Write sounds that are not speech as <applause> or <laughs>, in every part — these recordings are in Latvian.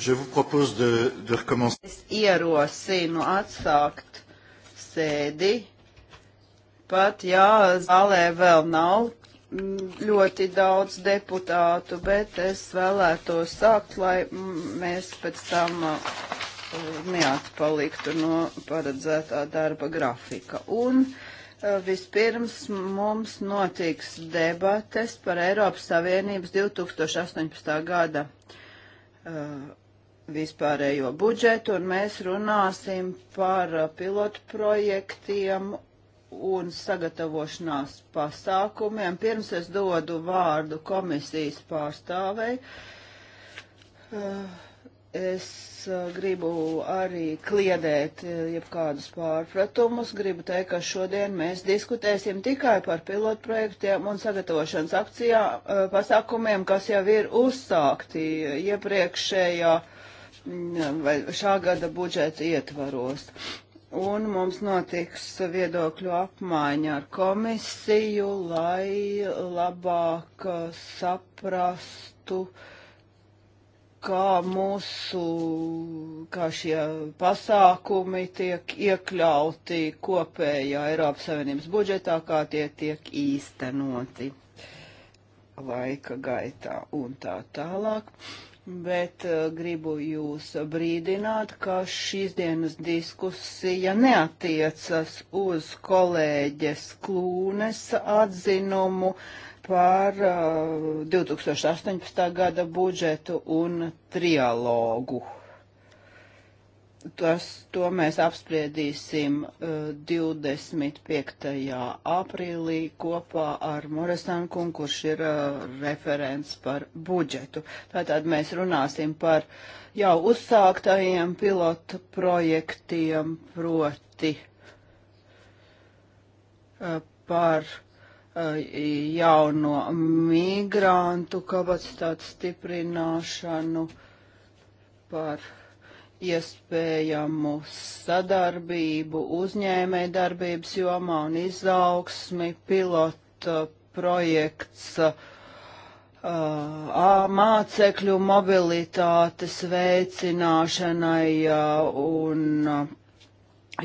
Je vous propose de, de recommencer. Es ierosinu atsākt sēdi, pat jā, zālē vēl nav ļoti daudz deputātu, bet es vēlētos sākt, lai mēs pēc tam uh, neatpaliktu no paredzētā darba grafika. Un uh, vispirms mums notiks debates par Eiropas Savienības 2018. gada uh, vispārējo budžetu, un mēs runāsim par uh, pilotu projektiem un sagatavošanās pasākumiem. Pirms es dodu vārdu komisijas pārstāvei, uh, es uh, gribu arī kliedēt jebkādus pārpratumus. Gribu teikt, ka šodien mēs diskutēsim tikai par pilotu projektiem un sagatavošanas akcijā pasākumiem, kas jau ir uzsākti iepriekšējā. Ja vai šā gada budžeta ietvaros. Un mums notiks viedokļu apmaiņa ar komisiju, lai labāk saprastu, kā mūsu, kā šie pasākumi tiek iekļauti kopējā Eiropas Savienības budžetā, kā tie tiek īstenoti laika gaitā un tā tālāk. Uh, bet uh, gribu jūs brīdināt, ka šīs dienas diskusija neatiecas uz kolēģes Klūnes atzinumu par uh, eh, 2018. gada budžetu un trialogu. Tas, to mēs apspriedīsim uh, 25. aprīlī kopā ar Moresanu kungu, kurš ir uh, referents par budžetu. Tātad mēs runāsim par jau uzsāktajiem pilotu projektiem, proti uh, par uh, jauno migrantu kapacitātes stiprināšanu, par iespējamu sadarbību uzņēmē darbības jomā un izaugsmi, pilota projekts, uh, mācekļu mobilitātes veicināšanai uh, un uh,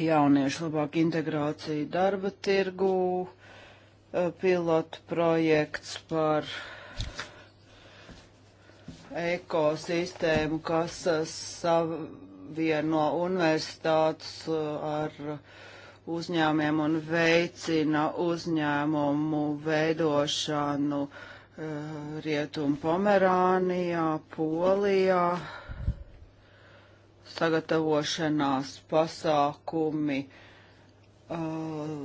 jauniešu labāk integrāciju darba tirgū, uh, pilotu projekts par ekosistēmu, kas uh, savu apvieno universitātes uh, ar uzņēmiem un veicina uzņēmumu veidošanu uh, Rietumu Pomerānijā, Polijā, sagatavošanās pasākumi uh,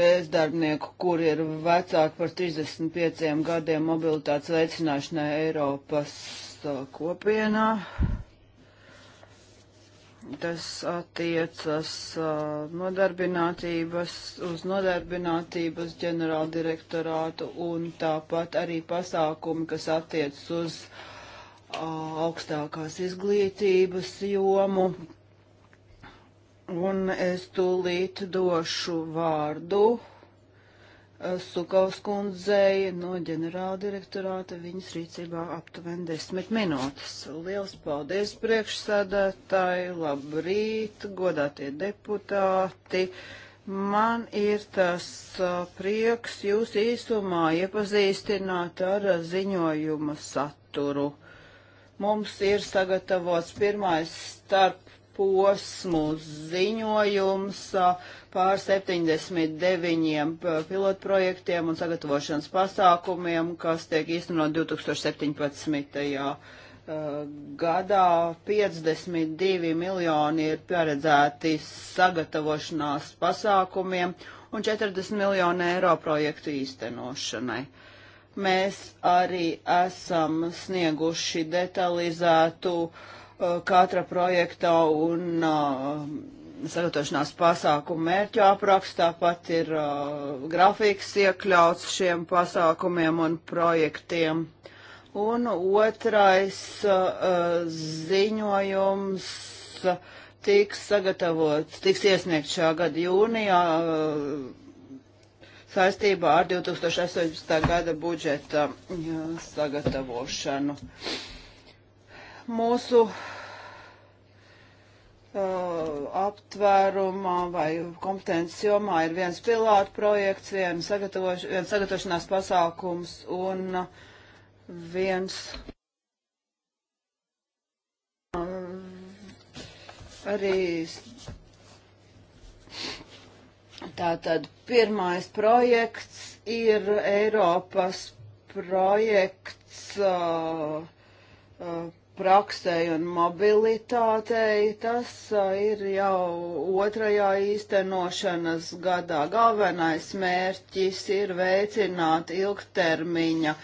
bezdarbnieku, kur ir vecāki par 35 gadiem mobilitātes veicināšanai Eiropas Uh, kopienā. Tas attiecas uh, nodarbinātības, uz nodarbinātības ģenerāldirektorātu un tāpat arī pasākumi, kas attiecas uz uh, augstākās izglītības jomu. Un es tūlīt došu vārdu Eh, Sukovs kundzei no ģenerāldirektorāta viņas rīcībā aptuveni desmit minūtes. Liels paldies priekšsēdētāji, labrīt, godātie deputāti. Man ir tas eh, prieks jūs īsumā iepazīstināt ar ziņojuma saturu. Mums ir sagatavots pirmais starp posmu ziņojums pār 79 pilotprojektiem un sagatavošanas pasākumiem, kas tiek īstenot 2017. gadā. 52 miljoni ir paredzēti sagatavošanās pasākumiem un 40 miljoni eiro projektu īstenošanai mēs arī esam snieguši detalizētu uh, Uh, katra projekta un uh, sagatavošanās pasākumu mērķu aprakstā pat ir uh, grafiks iekļauts šiem pasākumiem un projektiem. Un otrais ziņojums tiks sagatavots, tiks iesniegts šā gada jūnijā saistībā ar 2018. gada budžeta sagatavošanu. Uh, mūsu uh, aptvērumā vai kompetences jomā ir viens pilāta projekts, viens, sagatavoš, viens sagatavošanās pasākums un uh, viens uh, arī tātad pirmais projekts ir Eiropas projekts uh, uh, praksei un mobilitātei, tas ir jau otrajā īstenošanas gadā. Galvenais mērķis ir veicināt ilgtermiņa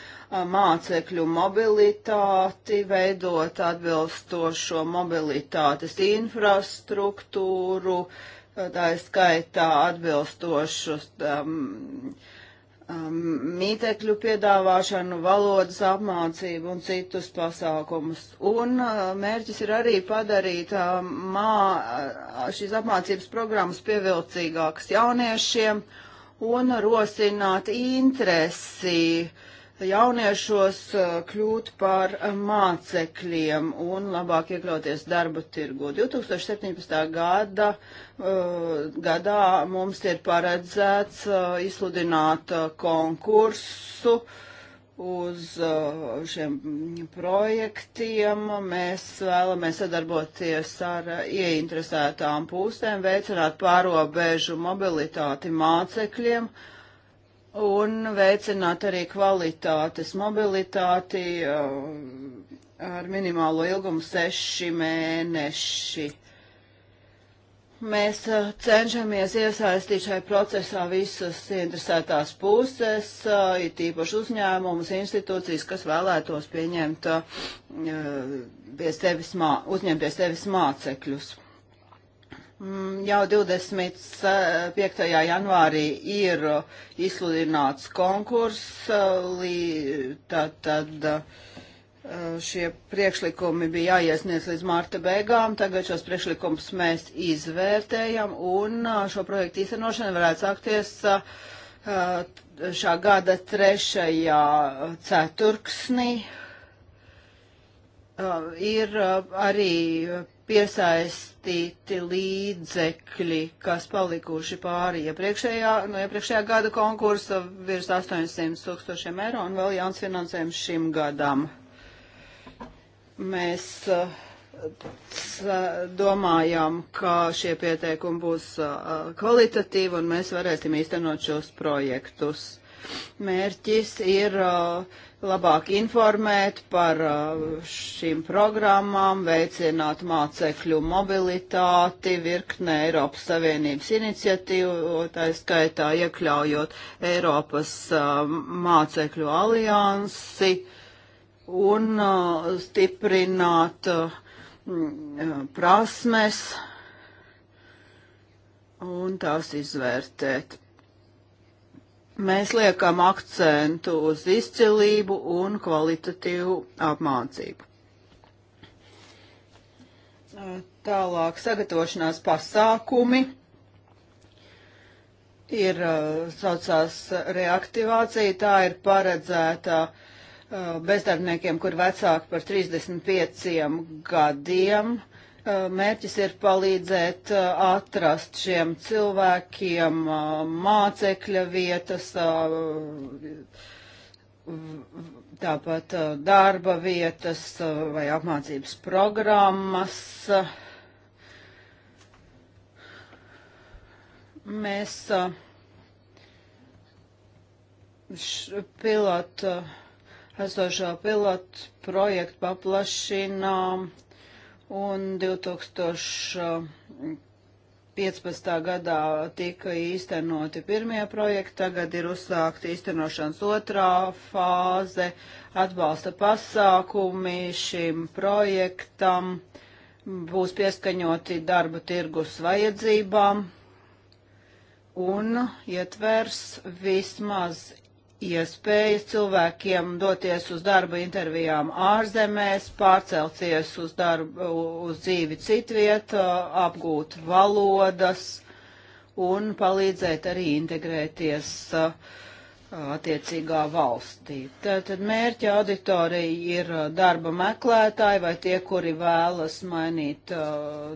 mācekļu mobilitāti, veidot atbilstošo mobilitātes infrastruktūru, tā ir skaitā atbilstošus. Um, Um, mītekļu piedāvāšanu, valodas apmācību un citus pasākumus. Un uh, mērķis ir arī padarīt um, mā, uh, šīs apmācības programmas pievilcīgākas jauniešiem un rosināt interesi uh, jauniešos eh, kļūt par eh, mācekļiem un labāk iekļauties darba tirgu. 2017. gada eh, gadā mums ir paredzēts izsludināt konkursu uz šiem projektiem. Mēs vēlamies sadarboties ar ieinteresētām pusēm, veicināt pārobežu mobilitāti mācekļiem un veicināt arī kvalitātes mobilitāti uh, ar minimālo ilgumu seši mēneši. Mēs uh, cenšamies iesaistīt šai procesā visas interesētās puses, uh, ir tīpaši uzņēmumus, institūcijas, kas vēlētos pieņemt pie sevis mā, uzņemties sevis mācekļus. Mm, jau 25. janvārī ir uh, izsludināts konkurss, uh, tad, tad uh, šie priekšlikumi bija jāiesniedz līdz mārta beigām. Tagad šos priekšlikumus mēs izvērtējam un šo projektu īstenošana varētu sākties šā gada trešajā ceturksnī. Uh, ir uh, arī piesaistīti līdzekļi, kas palikuši pāri iepriekšējā, no iepriekšējā gada konkursa virs 800 tūkstošiem eiro un vēl jauns finansējums šim gadam. Mēs eh, domājam, ka šie pieteikumi būs eh, kvalitatīvi un mēs varēsim īstenot šos projektus. Mērķis ir uh, labāk informēt par uh, šīm programmām, veicināt mācekļu mobilitāti, virknē Eiropas Savienības iniciatīvu, tā skaitā iekļaujot Eiropas uh, mācekļu aliansi un uh, stiprināt prasmes un tās izvērtēt mēs liekam akcentu uz izcilību un kvalitatīvu apmācību. Tālāk sagatavošanās pasākumi ir saucās reaktivācija, tā ir paredzēta bezdarbniekiem, kur vecāki par 35 gadiem. Uh, Mērķis ir palīdzēt atrast šiem cilvēkiem mācekļa vietas, tāpat darba vietas vai apmācības programmas. Mēs pilotu, esošā pilotu projektu paplašinām un 2015. gadā tika īstenoti pirmie projekti, tagad ir uzsākta īstenošanas otrā fāze, atbalsta pasākumi šim projektam, būs pieskaņoti darba tirgus vajadzībām un ietvers vismaz iespējas cilvēkiem doties uz darba intervijām ārzemēs, pārcelties uz, darbu, uz dzīvi citviet, apgūt valodas un palīdzēt arī integrēties attiecīgā valstī. Tātad mērķa auditorija ir darba meklētāji vai tie, kuri vēlas mainīt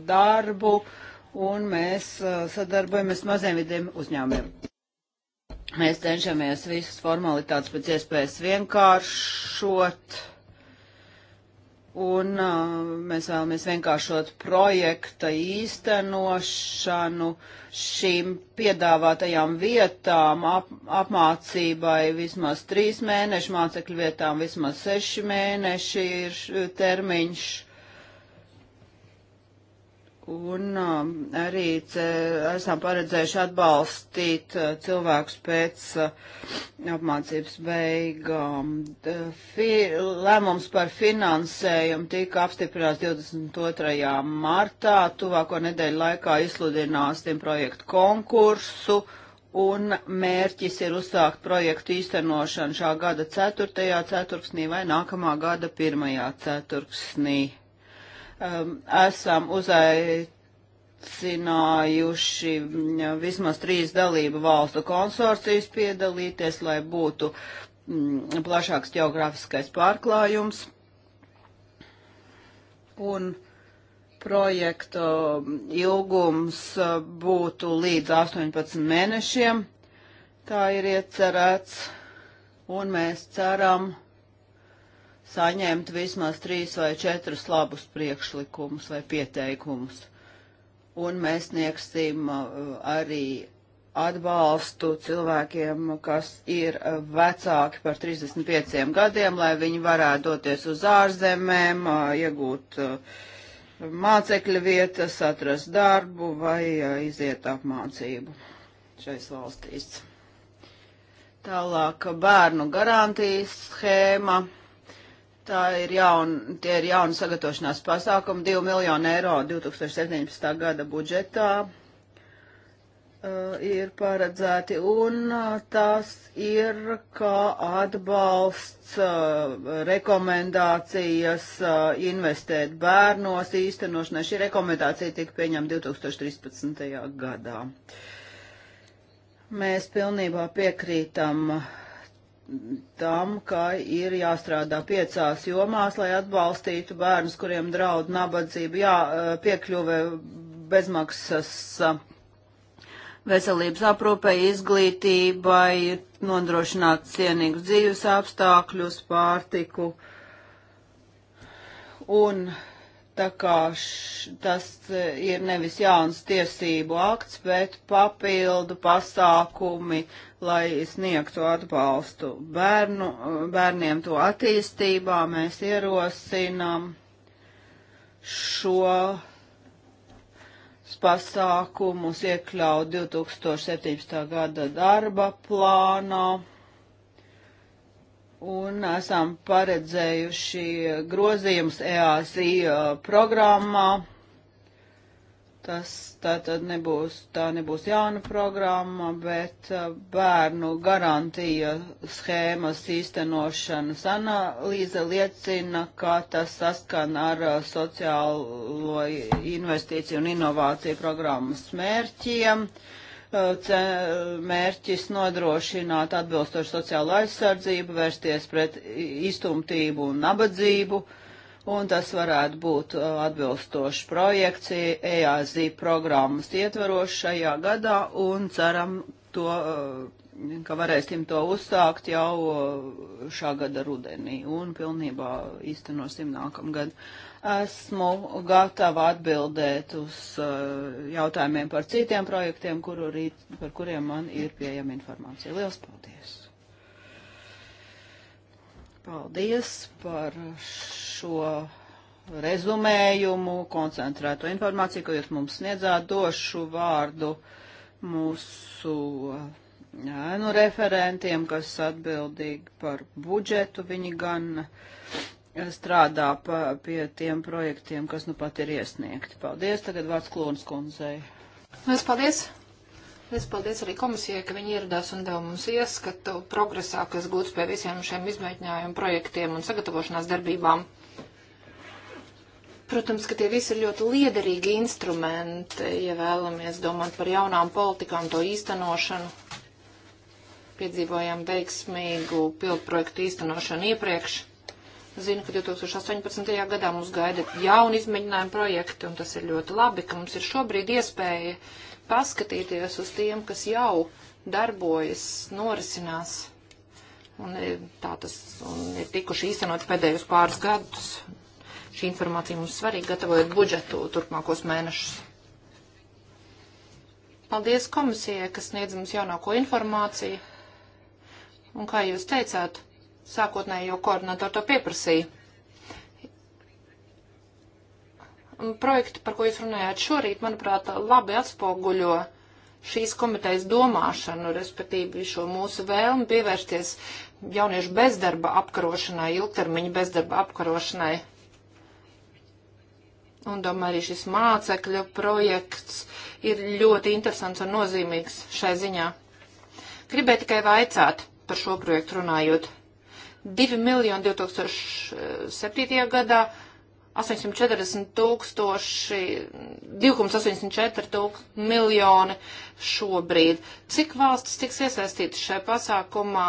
darbu, un mēs sadarbojamies maziem vidiem uzņēmumiem. Mēs cenšamies visas formalitātes pēc iespējas vienkāršot. Un uh, mēs vēlamies vienkāršot projekta īstenošanu šīm piedāvātajām vietām ap, apmācībai vismaz trīs mēneši, mācekļu vietām vismaz seši mēneši ir termiņš. Un um, arī ce, esam paredzējuši atbalstīt uh, cilvēkus pēc uh, apmācības beigām. Fi, lēmums par finansējumu tika apstiprināts 22. martā. Tuvāko nedēļu laikā izsludināsim projektu konkursu. Un mērķis ir uzsākt projektu īstenošanu šā gada 4. ceturksnī vai nākamā gada 1. ceturksnī um, esam uzaicinājuši aicinājuši mm, vismaz trīs dalību valstu konsorcijas piedalīties, lai būtu mm, plašāks geogrāfiskais pārklājums. Un projekta mm, ilgums uh, būtu līdz 18 mēnešiem. Tā ir iecerēts, un mēs ceram, ka saņemt vismaz trīs vai četrus labus priekšlikumus vai pieteikumus. Un mēs sniegsim uh, arī atbalstu cilvēkiem, kas ir uh, vecāki par 35 gadiem, lai viņi varētu doties uz ārzemēm, uh, iegūt mācekļu vietas, atrast darbu vai iziet apmācību šais valstīs. Tālāk bērnu garantijas schēma Tā ir jauna, tie ir jauni sagatavošanās pasākumi, 2 miljoni eiro 2017. gada budžetā uh, ir paredzēti, un uh, tas ir kā atbalsts, uh, rekomendācijas uh, investēt bērnos īstenošanai. Šī rekomendācija tika pieņemta 2013. gadā. Mēs pilnībā piekrītam. Uh, tam, ka ir jāstrādā piecās jomās, lai atbalstītu bērnus, kuriem draud nabadzība, jā, eh, piekļuve bezmaksas eh, veselības aprūpē, izglītībai, nodrošināt cienīgus dzīves apstākļus, pārtiku. Un Tā kā š, tas e, ir nevis jauns tiesību akts, bet papildu pasākumi, lai sniegtu atbalstu bērnu, e, bērniem to attīstībā, mēs ierosinām šo pasākumus iekļaut 2017. gada darba plānā un esam paredzējuši grozījumus EASI uh, programmā. Tas tā tad nebūs, tā nebūs jauna programma, bet uh, bērnu garantija schēmas īstenošanas analīze liecina, ka tas saskan ar uh, sociālo investīciju un inovāciju programmas mērķiem. Uh, mērķis nodrošināt atbilstošu sociālo aizsardzību, vērsties pret iztumtību un nabadzību, un tas varētu būt uh, atbilstošs projekts EAZ e programmas ietveros šajā gadā, un ceram to, uh, ka varēsim to uzsākt jau uh, šā gada rudenī un pilnībā īstenosim nākamgad. gadu. Esmu gatava atbildēt uz eh, jautājumiem par citiem projektiem, kuru rīt, par kuriem man ir pieejama informācija. Lielas paldies! Paldies par šo rezumējumu, koncentrēto informāciju, ko jūs mums sniedzāt. Došu vārdu mūsu eh, ēnu referentiem, kas atbildīgi par budžetu. Viņi gan strādā pa, pie tiem projektiem, kas nu pat ir iesniegti. Paldies, tagad vārds Klonas kundzei. Mēs paldies. Es paldies arī komisijai, ka viņi ieradās un deva mums ieskatu progresā, kas gūts pie visiem šiem izmēģinājumu projektiem un sagatavošanās darbībām. Protams, ka tie visi ir ļoti liederīgi instrumenti, ja vēlamies domāt par jaunām politikām, to īstenošanu. Piedzīvojām veiksmīgu pilotprojektu īstenošanu iepriekš. Zinu, ka 2018. gadā mums gaida jauni izmēģinājumi projekti, un tas ir ļoti labi, ka mums ir šobrīd iespēja paskatīties uz tiem, kas jau darbojas, norisinās. Un tā tas un ir tikuši īstenot pēdējos pāris gadus. Šī informācija mums svarīga, gatavojot budžetu turpmākos mēnešus. Paldies komisijai, kas sniedz mums jaunāko informāciju. Un kā jūs teicāt, sākotnējo koordinatoru to pieprasīja. Projekti, par ko jūs runājāt šorīt, manuprāt, labi atspoguļo šīs komitejas domāšanu, respektīvi šo mūsu vēlmi pievērsties jauniešu bezdarba apkarošanai, ilgtermiņa bezdarba apkarošanai. Un domāju, arī šis mācekļu projekts ir ļoti interesants un nozīmīgs šai ziņā. Gribēju tikai vaicāt par šo projektu runājot. 2 miljoni 2007. gadā, 840 tūkstoši, 2,84 tūk, miljoni šobrīd. Cik valstis tiks iesaistītas šajā pasākumā?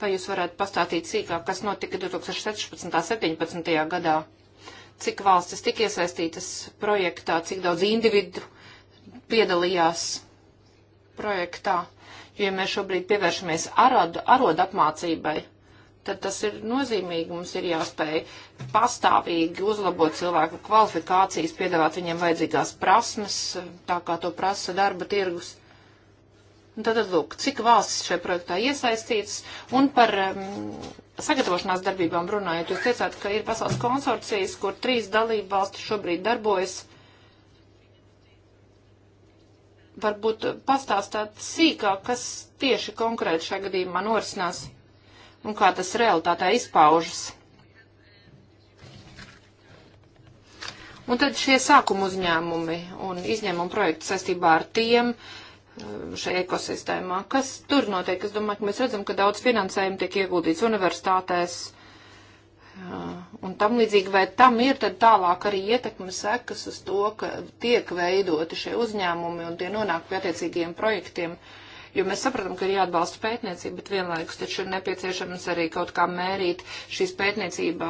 Vai jūs varētu pastāstīt sīkāk, kas notika 2016. un 2017. gadā? Cik valstis tika iesaistītas projektā, cik daudz individu piedalījās projektā? Jo, ja mēs šobrīd pievēršamies arodu, arodu apmācībai, tad tas ir nozīmīgi. Mums ir jāspēj pastāvīgi uzlabot cilvēku kvalifikācijas, piedāvāt viņiem vajadzīgās prasmes, tā kā to prasa darba tirgus. Un tad, tad lūk, cik valstis šajā projektā iesaistīts un par um, sagatavošanās darbībām runājot. Jūs teicāt, ka ir pasaules konsorcijas, kur trīs dalību valstis šobrīd darbojas. Varbūt pastāstāt sīkāk, kas tieši konkrēti šajā gadījumā norisinās un kā tas realitātē izpaužas. Un tad šie sākuma uzņēmumi un izņēmuma projekti saistībā ar tiem uh, šajā ekosistēmā. Kas tur notiek? Es domāju, ka mēs redzam, ka daudz finansējumu tiek ieguldīts universitātēs uh, un tam līdzīgi, vai tam ir tad tālāk arī ietekme sekas uz to, ka tiek veidoti šie uzņēmumi un tie nonāk pie attiecīgiem projektiem. Uh, jo mēs saprotam, ka ir jāatbalsta pētniecība, bet vienlaikus taču ir nepieciešams arī kaut kā mērīt šīs pētniecībā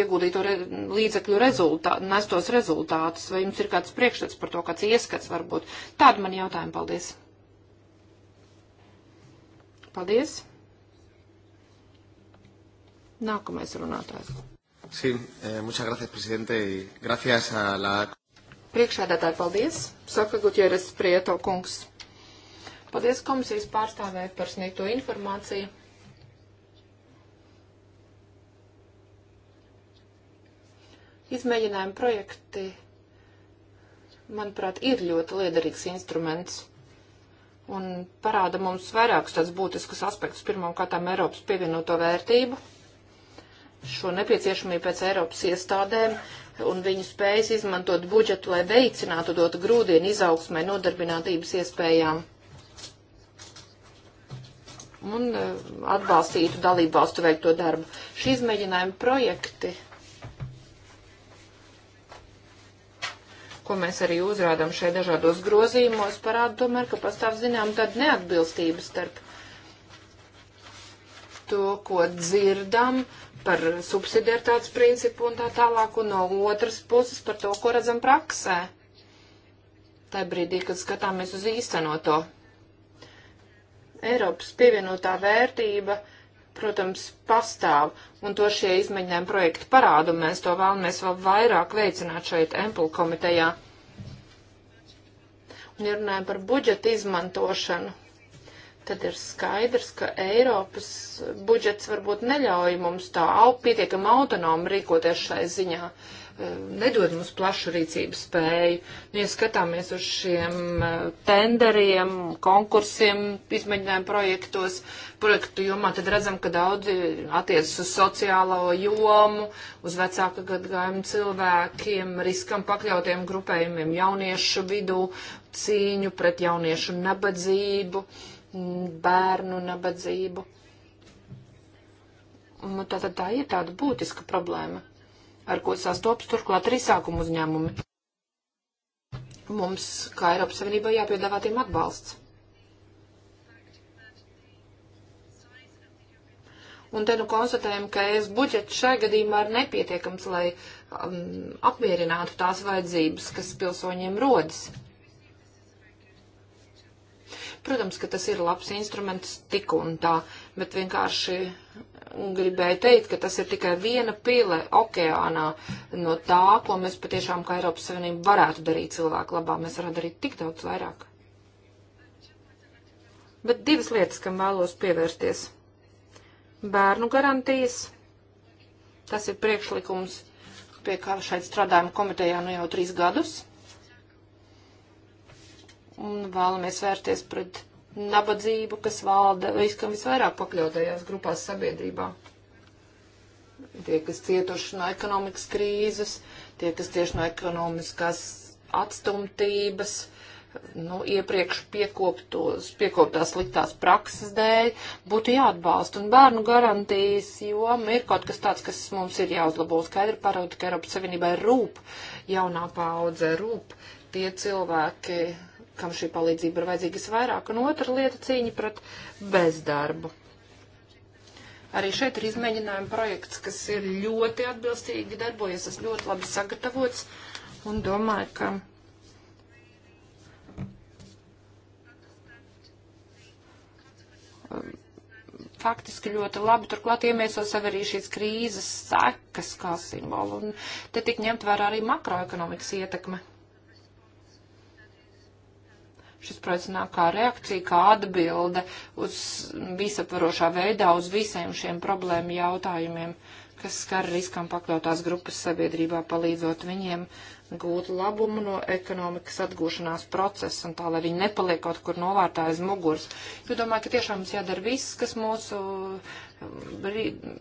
ieguldīto re līdzekļu rezultātu, nestos rezultātus, vai jums ir kāds priekšstats par to, kāds ieskats varbūt. Tāda man jautājuma, paldies. Paldies. Nākamais runātājs. Sí, eh, muchas gracias, presidente, y gracias a la... Priekšādātāji, paldies. Saka Gutieres Prieto kungs. Paldies komisijas pārstāvē par sniegto informāciju. Izmēģinājumi projekti, manuprāt, ir ļoti liederīgs instruments un parāda mums vairākus tādus būtiskus aspektus. Pirmkārt, Eiropas pievienoto vērtību, šo nepieciešamību pēc Eiropas iestādēm un viņu spējas izmantot budžetu, lai veicinātu, dotu grūdienu izaugsmai, nodarbinātības iespējām un e, atbalstītu dalību valstu veikto darbu. Šī izmēģinājuma projekti, ko mēs arī uzrādām šeit dažādos grozījumos, parāda tomēr, ka pastāv zinām tāda neatbilstība starp to, ko dzirdam par subsidiartāts principu un tā tālāk, un no otras puses par to, ko redzam praksē. Tā brīdī, kad skatāmies uz īstenoto Eiropas pievienotā vērtība, protams, pastāv, un to šie izmēģinājumi projekti parāda, un mēs to vēlamies vēl vairāk veicināt šeit Empul komitejā. Un ja runājam par budžeta izmantošanu, tad ir skaidrs, ka Eiropas budžets varbūt neļauj mums tā au, pietiekam autonomi rīkoties šai ziņā. Uh, Eh, nedod mums plašu rīcības spēju. Nu, ja skatāmies uz šiem eh, tenderiem, konkursiem, izmēģinājumu projektos, projektu jomā, tad redzam, ka daudzi attiecas uz sociālo jomu, uz vecāka gadgājumu cilvēkiem, riskam pakļautiem grupējumiem jauniešu vidū, cīņu pret jauniešu nabadzību, mm, bērnu nabadzību. Nu, tā, tā, tā ir tāda būtiska problēma ar ko sastopas turklāt arī sākuma uzņēmumi. Mums, kā Eiropas Savienībā, jāpiedāvā tiem atbalsts. Un te nu konstatējam, ka es budžets šai gadījumā ir nepietiekams, lai um, apmierinātu tās vajadzības, kas pilsoņiem rodas. Protams, ka tas ir labs instruments tik un tā, bet vienkārši gribēju teikt, ka tas ir tikai viena pile okeānā no tā, ko mēs patiešām kā Eiropas Savienība varētu darīt cilvēku labā. Mēs varētu darīt tik daudz vairāk. Bet divas lietas, kam vēlos pievērsties. Bērnu garantijas. Tas ir priekšlikums, pie kā šeit strādājam komitejā nu jau trīs gadus. Un vēlamies vērties pret nabadzību, kas valda, viskam visvairāk pakļautajās grupās sabiedrībā. Tie, kas cietuši no ekonomikas krīzes, tie, kas cieši no ekonomiskās atstumtības, nu, iepriekš piekoptos, piekoptās liktās prakses dēļ, būtu jāatbalsta. Un bērnu garantijas joma ir kaut kas tāds, kas mums ir jāuzlabo. Skaidri parāda, ka Eiropas Savienībai rūp jaunā paudze, rūp tie cilvēki, kam šī palīdzība ir vajadzīga visvairāk, un otra lieta - cīņa pret bezdarbu. Arī šeit ir izmēģinājuma projekts, kas ir ļoti atbilstīgi darbojies, tas ļoti labi sagatavots, un domāju, ka faktiski ļoti labi. Turklāt iemieso sev arī šīs krīzes sekas kā simbolu, un te tik ņemt vērā arī makroekonomikas ietekme. Šis projekts nāk kā reakcija, kā atbilde uz visaparošā veidā uz visiem šiem problēmu jautājumiem, kas skar riskam pakļautās grupas sabiedrībā, palīdzot viņiem gūt labumu no ekonomikas atgūšanās procesa un tā, lai viņi nepaliek kaut kur novārtā aiz muguras. Jo domāju, ka tiešām mums jādara viss, kas mūsu um,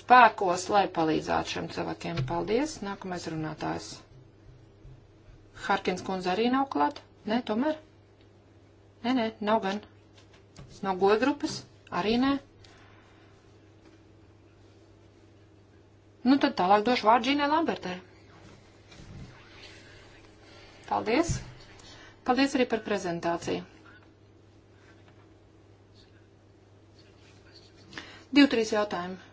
spēkos, lai palīdzētu šiem cilvēkiem. Paldies! Nākamais runātājs. Harkins kundze arī nav klāt? Nē, tomēr. Nē, nē, nav gan. No goja grupas arī nē. Nu, tad tālāk došu vārdu Džīnai Lambertē. Paldies! Paldies arī par prezentāciju. Divi, trīs jautājumi.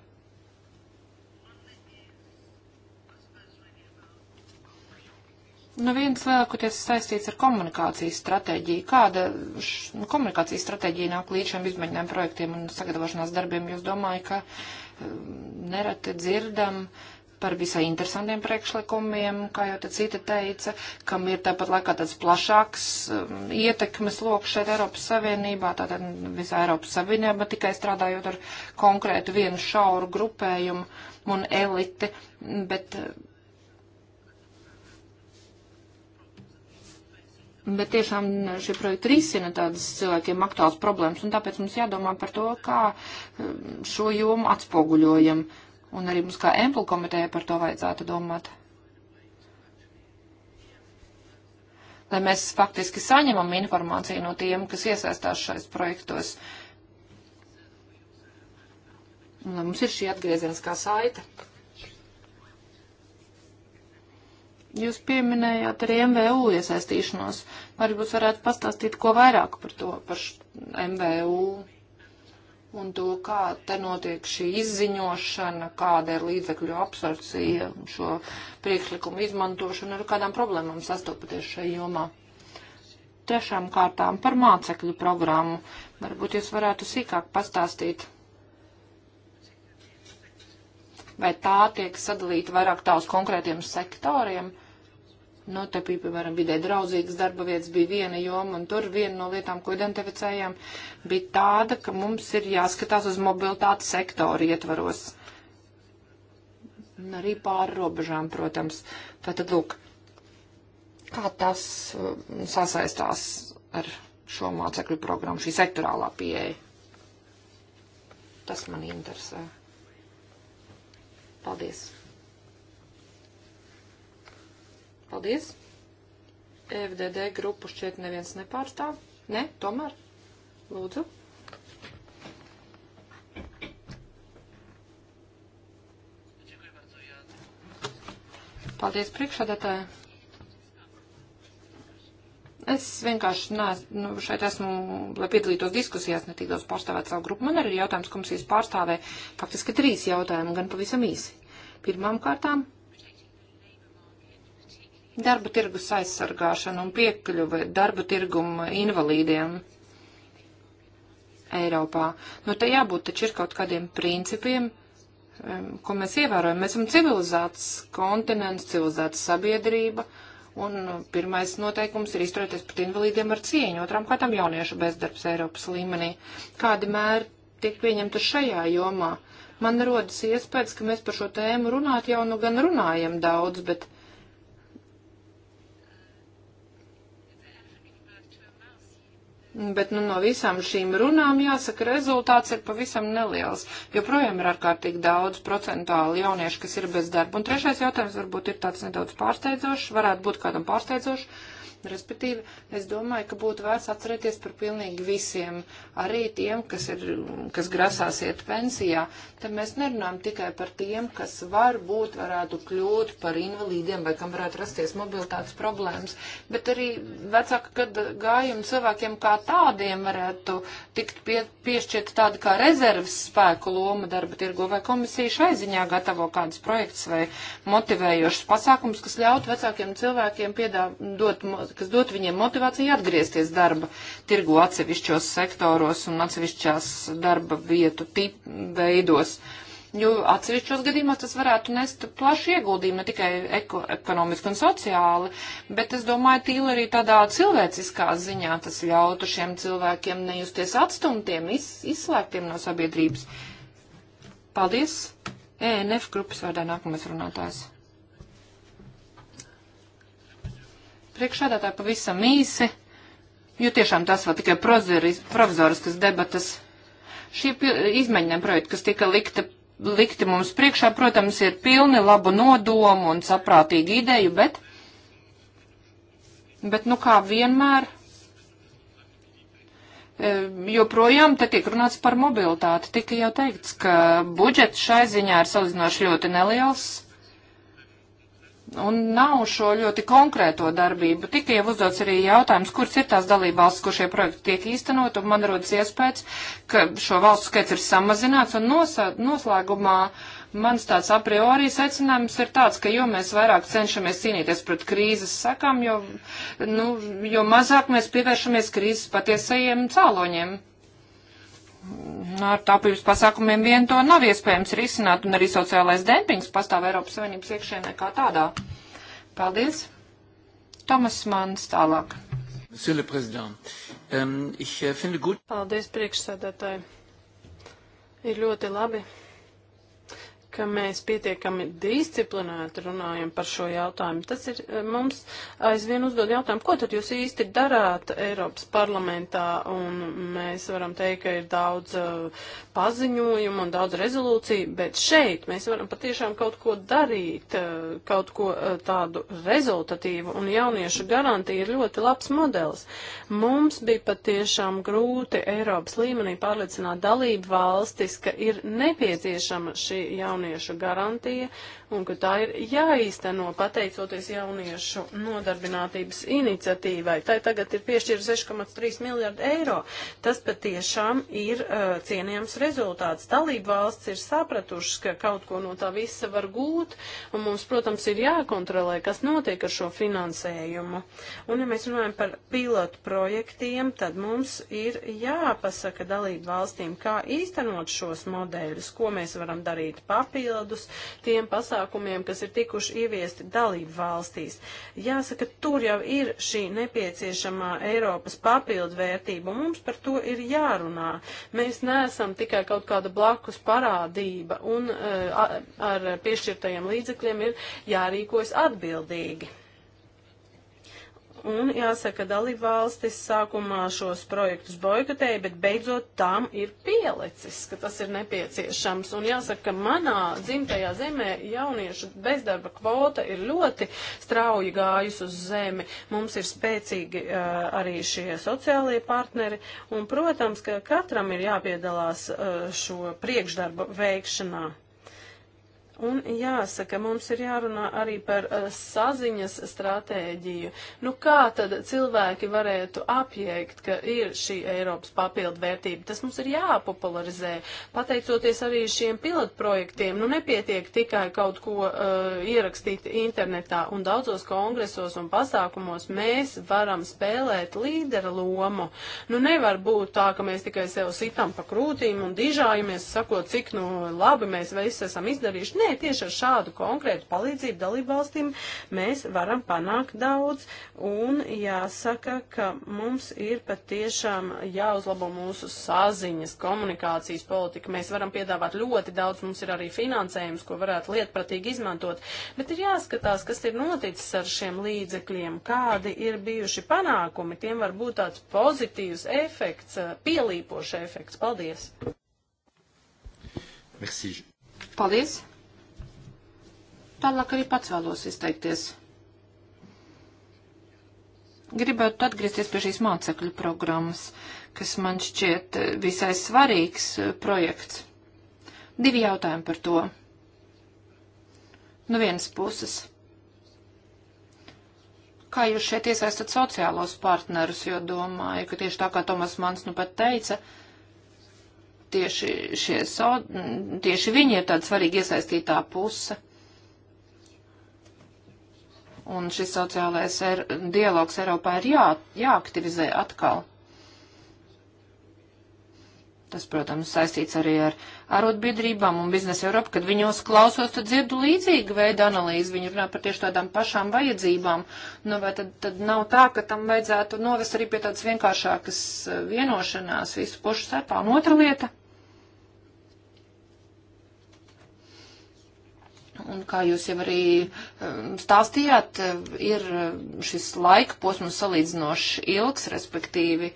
Nu, viens lielākoties saistīts ar komunikācijas stratēģiju. Kāda š, nu, komunikācijas stratēģija nāk līdz šiem izmaiņām projektiem un sagatavošanās darbiem? Jūs domājat, ka um, nereti dzirdam par visai interesantiem priekšlikumiem, kā jau te cita teica, kam ir tāpat laikā tāds plašāks um, ietekmes lokus šeit Eiropas Savienībā, tātad visā Eiropas Savienībā, tikai strādājot ar konkrētu vienu šauru grupējumu un eliti, bet Bet tiešām šie projekti risina tādas cilvēkiem aktuāls problēmas, un tāpēc mums jādomā par to, kā um, šo jomu atspoguļojam. Un arī mums kā emplu komiteja par to vajadzētu domāt. Lai mēs faktiski saņemam informāciju no tiem, kas iesaistās šais projektos. Un lai mums ir šī atgriezeniskā saita. Jūs pieminējāt arī MVU iesaistīšanos. Varbūt jūs varētu pastāstīt ko vairāk par to, par MVU un to, kā te notiek šī izziņošana, kāda ir līdzekļu absorpcija, šo priekšlikumu izmantošana, ar kādām problēmām sastopaties šajā jomā. Trešām kārtām par mācekļu programmu. Varbūt jūs varētu sīkāk pastāstīt vai tā tiek sadalīta vairāk tā uz konkrētiem sektoriem, Nu, te, piemēram, vidē draudzīgas darba vietas bija viena joma, un tur viena no lietām, ko identificējām, bija tāda, ka mums ir jāskatās uz mobilitātes sektoru ietvaros. Un arī pāri robežām, protams. Tātad, lūk, kā tas um, sasaistās ar šo mācekļu programmu, šī sektorālā pieeja. Tas man interesē. Paldies! Paldies. FDD e grupu šķiet neviens nepārstāv. Ne, tomēr. Lūdzu. Paldies priekšādātāji. Es vienkārši nē, nu, šeit esmu, lai piedalītos diskusijās, ne tik daudz pārstāvēt savu grupu. Man arī ir jautājums komisijas pārstāvē. Faktiski trīs jautājumi, gan pavisam īsi. Pirmām kārtām darba tirgus aizsargāšana un piekļuve darba tirguma invalīdiem Eiropā. Nu, te jābūt taču ir kaut kādiem principiem, ko mēs ievērojam. Mēs esam civilizēts kontinents, civilizēta sabiedrība, un pirmais noteikums ir izturēties pret invalīdiem ar cieņu, otrām kārtām jauniešu bezdarbs Eiropas līmenī. Kādi mēri tiek pieņemti šajā jomā? Man rodas iespējas, ka mēs par šo tēmu runāt jau nu gan runājam daudz, bet. Uh, Bet nu, no visām šīm runām jāsaka, rezultāts ir pavisam neliels. Joprojām ir ārkārtīgi daudz procentuāli jauniešu, kas ir bez darba. Un trešais jautājums varbūt ir tāds nedaudz pārsteidzošs, varētu būt kādam pārsteidzošs. Respektīvi, es domāju, ka būtu vērts atcerēties par pilnīgi visiem, arī tiem, kas, ir, kas grasās iet pensijā. Te mēs nerunājam tikai par tiem, kas varbūt varētu kļūt par invalīdiem vai kam varētu rasties mobilitātes problēmas, bet arī vecāka gada gājuma cilvēkiem kā tādiem varētu tikt pie, piešķirt tāda kā rezerves spēku loma darba tirgo vai komisija šai ziņā gatavo kādus projekts vai motivējošus pasākums, kas ļaut vecākiem cilvēkiem piedā, dot kas dot viņiem motivāciju atgriezties darba tirgu atsevišķos sektoros un atsevišķās darba vietu tip, veidos. Jo atsevišķos gadījumos tas varētu nest plašu ieguldījumu ne tikai eko, ekonomiski un sociāli, bet es domāju, tīli arī tādā cilvēciskā ziņā tas ļautu šiem cilvēkiem nejusties atstumtiem, iz, izslēgtiem no sabiedrības. Paldies! ENF grupas vārdā nākamais runātājs. Priekšādātāji pavisam īsi, jo tiešām tas vēl tikai provizoriskas debatas. Šie izmaiņām projekti, kas tika likta, likti mums priekšā, protams, ir pilni labu nodomu un saprātīgu ideju, bet, bet nu kā vienmēr e, joprojām te tiek runāts par mobilitāti. Tika jau teikts, ka budžets šai ziņā ir salīdzinoši ļoti neliels un nav šo ļoti konkrēto darbību. Tikai jau uzdots arī jautājums, kuras ir tās dalībvalstis, kur šie projekti tiek īstenot, un man rodas iespējas, ka šo valstu skaits ir samazināts, un nosā, noslēgumā mans tāds a priori secinājums ir tāds, ka jo mēs vairāk cenšamies cīnīties pret krīzes sakām, jo, nu, jo mazāk mēs pievēršamies krīzes patiesajiem cāloņiem ar taupības pasākumiem vien to nav iespējams risināt, un arī sociālais dempings pastāv Eiropas Savienības iekšēnē kā tādā. Paldies. Tomas Mans tālāk. Um, äh, Paldies priekšsēdētāji. Ir ļoti labi, ka mēs pietiekami disciplinēti runājam par šo jautājumu. Tas ir eh, mums aizvien uzdod jautājumu, ko tad jūs īsti darāt Eiropas parlamentā, un mēs varam teikt, ka ir daudz uh, paziņojumu un daudz rezolūciju, bet šeit mēs varam patiešām kaut ko darīt, uh, kaut ko uh, tādu rezultatīvu, un jauniešu garantija ir ļoti labs modelis. Mums bija patiešām grūti Eiropas līmenī pārliecināt dalību valstis, ka ir nepieciešama šī jauna jauniešu garantija un ka tā ir jāīsteno pateicoties jauniešu nodarbinātības iniciatīvai. Tai tagad ir piešķirta 6,3 miljārdu eiro. Tas patiešām ir uh, cienījams rezultāts. Dalība valsts ir sapratušas, ka kaut ko no tā visa var gūt, un mums, protams, ir jākontrolē, kas notiek ar šo finansējumu. Un, ja mēs runājam par pilotu projektiem, tad mums ir jāpasaka dalību valstīm, kā īstenot šos modeļus, ko mēs varam darīt papildus tiem pasākumiem, pasākumiem, kas ir tikuši ieviesti dalību valstīs. Jāsaka, tur jau ir šī nepieciešamā Eiropas papildvērtība, un mums par to ir jārunā. Mēs neesam tikai kaut kāda blakus parādība, un uh, ar piešķirtajiem līdzekļiem ir jārīkojas atbildīgi. Un jāsaka, dalībvalstis sākumā šos projektus boikotēja, bet beidzot tam ir pielicis, ka tas ir nepieciešams. Un jāsaka, ka manā dzimtajā zemē jauniešu bezdarba kvota ir ļoti strauji gājusi uz zemi. Mums ir spēcīgi uh, arī šie sociālie partneri. Un, protams, ka katram ir jāpiedalās uh, šo priekšdarbu veikšanā. Un jāsaka, mums ir jārunā arī par uh, saziņas stratēģiju. Nu, kā tad cilvēki varētu apjēgt, ka ir šī Eiropas papildu vērtība? Tas mums ir jāpopularizē. Pateicoties arī šiem pilotprojektiem, nu, nepietiek tikai kaut ko uh, ierakstīt internetā. Un daudzos kongresos un pasākumos mēs varam spēlēt līdera lomu. Nu, nevar būt tā, ka mēs tikai sev sitam pa krūtīm un dižājamies, sakot, cik nu labi mēs visi esam izdarījuši. Nē, Tikai tieši ar šādu konkrētu palīdzību dalībvalstīm mēs varam panākt daudz un jāsaka, ka mums ir patiešām jāuzlabo mūsu saziņas, komunikācijas politika. Mēs varam piedāvāt ļoti daudz, mums ir arī finansējums, ko varētu lietpratīgi izmantot, bet ir jāskatās, kas ir noticis ar šiem līdzekļiem, kādi ir bijuši panākumi, tiem var būt tāds pozitīvs efekts, pielīpošs efekts. Paldies! Merci. Paldies! Tālāk arī pats vēlos izteikties. Gribētu atgriezties pie šīs mācekļu programmas, kas man šķiet eh, visai svarīgs eh, projekts. Divi jautājumi par to. No nu vienas puses kā jūs šeit iesaistat sociālos partnerus, jo domāju, ka tieši tā kā Tomas Mans nu pat teica, tieši, šie, so, tieši viņi ir tāda svarīga iesaistītā puse. Un šis sociālais er, dialogs Eiropā ir jā, jāaktivizē atkal. Tas, protams, saistīts arī ar arotbiedrībām un biznesa Eiropu, kad viņos klausos, tad dzirdu līdzīgu veidu analīzi, viņi runā par tieši tādām pašām vajadzībām. Nu, vai tad, tad nav tā, ka tam vajadzētu novest arī pie tādas vienkāršākas eh, vienošanās visu pušu starpā? Un otra lieta Un kā jūs jau arī um, stāstījāt, eh, ir eh, šis laika posms salīdzinoši ilgs, respektīvi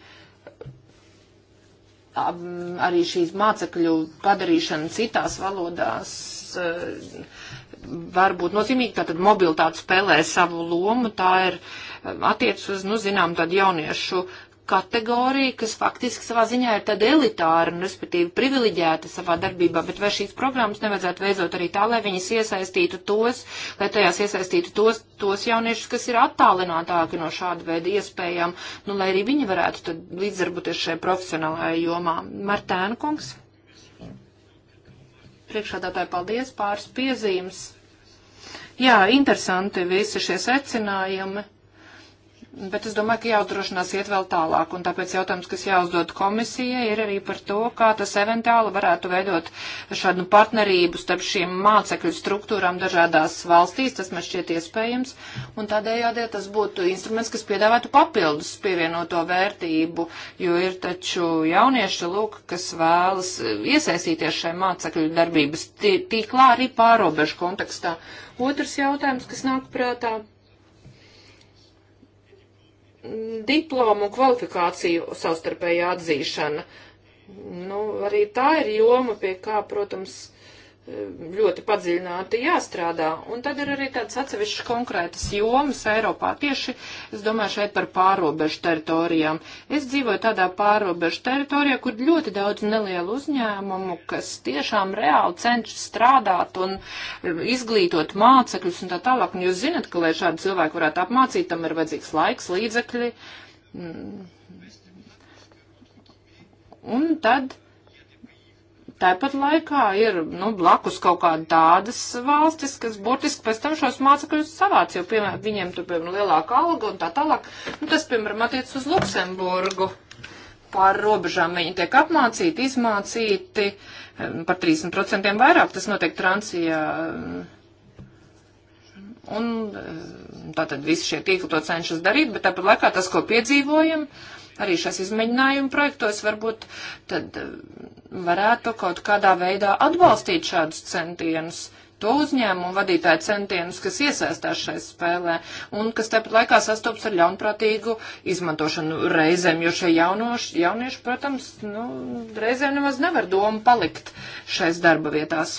arī šīs mācekļu padarīšana citās valodās eh, var būt nozīmīga, tātad mobilitāte spēlē savu lomu, tā ir attiec uz, nu, zinām, tādu jauniešu kategorija, kas faktiski savā ziņā ir tāda elitāra un, nu, respektīvi, privileģēta savā darbībā, bet vai šīs programmas nevajadzētu veidot arī tā, lai viņas iesaistītu tos, lai tajās iesaistītu tos, tos jauniešus, kas ir attālinātāki no šāda veida iespējām, nu, lai arī viņi varētu tad līdzdarboties šajā profesionālajā jomā. Martēna kungs? Priekšādātāji, paldies, pāris piezīmes. Jā, interesanti visi šie secinājumi bet es domāju, ka jāuzdrošinās iet vēl tālāk, un tāpēc jautājums, kas jāuzdod komisijai, ir arī par to, kā tas eventuāli varētu veidot šādu partnerību starp šīm mācekļu struktūrām dažādās valstīs, tas man šķiet iespējams, un tādējādi tas būtu instruments, kas piedāvātu papildus pievienoto vērtību, jo ir taču jaunieši, lūk, kas vēlas e, iesaistīties šai mācekļu darbības tīklā arī pārobežu kontekstā. Otrs jautājums, kas nāk prātā. Mm, diplomu un kvalifikāciju savstarpēja atzīšana. Nu, arī tā ir joma, pie kā, protams, ļoti padziļināti jāstrādā. Un tad ir arī tādas atsevišķas konkrētas jomas Eiropā. Tieši, es domāju, šeit par pārobežu teritorijām. Es dzīvoju tādā pārobežu teritorijā, kur ļoti daudz nelielu uzņēmumu, kas tiešām reāli cenšas strādāt un e, izglītot mācekļus un tā tālāk. Un jūs zinat, ka, lai šādi cilvēki varētu apmācīt, tam ir vajadzīgs laiks, līdzekļi. Mm. Un tad Tāpat laikā ir nu, blakus kaut kāda tādas valstis, kas burtiski pēc tam šos mācekļus savāc, jo piemēram, viņiem tur piemēram lielāka alga un tā tālāk. Nu, tas, piemēram, attiec uz Luksemburgu. Pār robežām viņi tiek apmācīti, izmācīti ehm, par 30% vairāk. Tas notiek Francijā. Un ehm, tātad visi šie tīkli to cenšas darīt, bet tāpat laikā tas, ko piedzīvojam, uh, arī šos izmēģinājumu projektos varbūt tad eh, varētu kaut kādā veidā atbalstīt šādus centienus. To uzņēmumu vadītāju centienus, kas iesaistās šai spēlē un kas tepat laikā sastopas ar ļaunprātīgu izmantošanu reizēm, jo šie jaunoši, jaunieši, protams, nu, reizēm nemaz nevar domu palikt šais darba vietās.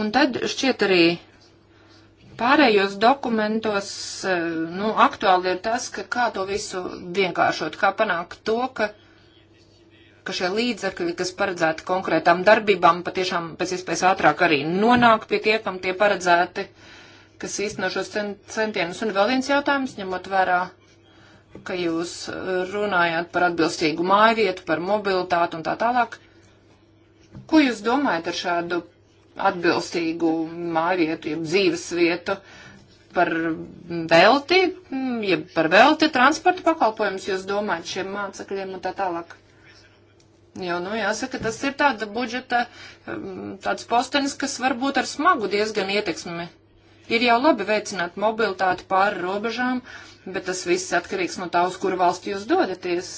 Un tad šķiet arī Pārējos dokumentos eh, nu, aktuāli ir tas, ka kā to visu vienkāršot, kā panākt to, ka, ka šie līdzekļi, kas paredzēti konkrētām darbībām, patiešām pēc iespējas ātrāk arī nonāk pie tie, kam tie paredzēti, kas īsteno šos centienus. Un vēl viens jautājums, ņemot vērā, ka jūs eh, runājāt par atbilstīgu mājvietu, par mobilitātu un tā tālāk. Ko jūs domājat ar šādu atbilstīgu mājvietu, jeb dzīves vietu par velti, jeb par velti transporta pakalpojumus, jūs domājat šiem mācakļiem un tā tālāk. Jo, nu, jāsaka, tas ir tāda budžeta, um, tāds postenis, kas varbūt ar smagu diezgan ietekmi. Ir jau labi veicināt mobilitāti pāri robežām, bet tas viss atkarīgs no tā, uz kuru valsti jūs dodaties.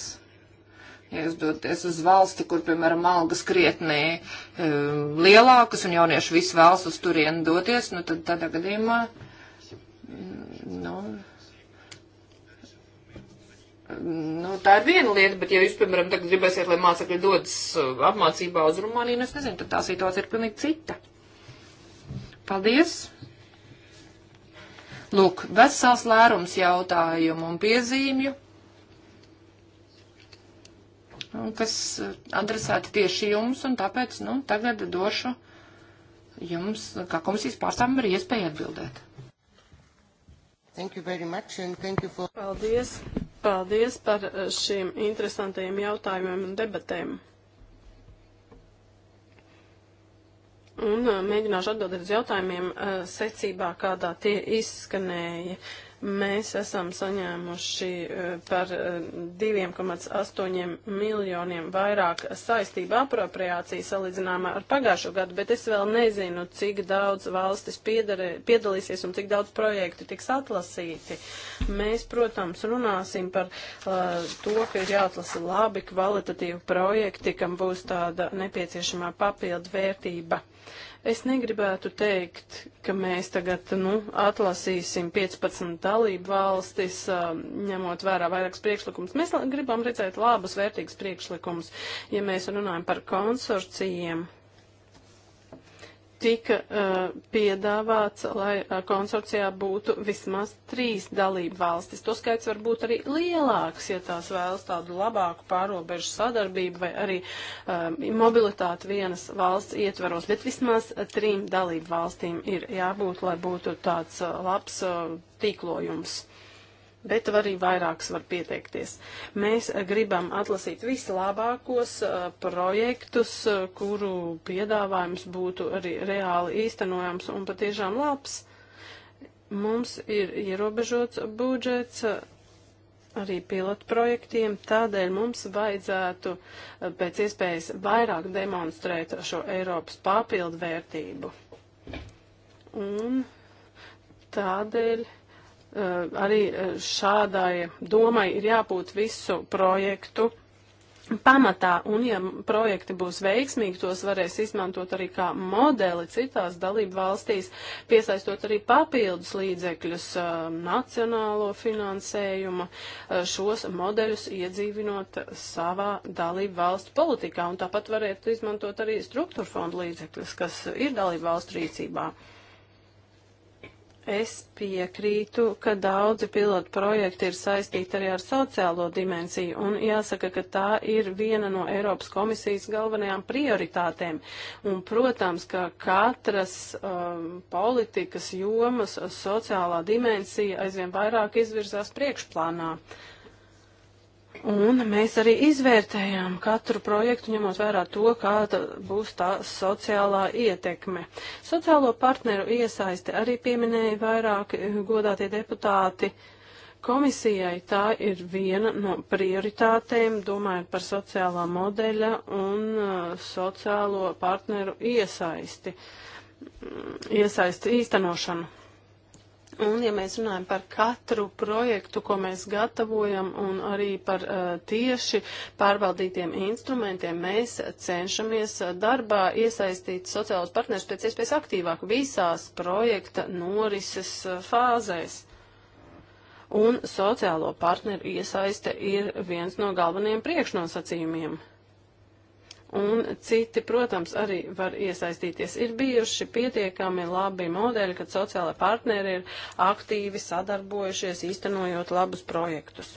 Ja jūs doties uz valsti, kur, piemēram, algas krietnī e, eh, lielākas un jaunieši visu vēlas uz turienu doties, nu tad tādā gadījumā, mm, nu, nu, tā ir viena lieta, bet ja jūs, piemēram, tagad gribēsiet, lai mācekļi dodas eh, apmācībā uz Rumāniju, nu es nezinu, tad tā situācija ir pilnīgi cita. Paldies! Lūk, vesels lērums jautājumu un piezīmju kas eh, adresēti tieši jums, un tāpēc, nu, tagad došu jums, kā komisijas pārstāvim, ir iespēja atbildēt. Thank you very much and thank you for... Paldies, paldies par eh, šiem interesantajiem jautājumiem un debatēm. Un eh, mēģināšu atbildēt uz jautājumiem secībā, kādā tie izskanēja. Uh, mēs esam saņēmuši e, par 2,8 e, miljoniem vairāk saistību apropriāciju salīdzinājumā ar pagājušo gadu, bet es vēl nezinu, cik daudz valstis piedare, piedalīsies un cik daudz projektu tiks atlasīti. Mēs, protams, runāsim par uh, to, ka ir jāatlasa labi kvalitatīvi projekti, kam būs tāda nepieciešamā papildu vērtība. Es negribētu teikt, ka mēs tagad nu, atlasīsim 15 dalību valstis, ņemot vērā vairākas priekšlikumus. Mēs gribam redzēt labus, vērtīgus priekšlikumus, ja mēs runājam par konsorcijiem tika uh, piedāvāts, lai uh, konsorcijā būtu vismaz trīs dalību valstis. To skaits var būt arī lielāks, ja tās vēlas tādu labāku pārobežu sadarbību vai arī um, mobilitāti vienas valsts ietveros, bet vismaz trim dalību valstīm ir jābūt, lai būtu tāds uh, labs uh, tīklojums bet arī vairākas var pieteikties. Mēs eh, gribam atlasīt vislabākos uh, projektus, uh, kuru piedāvājums būtu arī reāli īstenojams un patiešām labs. Mums ir ierobežots budžets uh, arī pilotprojektiem, tādēļ mums vajadzētu pēc iespējas vairāk demonstrēt šo Eiropas papildvērtību. Un tādēļ Eh, arī eh, šādai domai ir jābūt visu projektu pamatā, un ja projekti būs veiksmīgi, tos varēs izmantot arī kā modeli citās dalību valstīs, piesaistot arī papildus līdzekļus, eh, nacionālo finansējumu, šos modeļus iedzīvinot savā dalību valstu politikā, un tāpat varētu izmantot arī struktūrfondu līdzekļus, kas ir dalību valstu rīcībā. Es piekrītu, ka daudzi pilotu projekti ir saistīti arī ar sociālo dimensiju, un jāsaka, ka tā ir viena no Eiropas komisijas galvenajām prioritātēm. Un, protams, ka katras um, politikas jomas sociālā dimensija aizvien vairāk izvirzās priekšplānā. Uh, Un mēs arī izvērtējām katru projektu, ņemot vērā to, kāda būs tā sociālā ietekme. Sociālo partneru iesaisti arī pieminēja vairāk godātie deputāti. Komisijai tā ir viena no prioritātēm, domājot par sociālā modeļa un uh, sociālo partneru iesaisti, mm, iesaisti īstenošanu. Un, ja mēs runājam par katru projektu, ko mēs gatavojam, un arī par uh, tieši pārvaldītiem instrumentiem, mēs cenšamies uh, darbā iesaistīt sociālos partnerus pēc iespējas aktīvāk visās projekta norises uh, fāzēs. Un sociālo partneru iesaiste ir viens no galvenajiem priekšnosacījumiem un citi, protams, arī var iesaistīties. Ir bijuši pietiekami labi modeļi, kad sociālai partneri ir aktīvi sadarbojušies, īstenojot labus projektus.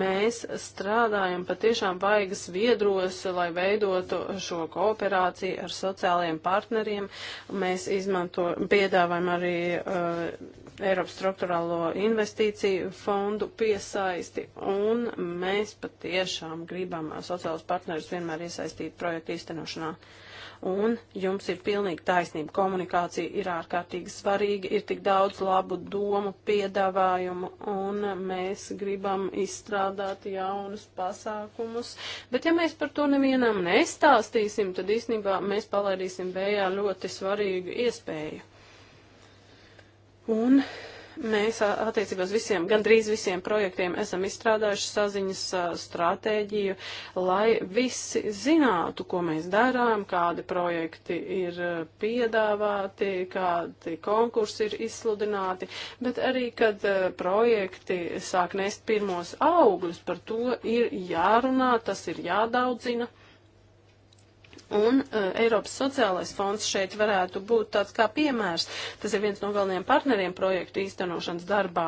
Mēs strādājam patiešām vaigas viedros, lai veidotu šo kooperāciju ar sociālajiem partneriem. Mēs izmanto, piedāvājam arī uh, Eiropas struktūrālo investīciju fondu piesaisti, un mēs patiešām gribam sociālus partnerus vienmēr iesaistīt projektu īstenošanā. Un jums ir pilnīgi taisnība, komunikācija ir ārkārtīgi svarīga, ir tik daudz labu domu, piedāvājumu, un mēs gribam izstrādāt jaunus pasākumus. Bet ja mēs par to nevienam nestāstīsim, tad īstenībā mēs palaidīsim vējā ļoti svarīgu iespēju. Un mēs attiecībā uz visiem, gandrīz visiem projektiem esam izstrādājuši saziņas stratēģiju, lai visi zinātu, ko mēs darām, kādi projekti ir piedāvāti, kādi konkursi ir izsludināti, bet arī, kad projekti sāk nest pirmos augļus, par to ir jārunā, tas ir jādaudzina. Un uh, Eiropas sociālais fonds šeit varētu būt tāds kā piemērs. Tas ir viens no galvenajiem partneriem projektu īstenošanas darbā.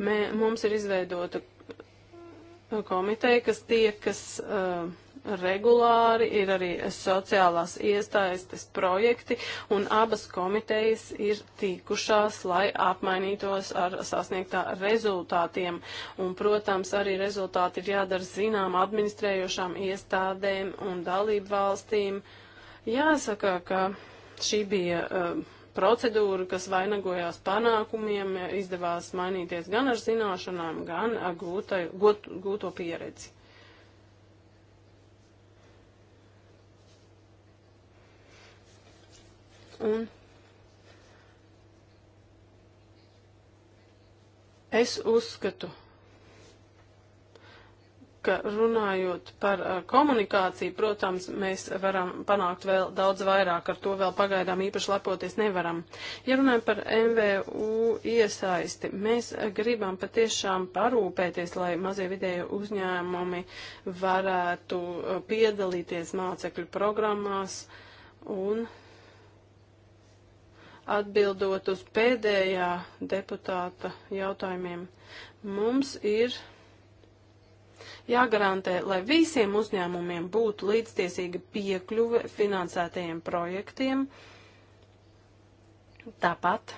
Mē, mums ir izveidota komiteja, kas tie, kas. Uh, regulāri, ir arī sociālās iestaistes projekti, un abas komitejas ir tikušās, lai apmainītos ar sasniegtā rezultātiem. Un, protams, arī rezultāti ir jādara zinām administrējošām iestādēm un dalību valstīm. Jāsaka, ka šī bija. Uh, procedūra, kas vainagojās panākumiem, izdevās mainīties gan ar zināšanām, gan ar gūtai, gūt, gūto pieredzi. un es uzskatu, ka runājot par uh, komunikāciju, protams, mēs varam panākt vēl daudz vairāk, ar to vēl pagaidām īpaši lepoties nevaram. Ja runājam par MVU iesaisti, mēs gribam patiešām parūpēties, lai mazie vidējo uzņēmumi varētu uh, piedalīties mācekļu programmās un Atbildot uz pēdējā deputāta jautājumiem, mums ir jāgarantē, lai visiem uzņēmumiem būtu līdztiesīga piekļuve finansētajiem projektiem. Tāpat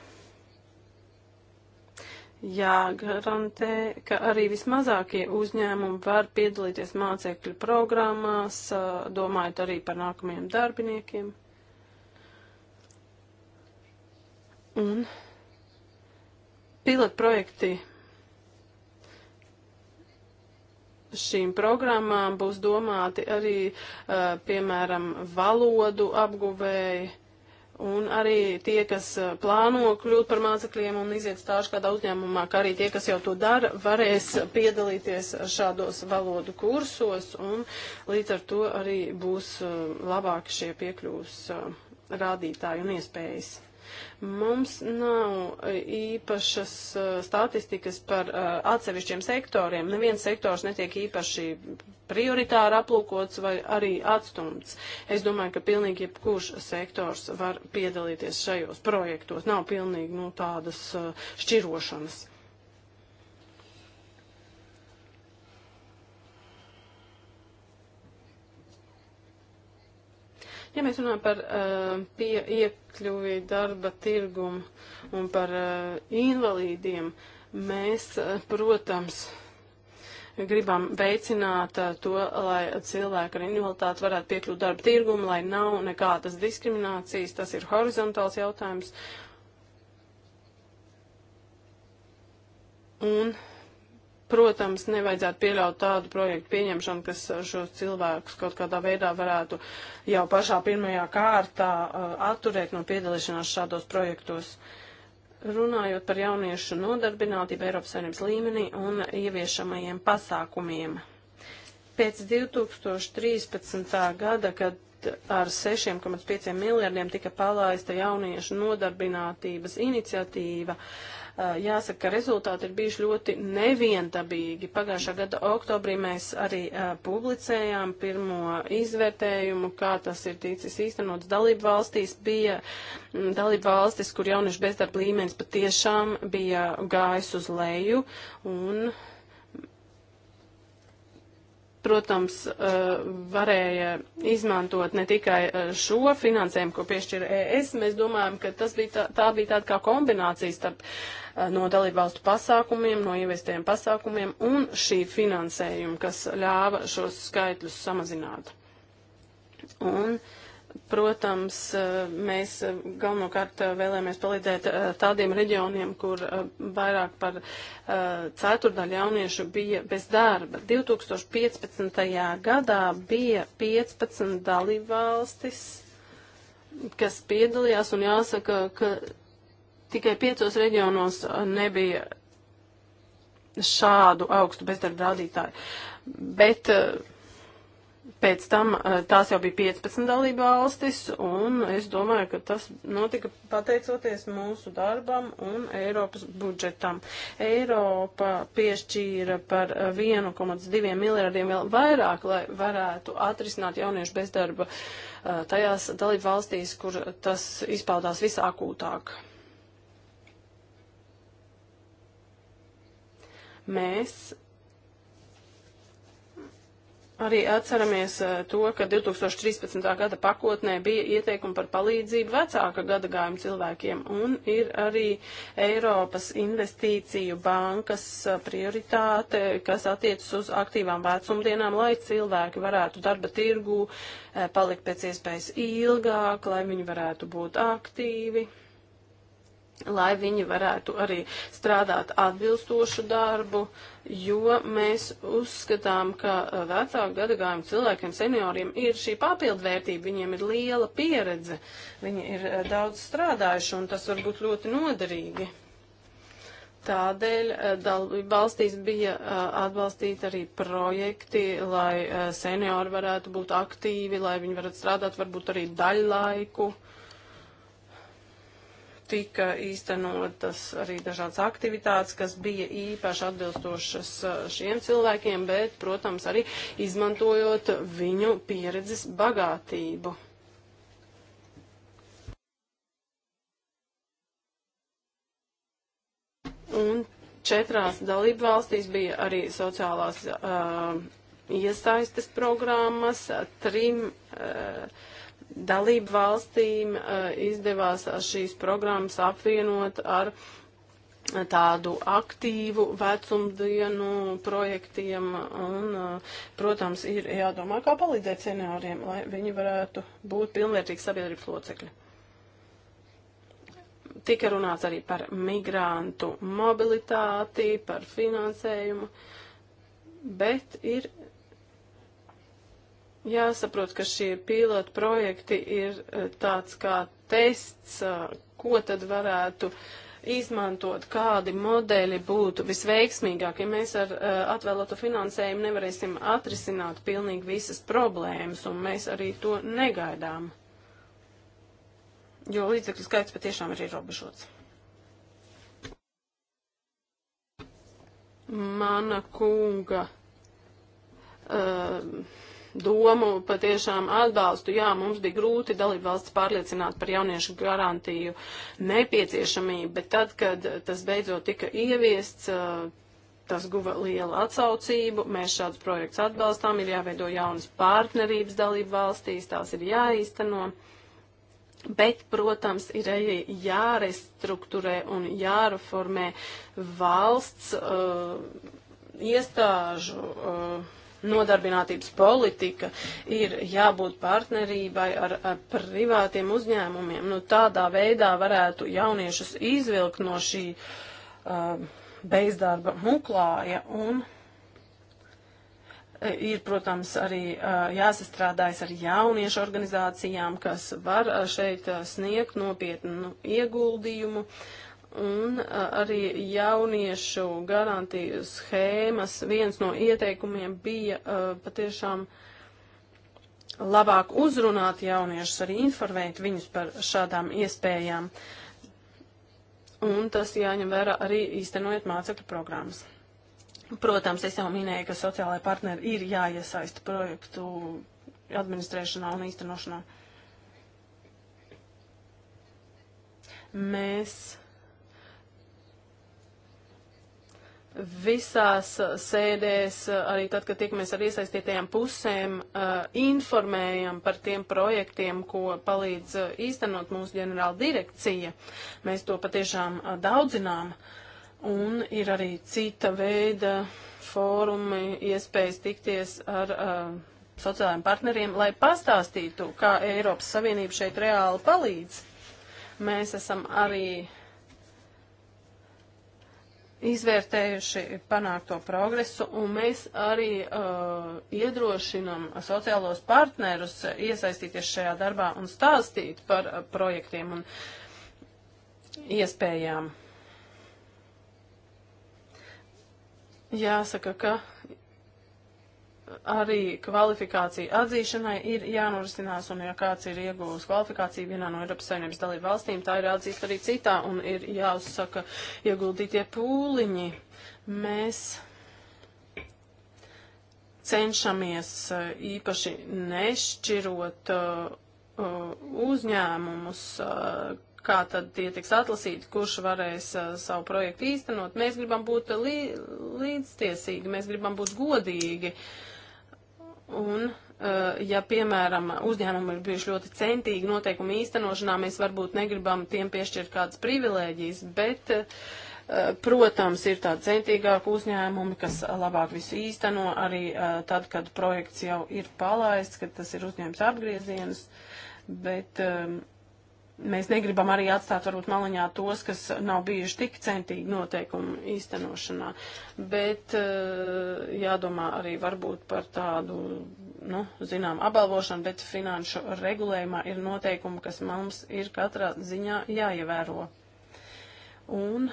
jāgarantē, ka arī vismazākie uzņēmumi var piedalīties mācekļu programmās, domājot arī par nākamajiem darbiniekiem. Un pilotprojekti šīm programmām būs domāti arī, piemēram, valodu apguvēji un arī tie, kas plāno kļūt par mācekļiem un iziet stāžu kādā uzņēmumā, kā arī tie, kas jau to dara, varēs piedalīties šādos valodu kursos un līdz ar to arī būs labāk šie piekļūs rādītāji un iespējas. Mums nav e, īpašas e, statistikas par e, atsevišķiem sektoriem. Neviens sektors netiek īpaši prioritāri aplūkots vai arī atstumts. Es domāju, ka pilnīgi jebkurš sektors var piedalīties šajos projektos. Nav pilnīgi nu, tādas šķirošanas. Ja mēs runājam par uh, pie, iekļuvi darba tirgumu un par uh, invalīdiem, mēs, uh, protams, gribam veicināt uh, to, lai cilvēki ar invaliditāti varētu piekļūt darba tirgumu, lai nav nekādas diskriminācijas. Tas ir horizontāls jautājums. Un Protams, nevajadzētu pieļaut tādu projektu pieņemšanu, kas šos cilvēkus kaut kādā veidā varētu jau pašā pirmajā kārtā uh, atturēt no piedalīšanās šādos projektos. Runājot par jauniešu nodarbinātību Eiropas Savienības līmenī un ieviešamajiem pasākumiem. Pēc 2013. gada, kad ar 6,5 miljardiem tika palaista jauniešu nodarbinātības iniciatīva, uh, Jāsaka, ka rezultāti ir bijuši ļoti neviendabīgi. Pagājušā gada oktobrī mēs arī publicējām pirmo izvērtējumu, kā tas ir ticis īstenots dalību valstīs. Bija dalību valstis, kur jauniešu bezdarba līmenis patiešām bija gājis uz leju un protams, eh, varēja izmantot ne tikai eh, šo finansējumu, ko piešķira ES. Mēs domājam, ka tas bija tā, tā bija tāda kā kombinācija starp eh, no dalībvalstu pasākumiem, no ievestiem pasākumiem un šī finansējuma, kas ļāva šos skaitļus samazināt. Un uh, Protams, eh, mēs eh, galvenokārt eh, vēlēmies palīdzēt tādiem reģioniem, kur vairāk par ceturdaļu jauniešu bija bez darba. 2015. gadā bija 15 dalībvalstis, kas piedalījās, un jāsaka, ka tikai piecos reģionos nebija šādu augstu bezdarba rādītāju. Bet uh, Pēc tam eh, tās jau bija 15 dalība valstis, un es domāju, ka tas notika pateicoties mūsu darbam un Eiropas budžetam. Eiropa piešķīra par 1,2 eh, miljardiem vēl vairāk, lai varētu atrisināt jauniešu bezdarba eh, tajās dalība valstīs, kur tas izpaudās visākūtāk. Mēs Arī atceramies eh, to, ka 2013. gada pakotnē bija ieteikumi par palīdzību vecāka gadagājuma cilvēkiem, un ir arī Eiropas investīciju bankas eh, prioritāte, kas attiecas uz aktīvām vecumdienām, lai cilvēki varētu darba tirgu eh, palikt pēc iespējas ilgāk, lai viņi varētu būt aktīvi lai viņi varētu arī strādāt atbilstošu darbu, uh, jo mēs uzskatām, ka uh, vecāku gadagājumu cilvēkiem, senioriem ir šī papildvērtība, viņiem ir liela pieredze, viņi ir uh, daudz strādājuši un tas var būt ļoti noderīgi. Tādēļ uh, valstīs bija atbalstīti arī projekti, lai seniori varētu būt aktīvi, lai viņi varētu strādāt varbūt arī daļlaiku. laiku tika īstenotas arī dažādas aktivitātes, kas bija īpaši atbilstošas uh, šiem cilvēkiem, bet, protams, arī izmantojot viņu pieredzes bagātību. Un četrās dalību valstīs bija arī sociālās uh, iesaistes programmas, trim uh, Dalību valstīm eh, izdevās šīs programmas apvienot ar tādu aktīvu vecumdienu projektiem un, eh, protams, ir jādomā, kā palīdzēt senioriem, lai viņi varētu būt pilnvērtīgi sabiedrības locekļi. Tika runāts arī par migrantu mobilitāti, par finansējumu, bet ir jāsaprot, ka šie pilotu projekti ir e, tāds kā tests, e, ko tad varētu izmantot, kādi modeļi būtu visveiksmīgākie. Ja mēs ar uh, atvēlēto finansējumu nevarēsim atrisināt pilnīgi visas problēmas, un mēs arī to negaidām, jo līdzekļu skaits patiešām ir ierobežots. Mana kunga. Uh, domu patiešām atbalstu. Jā, mums bija grūti dalību valsts pārliecināt par jauniešu garantiju nepieciešamību, bet tad, kad tas beidzot tika ieviests, eh, tas guva lielu atsaucību, mēs šādus projekts atbalstām, ir jāveido jaunas partnerības dalību valstīs, tās ir jāīsteno. Bet, protams, ir arī jārestruktūrē un jāreformē valsts uh, iestāžu uh, nodarbinātības politika, ir jābūt partnerībai ar, ar privātiem uzņēmumiem. Nu, tādā veidā varētu jauniešus izvilkt no šī uh, bezdarba muklāja un uh, ir, protams, arī uh, jāsastrādājas ar jauniešu organizācijām, kas var uh, šeit sniegt nopietnu nu, ieguldījumu. Uh, Un arī jauniešu garantiju schēmas viens no ieteikumiem bija patiešām labāk uzrunāt jauniešus, arī informēt viņus par šādām iespējām. Un tas jāņem vērā arī īstenojot mācekļu programmas. Protams, es jau minēju, ka sociālai partneri ir jāiesaista projektu administrēšanā un īstenošanā. Mēs visās uh, sēdēs, uh, arī tad, kad tiekamies ar iesaistītajām pusēm, uh, informējam par tiem projektiem, ko palīdz īstenot mūsu ģenerāla direkcija. Mēs to patiešām daudzinām. Un ir arī cita veida fórumi, iespējas tikties ar sociālajiem partneriem, lai pastāstītu, kā Eiropas Savienība šeit reāli palīdz. Mēs esam arī uh, izvērtējuši panākto progresu, un mēs arī uh, iedrošinam sociālos partnerus iesaistīties šajā darbā un stāstīt par uh, projektiem un iespējām. Jāsaka, ka arī kvalifikācija atzīšanai ir jānorisinās, un ja kāds ir ieguvis kvalifikāciju vienā no Eiropas saimnības dalību valstīm, tā ir atzīta arī citā, un ir jāuzsaka ieguldītie pūliņi. Mēs cenšamies eh, īpaši nešķirot eh, eh, uzņēmumus, kā tad tie tiks atlasīti, kurš varēs uh, savu projektu īstenot. Mēs gribam būt lī, līdztiesīgi, mēs gribam būt godīgi. Uh, Un, eh, ja, piemēram, uzņēmumi ir bijuši ļoti centīgi noteikumu īstenošanā, mēs varbūt negribam tiem piešķirt kādas privilēģijas, bet, eh, protams, ir tādi centīgāki uzņēmumi, kas labāk visu īsteno arī eh, tad, kad projekts jau ir palaists, kad tas ir uzņēmums apgriezienus, bet Mēs negribam arī atstāt varbūt maliņā tos, kas nav bijuši tik centīgi noteikumu īstenošanā, bet eh, jādomā arī varbūt par tādu, nu, zinām, apbalvošanu, bet finanšu regulējumā ir noteikumi, kas mums ir katrā ziņā jāievēro. Un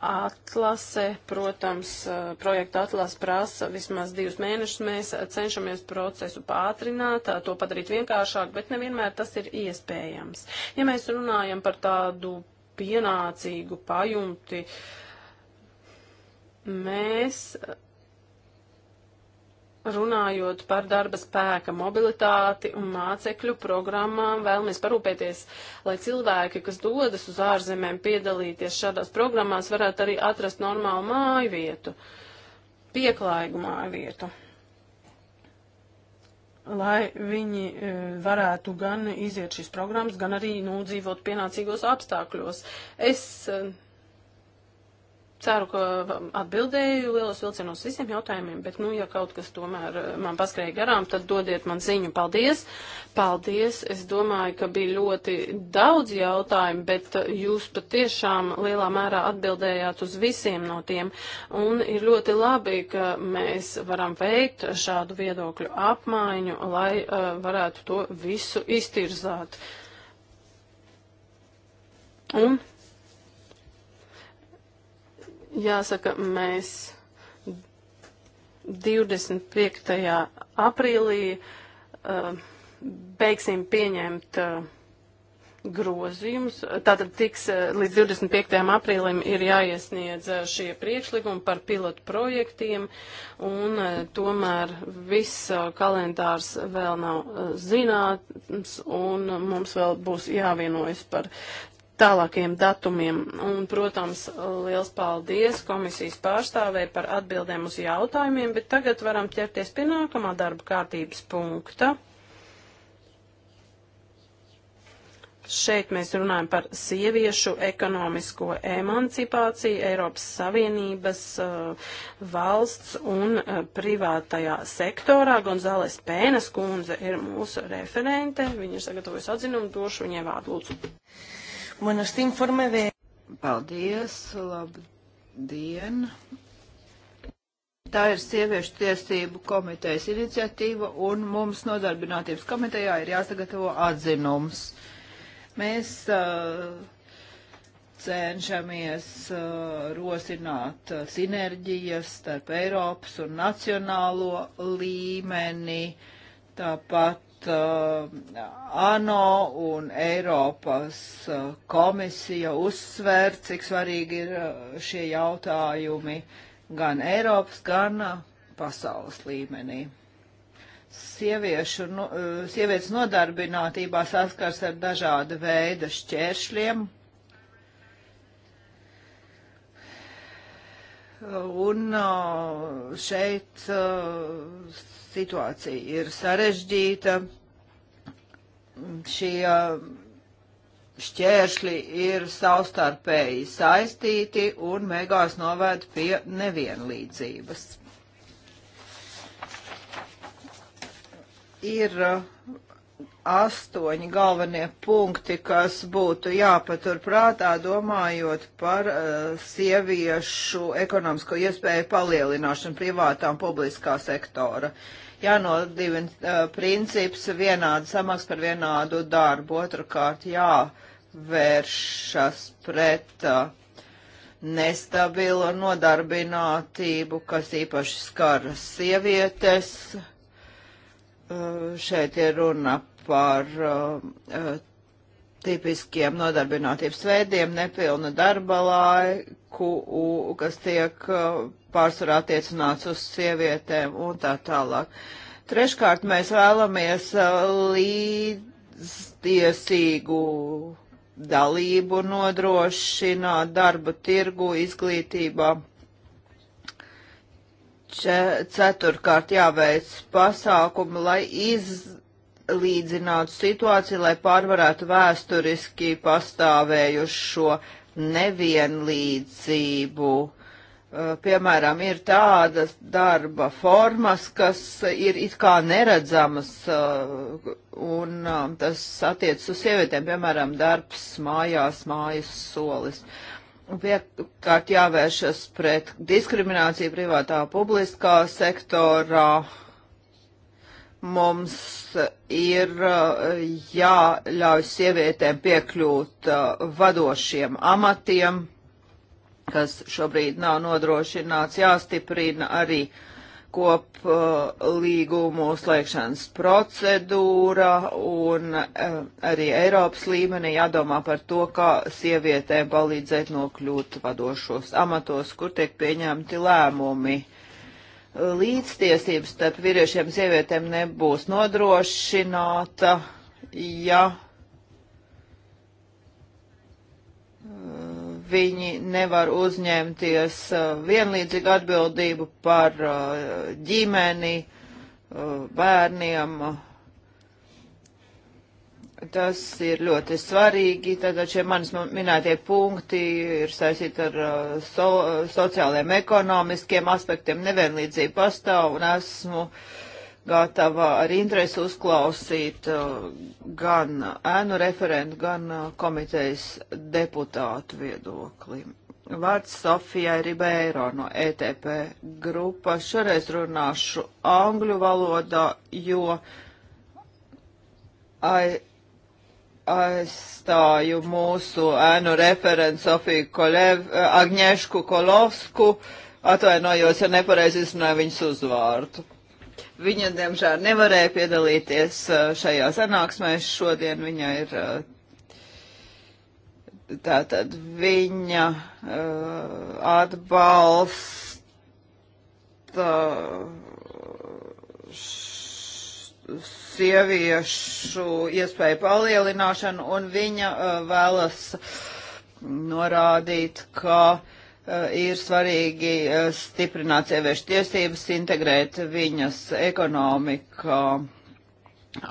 atlase, protams, projekta atlase prasa vismaz divus mēnešus. Mēs cenšamies procesu pātrināt, to padarīt vienkāršāk, bet nevienmēr tas ir iespējams. Ja mēs runājam par tādu pienācīgu pajumti, mēs runājot par darba spēka mobilitāti un mācekļu programmām, vēlamies parūpēties, lai cilvēki, kas dodas uz ārzemēm piedalīties šādās programmās, varētu arī atrast normālu māju vietu, pieklājīgu māju vietu. Lai viņi e, varētu gan iziet šīs programmas, gan arī nodzīvot pienācīgos apstākļos. Es e, Ceru, ka atbildēju lielos vilcienos visiem jautājumiem, bet, nu, ja kaut kas tomēr eh, man paskrēja garām, tad dodiet man ziņu. Paldies! Paldies! Es domāju, ka bija ļoti daudz jautājumu, bet eh, jūs patiešām lielā mērā atbildējāt uz visiem no tiem. Un ir ļoti labi, ka mēs varam veikt šādu viedokļu apmaiņu, lai uh, varētu to visu iztirzāt. Un Jāsaka, mēs 25. aprīlī uh, beigsim pieņemt uh, grozījums. Tātad tiks uh, līdz 25. aprīlim ir jāiesniedz uh, šie priekšlikumi par pilotu projektiem, un uh, tomēr viss kalendārs vēl nav zināts, un mums vēl būs jāvienojas par tālākiem datumiem. Un, protams, liels paldies komisijas pārstāvē par atbildēm uz jautājumiem, bet tagad varam ķerties pie nākamā darba kārtības punkta. Šeit mēs runājam par sieviešu ekonomisko emancipāciju Eiropas Savienības uh, valsts un uh, privātajā sektorā. Gonzāles Pēnas kundze ir mūsu referente. Viņa ir sagatavojusi atzinumu, došu viņai vārdu lūdzu. Uh, Bueno, este informe de... Paldies, labdien. Tā ir sieviešu tiesību komitejas iniciatīva, un mums nodarbinātības komitejā ir jāsagatavo atzinums. Mēs uh, cenšamies uh, rosināt uh, sinerģijas starp Eiropas un nacionālo līmeni, tāpat Eh, ANO un Eiropas eh, komisija uzsver, cik svarīgi ir eh, šie jautājumi gan Eiropas, gan pasaules līmenī. Sieviešu, nu, sievietes nodarbinātībā saskars ar dažāda veida šķēršļiem, Un šeit situācija ir sarežģīta, šie uh, šķēršļi ir savstarpēji saistīti un beigās novēd pie nevienlīdzības. Ir uh, astoņi galvenie punkti, kas būtu jāpatur prātā, domājot par uh, sieviešu ekonomisko iespēju palielināšanu privātā un publiskā sektora. Jānodivina uh, princips vienāda samaks par vienādu darbu, otrkārt jāvēršas pret uh, nestabilu nodarbinātību, kas īpaši skar sievietes. Uh, Eh, šeit ir runa par eh, eh, tipiskiem nodarbinātības veidiem, nepilnu darba laiku, kas tiek pārsvarā attiecināts uz sievietēm un tā tālāk. Treškārt, mēs vēlamies līdztiesīgu dalību nodrošināt darba tirgu izglītībā ceturkārt jāveic pasākumi, lai izlīdzinātu situāciju, lai pārvarētu vēsturiski pastāvējušo nevienlīdzību. Uh, piemēram, ir tādas darba formas, kas ir it kā neredzamas, uh, un um, tas attiec uz sievietēm, piemēram, darbs mājās, mājas solis. Uh, Piekārt jāvēršas pret diskrimināciju privātā publiskā sektorā. Mums ir uh, jāļauj sievietēm piekļūt uh, vadošiem amatiem, kas šobrīd nav nodrošināts, jāstiprina arī uh, kop uh, līgumu slēgšanas procedūra un uh, arī Eiropas līmenī jādomā par to, kā sievietēm palīdzēt nokļūt vadošos amatos, kur tiek pieņemti lēmumi līdztiesības starp vīriešiem un sievietēm nebūs nodrošināta, ja viņi nevar uzņemties uh, vienlīdzīgu atbildību par uh, ģimeni, uh, bērniem. Tas ir ļoti svarīgi. Tātad šie manis minētie punkti ir saistīti ar so, sociāliem, ekonomiskiem aspektiem. Nevienlīdzība pastāv un esmu uh, gatava ar interesi uzklausīt uh, gan ēnu referentu, gan uh, komitejas deputātu viedokli. Vārds Sofijai Ribeiro no ETP grupas. Šoreiz runāšu angļu valodā, jo aizstāju mūsu ēnu referentu Sofiju Kolev, Agņešku Kolovsku. Atvainojos, ja nepareizi izrunāju viņas uzvārdu. Viņa, diemžēl, nevarēja piedalīties uh, šajā sanāksmē. Šodien viņa ir uh, tātad viņa uh, atbalsta uh, sieviešu iespēju palielināšanu, un viņa uh, vēlas norādīt, ka uh, Eh, ir svarīgi eh, stiprināt sieviešu tiesības, integrēt viņas ekonomikā.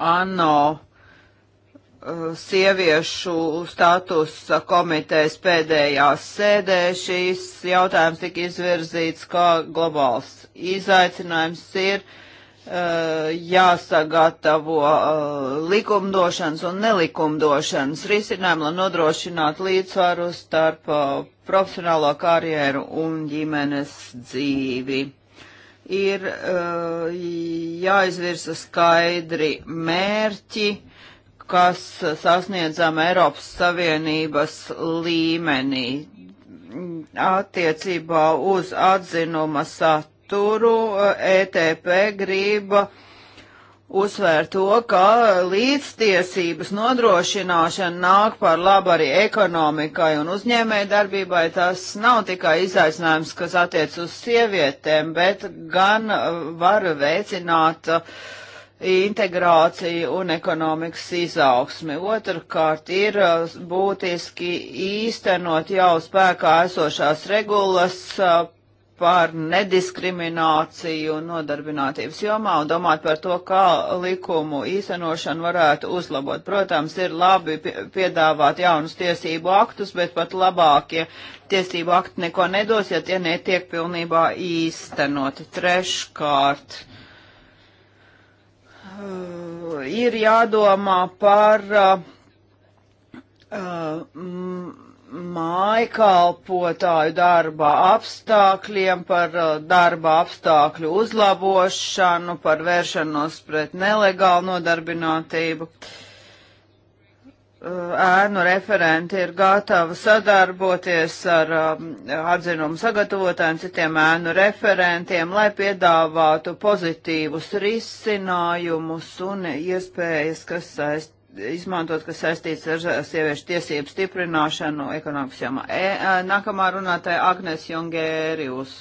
ANO eh, sieviešu statusa komitejas pēdējās sēdē šīs jautājums tika izvirzīts, kā globāls izaicinājums ir uh, Eh, jāsagatavo eh, likumdošanas un nelikumdošanas risinājumu, lai nodrošinātu līdzsvaru starp eh, profesionālo karjeru un ģimenes dzīvi. Ir jāizvirsa skaidri mērķi, kas sasniedzam Eiropas Savienības līmenī attiecībā uz atzinuma saturu saturu ETP eh, e grib uzsvērt to, ka līdztiesības nodrošināšana nāk par labu arī ekonomikai un uzņēmē darbībai. Tas nav tikai izaicinājums, kas attiec uz sievietēm, bet gan eh, var veicināt uh, integrāciju un ekonomikas izaugsmi. Otrkārt ir būtiski īstenot jau spēkā esošās regulas par nediskrimināciju nodarbinātības jomā un domāt par to, kā likumu īstenošanu varētu uzlabot. Protams, ir labi piedāvāt jaunus tiesību aktus, bet pat labākie tiesību akti neko nedos, ja tie netiek pilnībā īstenoti. Treškārt, uh, ir jādomā par. Uh, mm, mājkalpotāju darba apstākļiem, par uh, darba apstākļu uzlabošanu, par vēršanos pret nelegālu nodarbinātību. Uh, ēnu referenti ir gatavi sadarboties ar um, atzinumu sagatavotājiem, citiem ēnu referentiem, lai piedāvātu pozitīvus risinājumus un iespējas, kas saist izmantot, kas saistīts ar sieviešu tiesību stiprināšanu ekonomikas jomā. E, e nākamā runātāja Agnes Jongērius.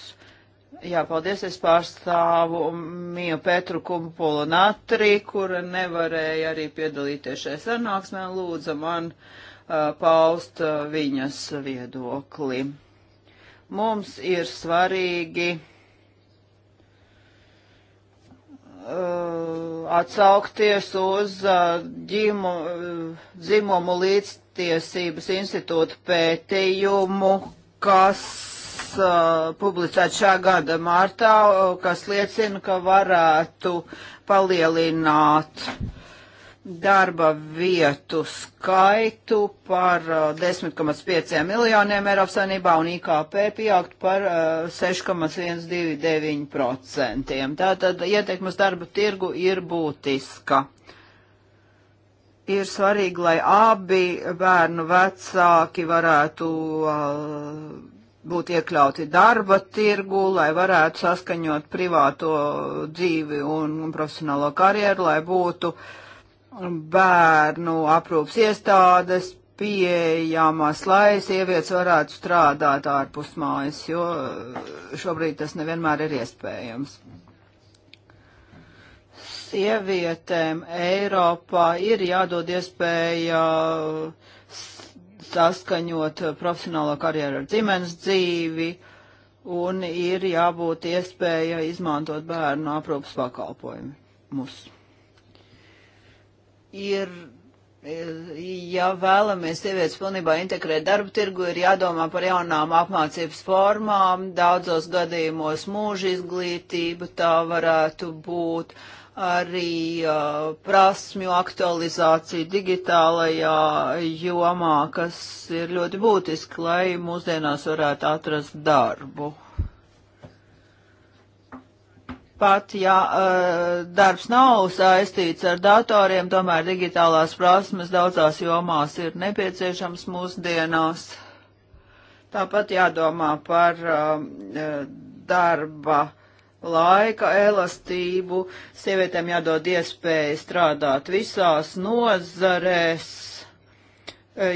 Jā, paldies, es pārstāvu Miju Petru Kumpulu Natri, kura nevarēja arī piedalīties šajā sanāksmē, lūdza man uh, paust uh, viņas viedokli. Mums ir svarīgi uh, atsaukties uz uh, ģimu, uh, dzimumu līdztiesības institūta pētījumu, kas uh, publicēts šā gada martā, uh, kas liecina, ka varētu palielināt uh, darba vietu skaitu par 10,5 uh, miljoniem Eiropas Savienībā un IKP pieaugt par 6,129%. Uh, Tātad ietekmes darba tirgu ir būtiska ir svarīgi, lai abi bērnu vecāki varētu uh, būt iekļauti darba tirgu, lai varētu saskaņot privāto dzīvi un, un profesionālo karjeru, lai būtu uh, bērnu aprūpas iestādes pieejamas, lai sievietes varētu strādāt ārpus mājas, jo šobrīd tas nevienmēr ir iespējams. Sievietēm Eiropā ir jādod iespēja saskaņot profesionālo karjeru ar ģimenes dzīvi un ir jābūt iespēja izmantot bērnu aprūpas pakalpojumu. Mūsu ir, e, ja vēlamies sievietes pilnībā integrēt darba tirgu, ir jādomā par jaunām apmācības formām, daudzos gadījumos mūža izglītība tā varētu būt, arī uh, prasmju aktualizācija digitālajā jomā, kas ir ļoti būtiski, lai mūsdienās varētu atrast darbu. Pat ja eh, darbs nav saistīts ar datoriem, tomēr digitālās prasmes daudzās jomās ir nepieciešams mūsdienās. Tāpat jādomā par eh, darba laika elastību, sievietēm jādod iespēja strādāt visās nozarēs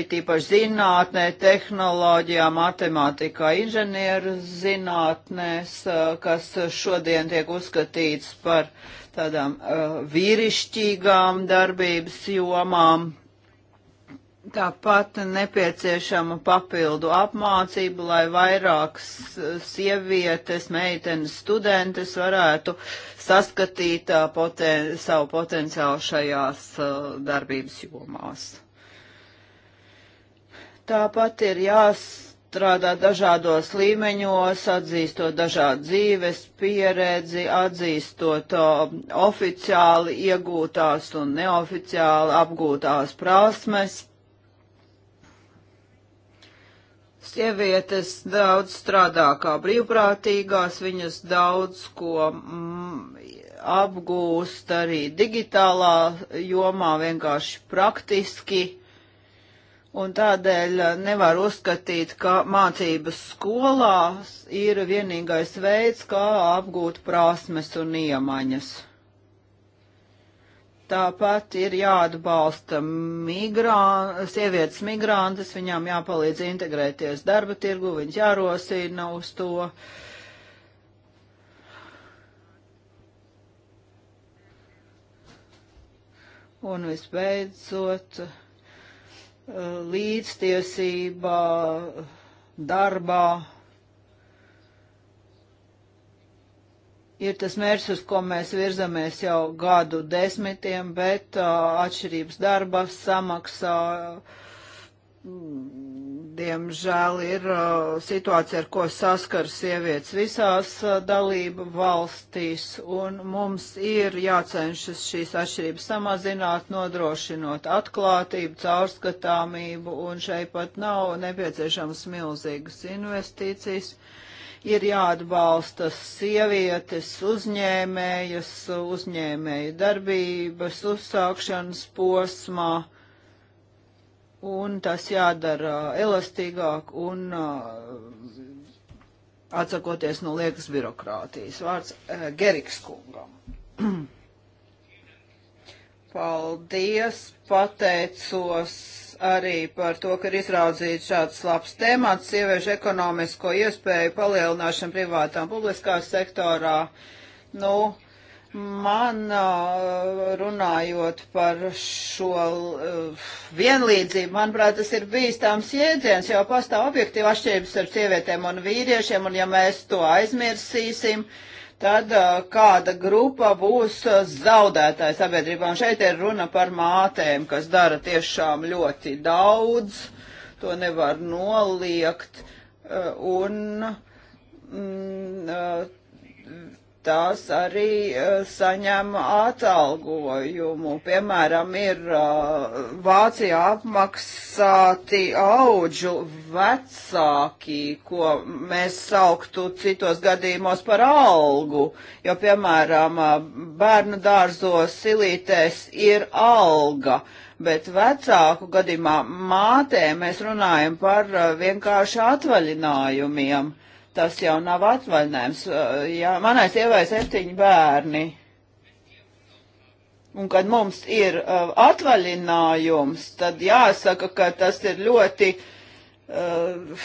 tīpaši zinātnē, tehnoloģijā, matemātikā, inženieru zinātnēs, kas šodien tiek uzskatīts par tādām uh, vīrišķīgām darbības jomām. Tāpat nepieciešama papildu apmācība, lai vairākas sievietes, meitenes, studentes varētu saskatīt uh, poten savu potenciālu šajās uh, darbības jomās. Tāpat ir jāstrādā dažādos līmeņos, atzīstot dažādu dzīves pieredzi, atzīstot uh, oficiāli iegūtās un neoficiāli apgūtās prasmes. Sievietes daudz strādā kā brīvprātīgās, viņas daudz ko mm, apgūst arī digitālā jomā, vienkārši praktiski Un tādēļ nevar uzskatīt, ka mācības skolās ir vienīgais veids, kā apgūt prasmes un iemaņas. Tāpat ir jāatbalsta migrā, sievietes migrantes, viņām jāpalīdz integrēties darba tirgu, viņas jārosina uz to. Un visbeidzot līdztiesība darbā ir tas mērķis, uz ko mēs virzamies jau gadu desmitiem, bet uh, atšķirības darba samaksā m, diemžēl, ir situācija, ar ko saskars sievietes visās dalību valstīs, un mums ir jācenšas šīs atšķirības samazināt, nodrošinot atklātību, caurskatāmību, un šeit pat nav nepieciešams milzīgas investīcijas. Ir jāatbalsta sievietes, uzņēmējas, uzņēmēju darbības, uzsākšanas posmā un tas jādara uh, elastīgāk un uh, atsakoties no liekas birokrātijas. Vārds uh, Geriks kungam. <clears throat> Paldies, pateicos arī par to, ka ir izraudzīts šāds labs temats, sieviešu ekonomisko iespēju palielināšana privātām publiskā sektorā. Nu, uh, Man uh, runājot par šo uh, vienlīdzību, manuprāt, tas ir bīstams jēdziens, jo pastāv objektīva atšķirības starp sievietēm un vīriešiem, un ja mēs to aizmirsīsim, tad uh, kāda grupa būs zaudētāja sabiedrībā. Un šeit ir runa par mātēm, kas dara tiešām ļoti daudz, to nevar noliegt, un. Mm, tās arī uh, saņem atalgojumu. Piemēram, ir uh, eh, Vācijā apmaksāti auģu vecāki, ko mēs sauktu citos gadījumos par algu, jo, piemēram, bērnu dārzos silītēs ir alga. Bet vecāku gadījumā mātē mēs runājam par uh, vienkārši atvaļinājumiem. Uh, tas jau nav atvaļinājums. Uh, ja manai sievai septiņi bērni. Un kad mums ir uh, atvaļinājums, tad jāsaka, ka tas ir ļoti uh,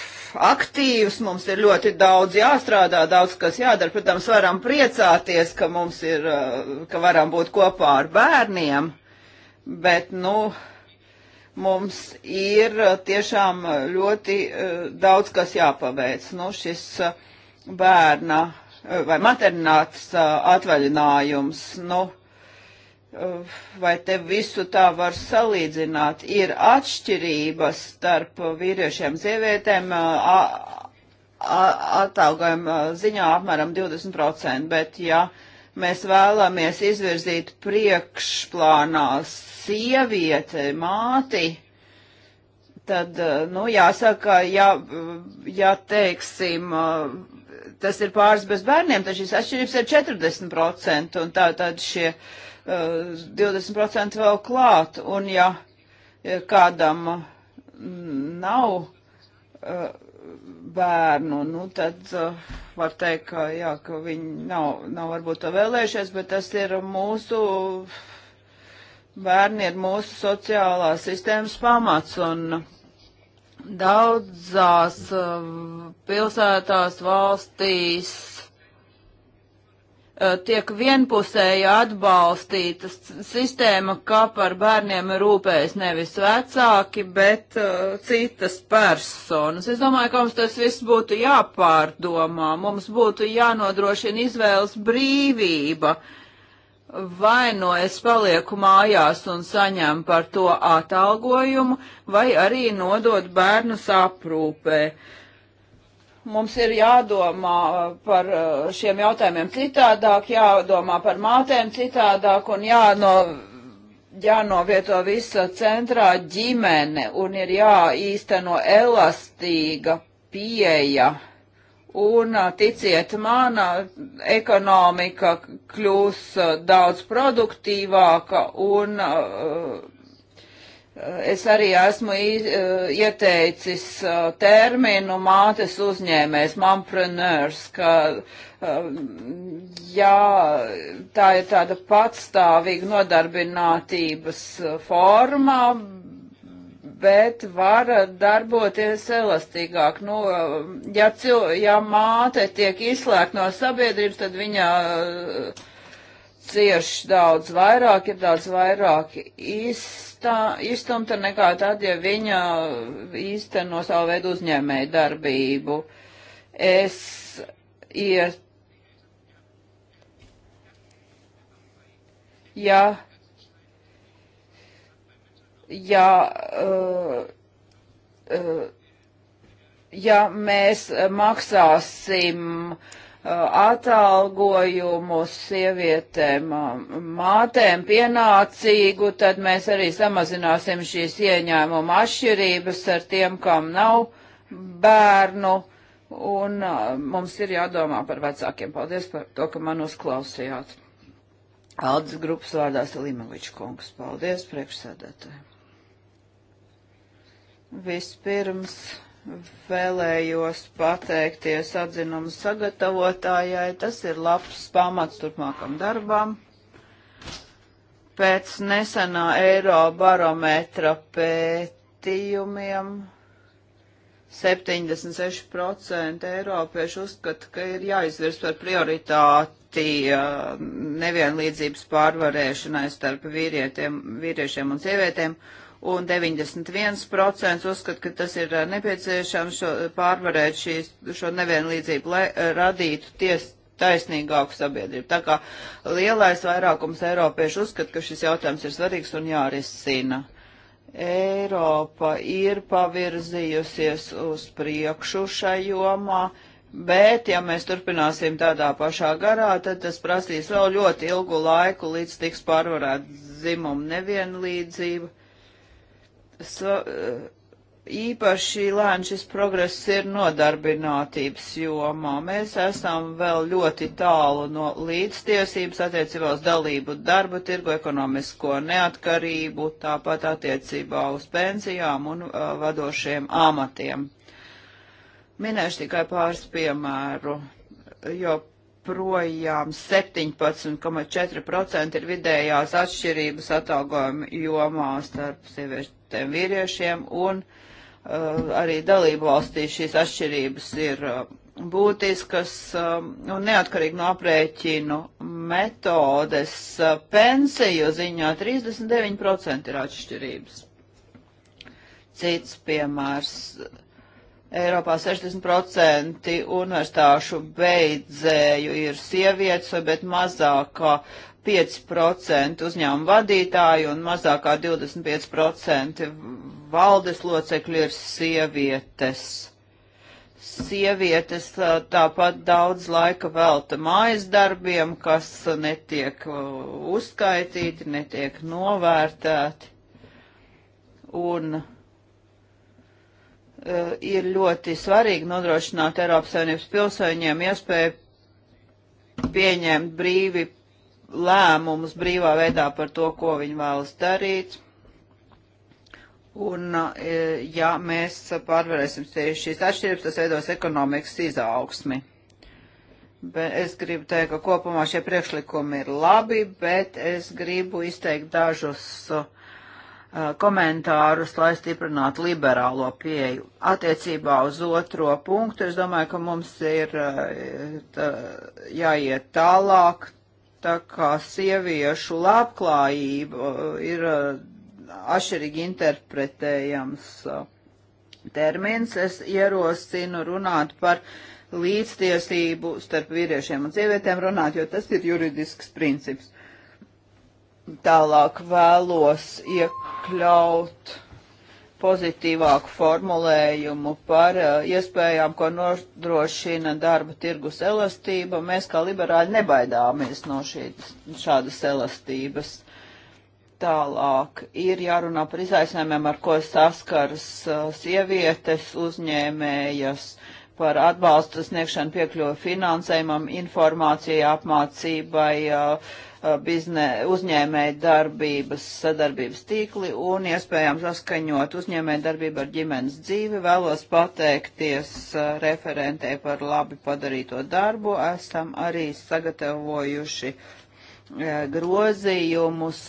aktīvs, mums ir ļoti daudz jāstrādā, daudz kas jādara. Protams, varam priecāties, ka mums ir, uh, ka varam būt kopā ar bērniem, bet, nu, uh, mums ir uh, tiešām uh, ļoti uh, daudz kas jāpaveic. Nu, šis bērna vai materināts atvaļinājums, nu, vai te visu tā var salīdzināt, ir atšķirības starp vīriešiem sievietēm atalgojuma ziņā apmēram 20%, bet ja mēs vēlamies izvirzīt priekšplānā sieviete, māti, tad, eh, nu, jāsaka, ja, ja teiksim, eh, tas ir pāris bez bērniem, tad šīs atšķirības ir 40%, un tā tad šie uh, eh, 20% vēl klāt, un ja kādam mm, nav uh, bērnu. Nu, tad uh, var teikt, ka, jā, ka viņi nav, nav varbūt to vēlējušies, bet tas ir mūsu, bērni ir mūsu sociālās sistēmas pamats. Un daudzās uh, pilsētās valstīs Eh, tiek vienpusēji atbalstīta sistēma, kā par bērniem rūpējas nevis vecāki, bet uh, citas personas. Es domāju, ka mums tas viss būtu jāpārdomā, mums būtu jānodrošina izvēles brīvība. Vai no nu es palieku mājās un saņemu par to atalgojumu, vai arī nodot bērnus aprūpē. Uh, mums ir jādomā par uh, šiem jautājumiem citādāk, jādomā par mātēm citādāk un jāno, jānovieto visa centrā ģimene un ir jāīsteno elastīga pieeja. Un uh, ticiet man, uh, ekonomika kļūs daudz produktīvāka un uh, Es arī esmu e, ieteicis e, terminu mātes uzņēmējs, mompreneurs, ka e, jā, tā ir tāda patstāvīga nodarbinātības forma, bet var darboties elastīgāk. Nu, ja, cil, ja māte tiek izslēgta no sabiedrības, tad viņa uh, cieši daudz vairāk, ir daudz vairāk izstumta nekā tad, ja viņa īsteno savu veidu uzņēmēju darbību. Es iet, ja, ja, uh, uh, ja mēs maksāsim uh, Uh, atalgojumu sievietēm, um, mātēm pienācīgu, tad mēs arī samazināsim šīs ieņēmuma atšķirības ar tiem, kam nav bērnu, un uh, mums ir jādomā par vecākiem. Paldies par to, ka man uzklausījāt. Aldis grupas vārdā Salimovičs kungs. Paldies priekšsēdētāji. Vispirms vēlējos pateikties atzinumu sagatavotājai. Tas ir labs pamats turpmākam darbam. Pēc nesenā Eirobarometra pētījumiem 76% eiropiešu uzskata, ka ir jāizvirs par prioritāti uh, nevienlīdzības pārvarēšanai starp vīrietiem, vīriešiem un sievietēm un 91% uzskat, ka tas ir nepieciešams šo, pārvarēt šīs, šo nevienlīdzību, lai radītu ties taisnīgāku sabiedrību. Tā kā lielais vairākums eiropiešu uzskat, ka šis jautājums ir svarīgs un jārisina. Eiropa ir pavirzījusies uz priekšu šai jomā, bet ja mēs turpināsim tādā pašā garā, tad tas prasīs vēl ļoti ilgu laiku, līdz tiks pārvarēt dzimumu nevienlīdzību sa, eh, īpaši lēns šis progress ir nodarbinātības jomā. Mēs esam vēl ļoti tālu no līdztiesības attiecībā uz dalību darba tirgu, ekonomisko neatkarību, tāpat attiecībā uz pensijām un uh, vadošiem amatiem. Minēšu tikai pāris piemēru, jo projām 17,4% ir vidējās atšķirības atalgojuma jomā starp sieviešu sievietēm, vīriešiem, un uh, arī dalību valstī šīs atšķirības ir uh, būtiskas um, un neatkarīgi no aprēķinu metodes uh, pensiju ziņā 39% ir atšķirības. Cits piemērs. Eiropā 60% universitāšu beidzēju ir sievietes, bet mazākā 5% uzņēmumu vadītāju un mazākā 25% valdes locekļu ir sievietes. Sievietes tāpat daudz laika velta mājas darbiem, kas netiek uzskaitīti, netiek novērtēti. Un ir ļoti svarīgi nodrošināt Eiropas Savienības pilsoņiem iespēju pieņemt brīvi lēmumus brīvā veidā par to, ko viņi vēlas darīt. Un, e, ja mēs pārvarēsim šīs atšķirības, tas veidos ekonomikas izaugsmi. Bet es gribu teikt, ka kopumā šie priekšlikumi ir labi, bet es gribu izteikt dažus uh, komentārus, lai stiprinātu liberālo pieju. Attiecībā uz otro punktu, es domāju, ka mums ir uh, tā, jāiet tālāk, tā kā sieviešu labklājība uh, ir uh, ašerīgi interpretējams uh, termins, es ierosinu runāt par līdztiesību starp vīriešiem un sievietēm runāt, jo tas ir juridisks princips. Tālāk vēlos iekļaut pozitīvāku formulējumu par uh, iespējām, ko nodrošina darba tirgus elastība. Mēs kā liberāļi nebaidāmies no šīs, šādas elastības. Tālāk ir jārunā par izaicinājumiem, ar ko saskaras uh, sievietes uzņēmējas, par atbalstu sniegšanu piekļuvu finansējumam, informācijai, apmācībai. Uh, Uh, bizne, uzņēmēja darbības sadarbības tīkli un iespējām saskaņot uzņēmēja darbību ar ģimenes dzīvi. Vēlos pateikties uh, referentē par labi padarīto darbu. Esam arī sagatavojuši uh, grozījumus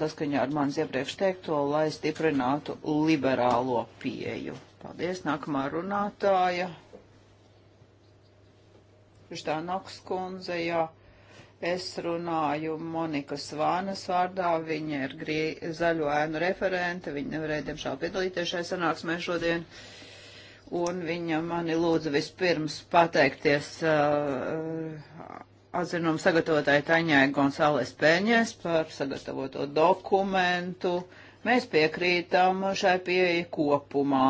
saskaņā ar manis iepriekš teikto, lai stiprinātu liberālo pieju. Paldies, nākamā runātāja. Šitā Noks kundze, jā. Ja Es runāju Monikas Vānas vārdā, viņa ir grī, zaļo ēnu referente, viņa nevarēja, diemžēl, piedalīties šai sanāksmē šodien. Un viņa mani lūdza vispirms pateikties uh, atzinumu sagatavotāji Taņai Gonzāles Pēņēs par sagatavoto dokumentu. Mēs piekrītam šai pieeja kopumā.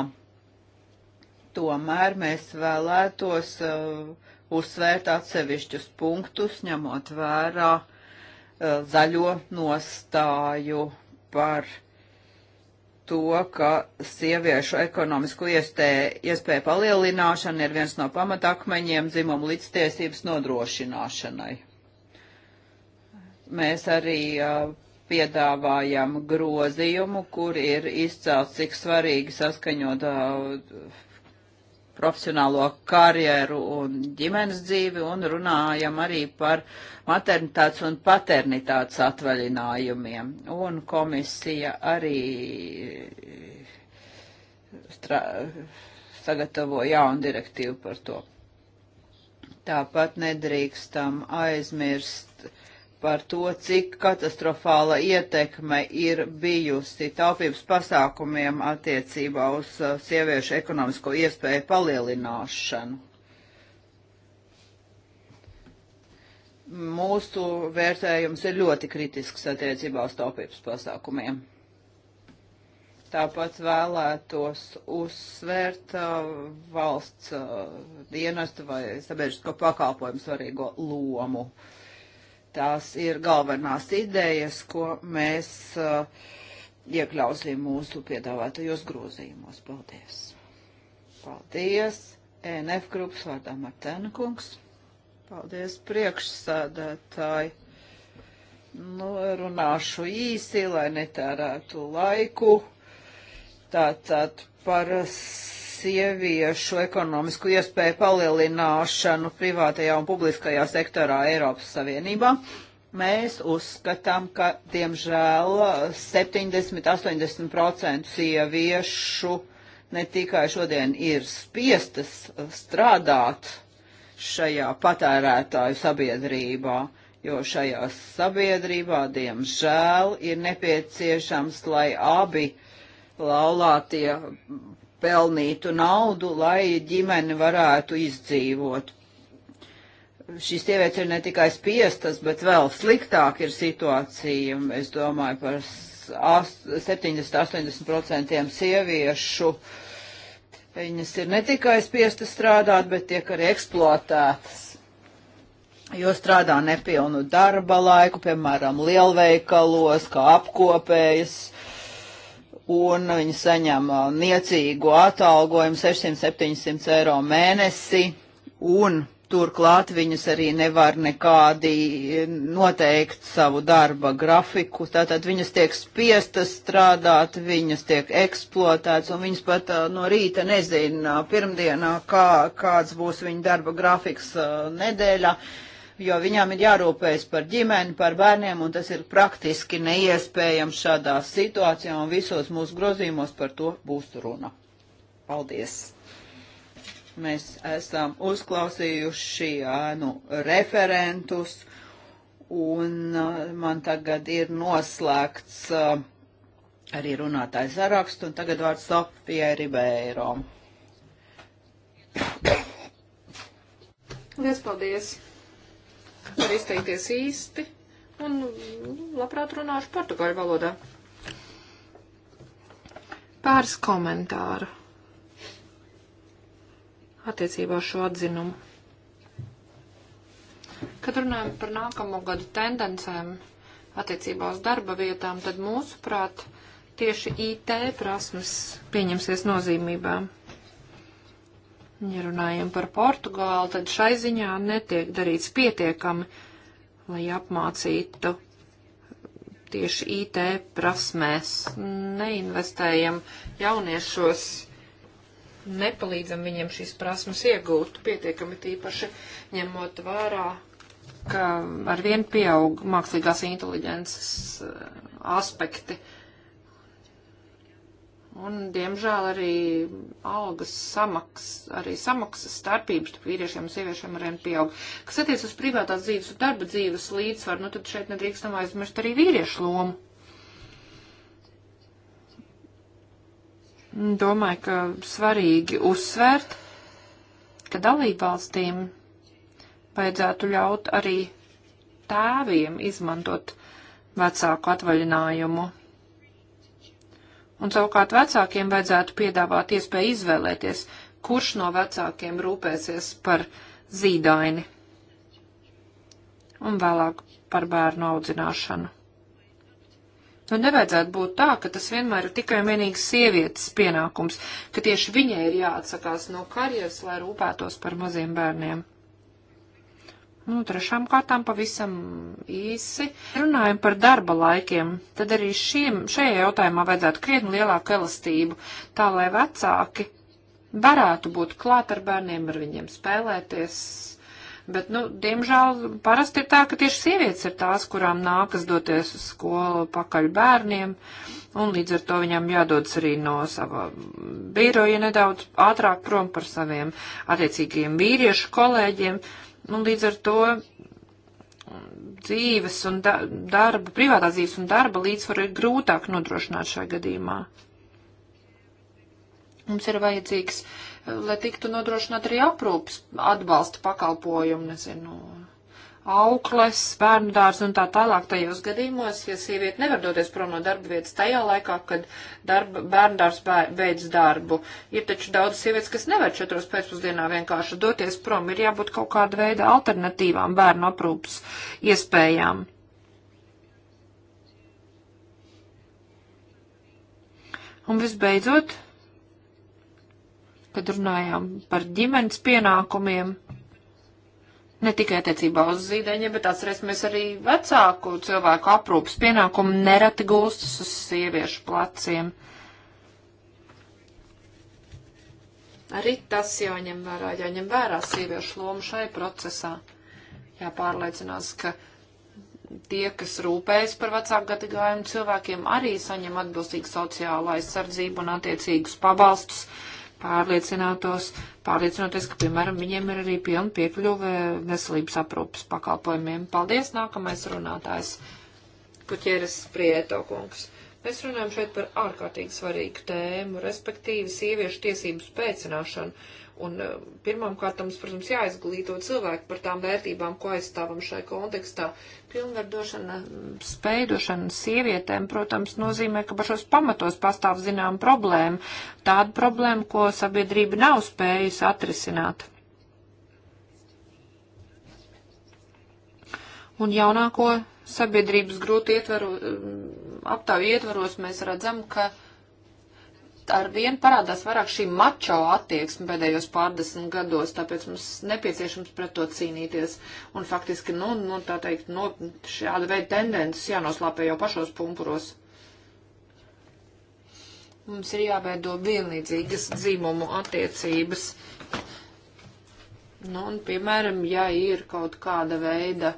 Tomēr mēs vēlētos. Uh, uzsvērt atsevišķus punktus, ņemot vērā eh, zaļo nostāju par to, ka sieviešu ekonomisko iespēju palielināšana ir viens no pamatakmeņiem dzimumu līdztiesības nodrošināšanai. Mēs arī uh, piedāvājam grozījumu, kur ir izcelts, cik svarīgi saskaņot uh, profesionālo karjeru un ģimenes dzīvi un runājam arī par maternitātes un paternitātes atvaļinājumiem. Un komisija arī stra... sagatavo jaunu direktīvu par to. Tāpat nedrīkstam aizmirst par to, cik katastrofāla ietekme ir bijusi taupības pasākumiem attiecībā uz uh, sieviešu ekonomisko iespēju palielināšanu. Mūsu vērtējums ir ļoti kritisks attiecībā uz taupības pasākumiem. Tāpat vēlētos uzsvērt uh, valsts uh, dienestu vai sabiedrisko pakalpojumu svarīgo lomu. Uh, tās ir galvenās idejas, ko mēs uh, iekļausim mūsu piedāvātajos grozījumos. Paldies! Paldies! ENF grupas vārdā Martēna kungs. Paldies priekšsādātāji. Nu, runāšu īsi, lai netērētu laiku. Tātad par sieviešu ekonomisku iespēju palielināšanu privātajā un publiskajā sektorā Eiropas Savienībā. Mēs uzskatām, ka, diemžēl, 70-80% sieviešu ne tikai šodien ir spiestas strādāt šajā patērētāju sabiedrībā, jo šajā sabiedrībā, diemžēl, ir nepieciešams, lai abi laulātie pelnītu naudu, lai ģimene varētu izdzīvot. Šīs sievietes ir ne tikai spiestas, bet vēl sliktāk ir situācija. Es domāju par 70-80% sieviešu. Viņas ir ne tikai spiestas strādāt, bet tiek arī eksploatētas. Jo strādā nepilnu darba laiku, piemēram, lielveikalos, kā apkopējas, uh, un viņi saņem uh, niecīgu atalgojumu 600-700 eiro mēnesi, un turklāt viņus arī nevar nekādi eh, noteikt savu darba grafiku, tātad viņas tiek spiestas strādāt, viņas tiek eksploatētas, un viņas pat uh, no rīta nezina uh, pirmdienā, kā, kāds būs viņa darba grafiks nedēļā. Uh, jo viņām ir jārūpējas par ģimeni, par bērniem, un tas ir praktiski neiespējams šādā situācijā, un visos mūsu grozījumos par to būs runa. Paldies! Mēs esam uzklausījuši ēnu referentus, un uh, man tagad ir noslēgts uh, arī runātājs sarakstu, un tagad vārds Sofijai Ribeiro. Liels paldies! var izteikties īsti un nu, labprāt runāšu portugāļu valodā. Pāris komentāru attiecībā uz šo atzinumu. Kad runājam par nākamo gadu tendencēm attiecībā uz darba vietām, tad mūsuprāt tieši IT prasmes pieņemsies nozīmībām. Ja runājam par Portugālu, tad šai ziņā netiek darīts pietiekami, lai apmācītu tieši IT prasmēs. Neinvestējam jauniešos, nepalīdzam viņiem šīs prasmes iegūt pietiekami tīpaši, ņemot vērā, ka ar vien pieaug mākslīgās inteliģences eh, aspekti. Uh, Un, diemžēl, arī algas samaks, arī samaksas starpības starp vīriešiem un sieviešiem arvien pieaug. Kas attiec uz privātās dzīves un darba dzīves līdzsvaru, nu tad šeit nedrīkstam aizmirst arī vīriešu lomu. Domāju, ka svarīgi uzsvērt, ka dalībvalstīm vajadzētu ļaut arī tēviem izmantot vecāku atvaļinājumu un savukārt vecākiem vajadzētu piedāvāt iespēju izvēlēties, kurš no vecākiem rūpēsies par zīdaini un vēlāk par bērnu audzināšanu. Nu, nevajadzētu būt tā, ka tas vienmēr ir tikai un vienīgi sievietes pienākums, ka tieši viņai ir jāatsakās no karjeras, lai rūpētos par maziem bērniem. Nu, trešām kārtām pavisam īsi. Runājam par darba laikiem, tad arī šiem, šajā jautājumā vajadzētu krietni lielāku elastību, tā lai vecāki varētu būt klāt ar bērniem, ar viņiem spēlēties. Bet, nu, diemžēl parasti ir tā, ka tieši sievietes ir tās, kurām nākas doties uz skolu pakaļ bērniem, un līdz ar to viņām jādodas arī no sava biroja nedaudz ātrāk prom par saviem attiecīgajiem vīriešu kolēģiem. Uh, Un nu, līdz ar to dzīves un da darba, privātā dzīves un darba līdzsvaru ir grūtāk nodrošināt šajā gadījumā. Mums ir vajadzīgs, lai tiktu nodrošināt arī aprūpas atbalsta pakalpojumu, nezinu, aukles, bērndārs un tā tālāk tajos gadījumos, ja sieviete nevar doties prom no darba vietas tajā laikā, kad darba, bērndārs beidz darbu. Ir taču daudz sievietes, kas nevar četros pēcpusdienā vienkārši doties prom, ir jābūt kaut kāda veida alternatīvām bērnu aprūpas iespējām. Un visbeidzot, kad runājām par ģimenes pienākumiem, ne tikai attiecībā uz zīdaiņiem, bet atcerēsimies arī vecāku cilvēku aprūpas pienākumu nereti gulstas uz sieviešu pleciem. Arī tas jāņem vērā, jāņem vērā sieviešu lomu šai procesā. Jāpārliecinās, ka tie, kas rūpējas par vecāku gadagājumu cilvēkiem, arī saņem atbilstīgu sociālo aizsardzību un attiecīgus pabalstus pārliecinātos, pārliecinoties, ka, piemēram, viņiem ir arī pilna piekļuve veselības aprūpas pakalpojumiem. Paldies, nākamais runātājs, Puķieres Prieto kungs. Mēs runājam šeit par ārkārtīgi svarīgu tēmu, respektīvi sieviešu tiesību spēcināšanu Un eh, pirmām kārtām, protams, jāizglīto cilvēki par tām vērtībām, ko aizstāvam šai kontekstā. Pilnvardošana, spējudošana sievietēm, protams, nozīmē, ka par šos pamatos pastāv zinām problēma. Tāda problēma, ko sabiedrība nav spējusi atrisināt. Un jaunāko sabiedrības grūti ietvaru, eh, aptāvi ietvaros mēs redzam, ka ar vien parādās vairāk šī mačo attieksme pēdējos pārdesmit gados, tāpēc mums nepieciešams pret to cīnīties. Un faktiski, nu, nu tā teikt, nu, šāda veida tendences jānoslāpē jau pašos pumpuros. Mums ir jāveido vienlīdzīgas dzīmumu attiecības. Nu, un, piemēram, ja ir kaut kāda veida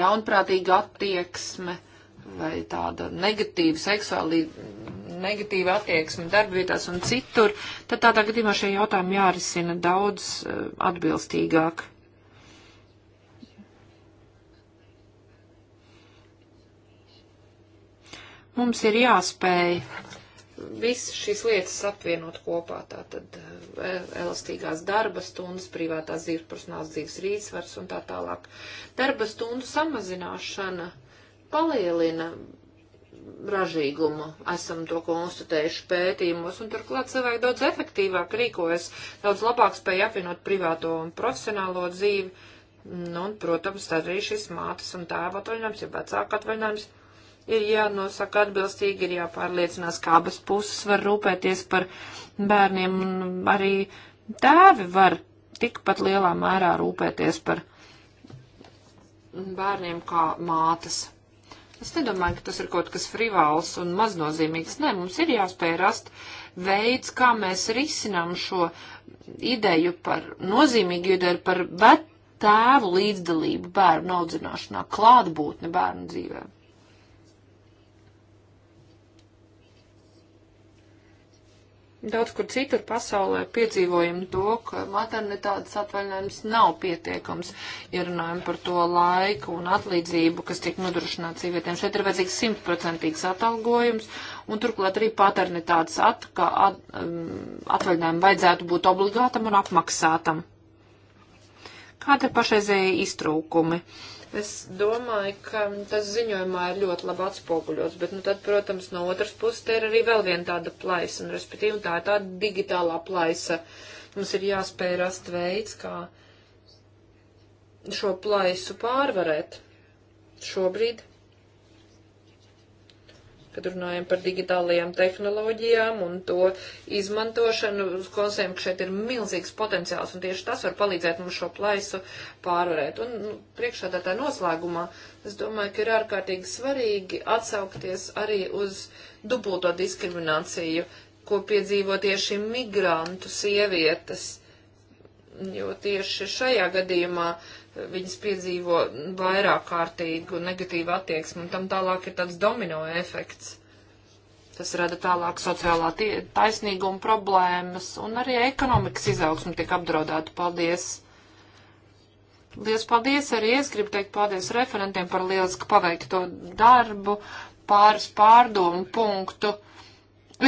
ļaunprātīga attieksme, vai tāda negatīva seksuālība, negatīva attieksme darbvietās un citur, tad tādā gadījumā šie jautājumi jārisina daudz eh, atbilstīgāk. Mums ir jāspēj visas šīs lietas apvienot kopā, tātad eh, elastīgās darba stundas, privātās dzīves, personāls dzīves rīsvars un tā tālāk. Darba stundu samazināšana palielina ražīgumu, esam to konstatējuši pētījumos, un turklāt cilvēki daudz efektīvāk rīkojas, daudz labāk spēja apvienot privāto un profesionālo dzīvi, nu, un, protams, tad arī šis mātes un tēva atvaļinājums, ja vecāka atvaļinājums, ir jānosaka atbilstīgi, ir jāpārliecinās, kā abas puses var rūpēties par bērniem, un arī tēvi var tikpat lielā mērā rūpēties par bērniem kā mātes. Es nedomāju, ka tas ir kaut kas frivāls un maznozīmīgs. Nē, mums ir jāspēj rast veids, kā mēs risinām šo ideju par nozīmīgu ideju par tēvu līdzdalību bērnu audzināšanā, klātbūtni bērnu dzīvēm. Daudz kur citur pasaulē piedzīvojam to, ka maternitātes atvaļinājums nav pietiekams, ja runājam par to laiku un atlīdzību, kas tiek nodrošināts sievietēm. Šeit ir vajadzīgs simtprocentīgs atalgojums, un turklāt arī paternitātes at, at, um, atvaļinājumu vajadzētu būt obligātam un apmaksātam. Kāda ir pašreizēja iztrūkumi? Uh, Es domāju, ka tas ziņojumā ir ļoti labi atspoguļots, bet, nu, tad, protams, no otras puses te ir arī vēl viena tāda plaisa, un, respektīvi, tā ir tāda digitālā plaisa. Mums ir jāspēj rast veids, kā šo plaisu pārvarēt. Šobrīd kad runājam par digitālajām tehnoloģijām un to izmantošanu, konstatējam, ka šeit ir milzīgs potenciāls, un tieši tas var palīdzēt mums šo plaisu pārvarēt. Un nu, priekšādā tā noslēgumā es domāju, ka ir ārkārtīgi svarīgi atsaukties arī uz dubulto diskrimināciju, ko piedzīvo tieši migrantu sievietes, jo tieši šajā gadījumā uh, viņas piedzīvo vairāk kārtīgu negatīvu attieksmi, un tam tālāk ir tāds domino efekts. Tas rada tālāk sociālā tie, taisnīguma problēmas, un arī ekonomikas izaugsme tiek apdraudēta. Paldies! Lielas paldies arī es gribu teikt paldies referentiem par lielisku paveikto darbu, pāris pārdomu punktu.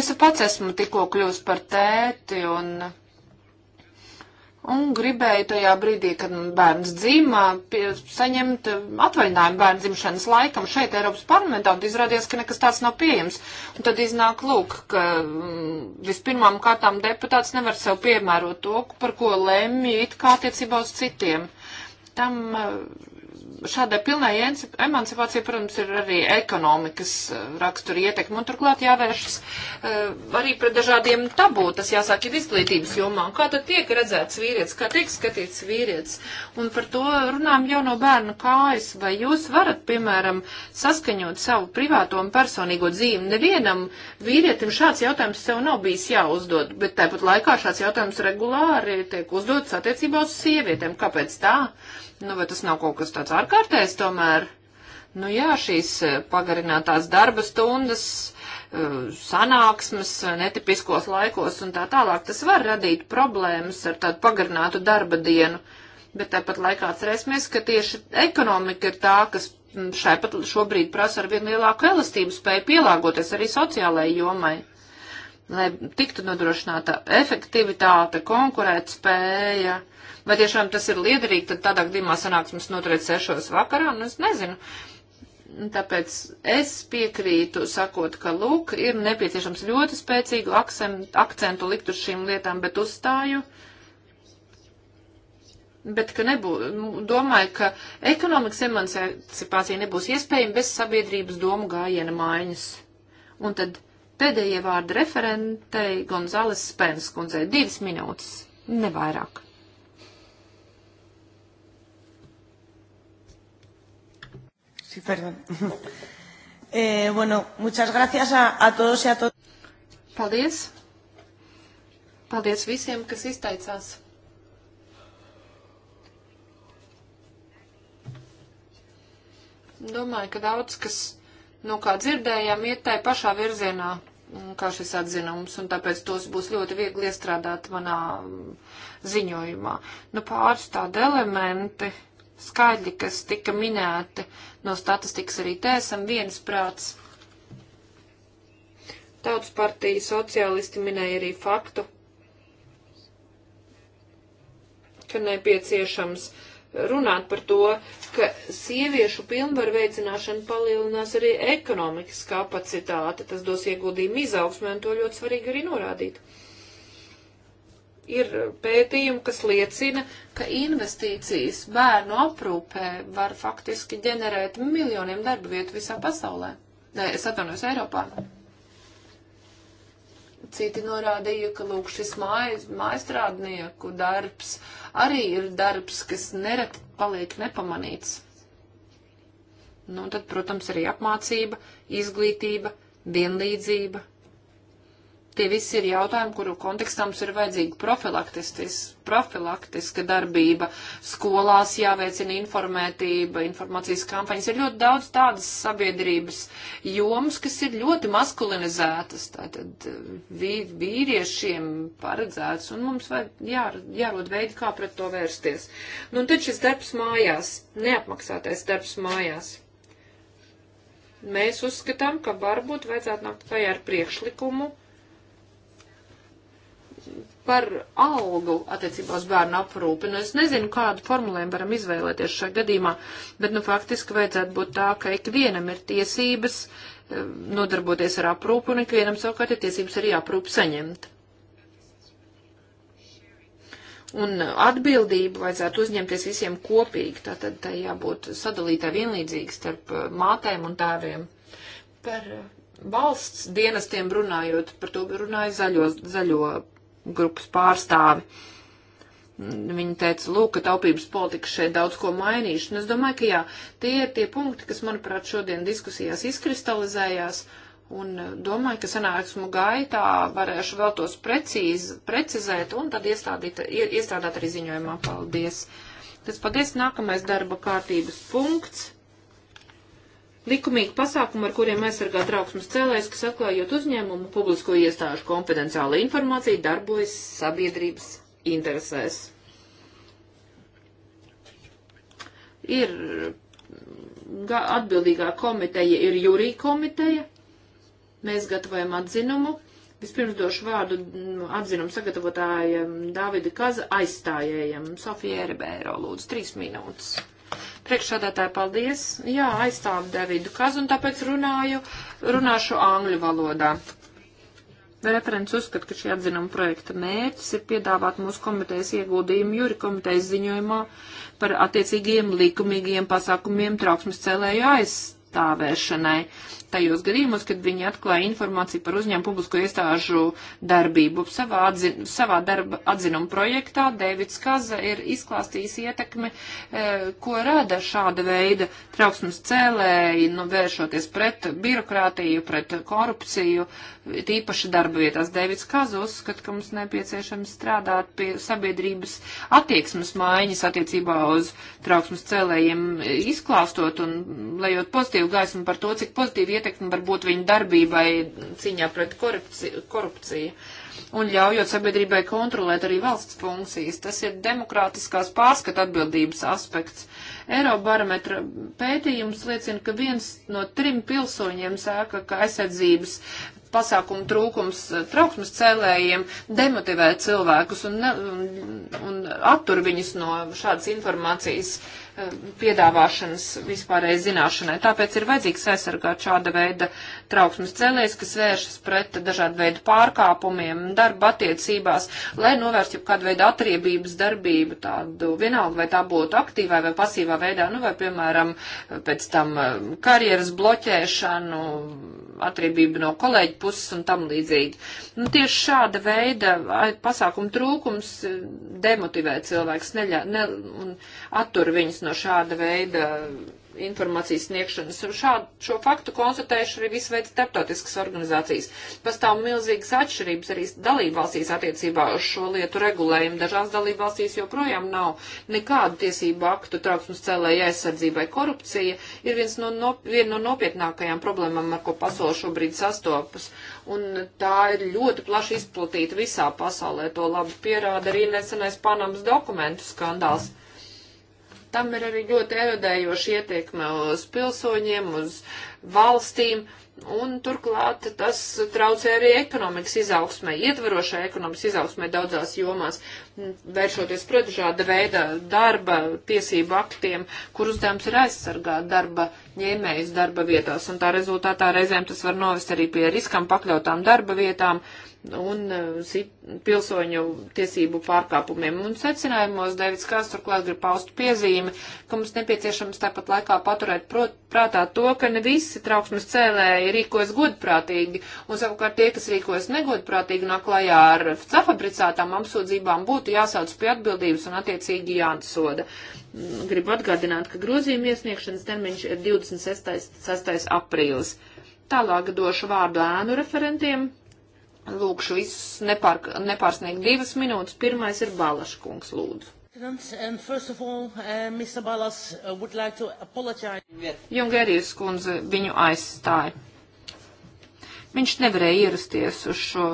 Es pats esmu tikko kļūst par tēti, un Un gribēju tajā brīdī, kad bērns dzimā, pie, saņemt atvaļinājumu bērnu dzimšanas laikam šeit Eiropas parlamentā, un izrādījās, ka nekas tāds nav pieejams. Un tad iznāk lūk, ka mm, vispirmām kārtām deputāts nevar sev piemērot to, par ko lemj it kā attiecībā uz citiem. Tam šādai pilnai emancipācijai, protams, ir arī ekonomikas eh, rakstura ietekme, un turklāt jāvēršas eh, arī pret dažādiem tabū, tas jāsāk ir izglītības jomā. Un kā tad tiek redzēts vīrietis, kā tiek skatīts vīrietis, un par to runām jau no bērnu kājas, vai jūs varat, piemēram, saskaņot savu privāto un personīgo dzīvi. Nevienam vīrietim šāds jautājums sev nav bijis jāuzdod, bet tāpat laikā šāds jautājums regulāri tiek uzdots attiecībā uz sievietēm. Kāpēc tā? Nu, vai tas nav kaut kas tāds ārkārtējs tomēr? Nu jā, šīs eh, pagarinātās darba stundas, eh, sanāksmes, eh, netipiskos laikos un tā tālāk, tas var radīt problēmas ar tādu pagarinātu darba dienu. Bet tāpat laikā atcerēsimies, ka tieši ekonomika ir tā, kas mm, šai pat šobrīd prasa ar vien lielāku elastību spēju pielāgoties arī sociālajai jomai lai tiktu nodrošināta efektivitāte, konkurēt spēja. Vai tiešām tas ir liederīgi, tad tādā gadījumā sanāksmes noturēt sešos vakarā, nu es nezinu. Tāpēc es piekrītu, sakot, ka, lūk, ir nepieciešams ļoti spēcīgu akcentu, akcentu likt uz šīm lietām, bet uzstāju, bet ka nebū, nu, domāju, ka ekonomikas emancipācija nebūs iespējama bez sabiedrības domu gājiena maiņas. Un tad Pēdējie vārdi referentei Gonzales Spēnas kundzei. Divas minūtes, nevairāk. Sí, perdón. <laughs> eh, bueno, muchas gracias a, a todos y a todas. Paldies. Paldies visiem, kas izteicās. Domāju, ka daudz, kas, nu kā dzirdējām, iet tai pašā virzienā, Mm, kā šis atzinums, un tāpēc tos būs ļoti viegli iestrādāt manā ziņojumā. Nu, pāris tādi elementi, skaidri, kas tika minēti no statistikas arī tēsam viens prāts. Tautas partija sociālisti minēja arī faktu, ka nepieciešams uh, runāt par to, ka sieviešu pilnvaru veicināšana palielinās arī ekonomikas kapacitāte, tas dos ieguldījumu izaugsmē, un to ļoti svarīgi arī norādīt. Ir pētījumi, kas liecina, ka investīcijas bērnu aprūpē var faktiski ģenerēt miljoniem darba vietu visā pasaulē. Nē, es atvainojos Eiropā. Citi norādīja, ka lūk, šis mājas, mājastrādnieku darbs arī ir darbs, kas nereti paliek nepamanīts. Nu, tad, protams, arī apmācība, izglītība, vienlīdzība Tie visi ir jautājumi, kuru kontekstā mums ir vajadzīga profilaktiska darbība. Skolās jāveicina informētība, informācijas kampaņas. Ir ļoti daudz tādas sabiedrības jomas, kas ir ļoti maskulinizētas. Tātad eh, vīriešiem paredzēts, un mums vajag jā, jārod veidi, kā pret to vērsties. Nu, un tad šis darbs mājās, neapmaksātais darbs mājās mēs uzskatām, ka varbūt vajadzētu nākt klajā ar priekšlikumu, par algu attiecībā uz bērnu aprūpi. Nu, es nezinu, kādu formulējumu varam izvēlēties šajā gadījumā, bet nu, faktiski vajadzētu būt tā, ka ikvienam ir tiesības eh, nodarboties ar aprūpu un ikvienam savukārt ir tiesības arī aprūpu saņemt. Un atbildību vajadzētu uzņemties visiem kopīgi, tātad tā jābūt sadalītā vienlīdzīgi starp eh, mātēm un tēviem. Par eh, valsts dienestiem runājot, par to runāja zaļo, zaļo grupas pārstāvi. Viņa teica, lūk, ka taupības politika šeit daudz ko mainīšu. Un es domāju, ka jā, tie ir tie punkti, kas, manuprāt, šodien diskusijās izkristalizējās. Un eh, domāju, ka sanāksmu gaitā varēšu vēl tos precīz, precizēt un tad iestādīt, iestādāt arī ziņojumā. Paldies! Tas paldies nākamais darba kārtības punkts likumīgi pasākumi, ar kuriem aizsargāt trauksmes cēlējs, kas atklājot uzņēmumu publisko iestāžu konfidenciāla informācija darbojas sabiedrības interesēs. Ir mm, atbildīgā komiteja, ir jūrī komiteja. Mēs gatavojam atzinumu. Vispirms došu vārdu mm, atzinumu sagatavotājiem Dāvida Kaza aizstājējiem Sofija Erebēro. Lūdzu, trīs minūtes. Priekšādātāji, paldies. Jā, aizstāvu Davidu Kazu un tāpēc runāju, runāšu angļu valodā. Referents uzskata, ka šī atzinuma projekta mērķis ir piedāvāt mūsu komitejas ieguldījumu jūri komitejas ziņojumā par attiecīgiem likumīgiem pasākumiem trauksmes celēju aizstāvēšanai tajos gadījumos, kad viņi atklāja informāciju par uzņēmumu publisko iestāžu darbību. Savā, atzi, savā darba atzinuma projektā Dēvids Kaza ir izklāstījis ietekmi, e, ko rada šāda veida trauksmes cēlēji, nu, vēršoties pret birokrātiju, pret korupciju, tīpaši darba vietās. Dēvids Kaza uzskata, ka mums nepieciešams strādāt pie sabiedrības attieksmes maiņas attiecībā uz trauksmes cēlējiem, izklāstot un lejot pozitīvu gaismu par to, cik pozitīvi ietekmi var būt viņu darbībai cīņā pret korupciju, korupciju. Un ļaujot sabiedrībai kontrolēt arī valsts funkcijas. Tas ir demokrātiskās pārskata atbildības aspekts. Eirobarometra pētījums liecina, ka viens no trim pilsoņiem sāka, ka aizsardzības pasākumu trūkums eh, trauksmes cēlējiem demotivē cilvēkus un, ne, un, un attur viņus no šādas informācijas Eh, piedāvāšanas vispārēji zināšanai. Tāpēc ir vajadzīgs aizsargāt šāda veida trauksmes cēlējs, kas vēršas pret dažādu veidu pārkāpumiem, darba attiecībās, lai novērstu jau kādu veidu atriebības darbību, tādu vienalga, vai tā būtu aktīvā vai pasīvā veidā, nu vai, piemēram, pēc tam eh, karjeras bloķēšanu, atriebību no kolēģa puses un tam līdzīgi. Nu, tieši šāda veida pasākuma trūkums eh, demotivē cilvēks, neļa, ne, un attur viņus no no šāda veida informācijas sniegšanas. Šādu šo faktu konstatējuši arī visu veidu starptautiskas organizācijas. Pastāv milzīgas atšķirības arī dalībvalstīs attiecībā uz šo lietu regulējumu. Dažās dalībvalstīs joprojām nav nekādu tiesību aktu trauksmes cēlēja aizsardzībai. Korupcija ir viens no, no, viena no nopietnākajām problēmām, ar ko pasaule šobrīd sastopas. Un tā ir ļoti plaši izplatīta visā pasaulē. To labi pierāda arī nesenais Panamas dokumentu skandāls. Mm Tam ir arī ļoti erodējoši ietekme uz pilsoņiem, uz valstīm. Un turklāt tas traucē arī ekonomikas izaugsmē, ietverošai ekonomikas izaugsmē daudzās jomās vēršoties pret šāda veida darba tiesību aktiem, kur uzdevums ir aizsargāt darba ņēmējus darba vietās, un tā rezultātā reizēm tas var novest arī pie riskam pakļautām darba vietām un e, pilsoņu tiesību pārkāpumiem. Un secinājumos Devits Kārs turklāt grib paust piezīmi, ka mums nepieciešams tāpat laikā paturēt prot, prātā to, ka ne visi trauksmes cēlēji rīkojas godprātīgi, un savukārt tie, kas rīkojas negodprātīgi, nāk klajā ar safabricētām apsūdzībām, būtu būtu jāsauc pie atbildības un attiecīgi jāatsoda. Mm, Gribu atgādināt, ka grozījuma iesniegšanas termiņš ir 26. aprīlis. Tālāk došu vārdu ēnu referentiem. Lūkšu visus nepār, nepārsniegt divas minūtes. Pirmais ir Balaškungs, lūdzu. All, uh, Balas, uh, like Jungerijas kundze viņu aizstāja. Viņš nevarēja ierasties uz šo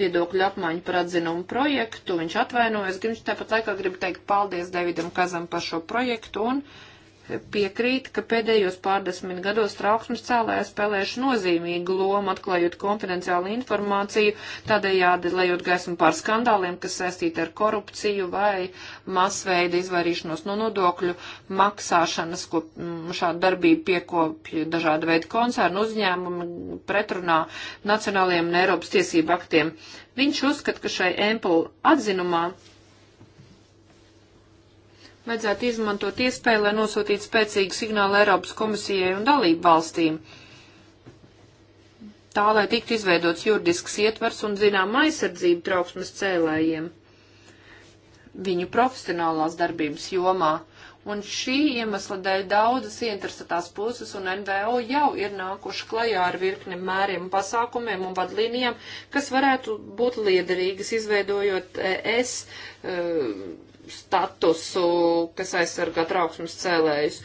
viedokļu apmaiņu par atzinumu projektu. Viņš atvainojas, viņš tāpat laikā grib teikt paldies Davidam Kazam par šo projektu un uh, piekrīt, ka pēdējos pārdesmit gados trauksmes cēlēja spēlējuši nozīmīgu lomu, atklājot konfidenciālu informāciju, tādējādi lejot gaismu pār skandāliem, kas saistīti ar korupciju vai masveida izvairīšanos no nodokļu maksāšanas, ko mm, šāda darbība piekopja dažāda veida koncernu uzņēmumi pretrunā nacionālajiem un Eiropas tiesību aktiem. Viņš uzskata, ka šai Ample atzinumā vajadzētu izmantot iespēju, lai nosūtītu spēcīgu signālu Eiropas komisijai un dalību valstīm. Tā, lai tiktu izveidots juridisks ietvers un zinām aizsardzību trauksmes cēlējiem viņu profesionālās darbības jomā. Un šī iemesla dēļ daudzas interesētās puses un NVO jau ir nākuši klajā ar virkni mēriem, pasākumiem un vadlīnijām, kas varētu būt liederīgas, izveidojot es. Uh, eh, statusu, kas aizsargā trauksmes cēlējus.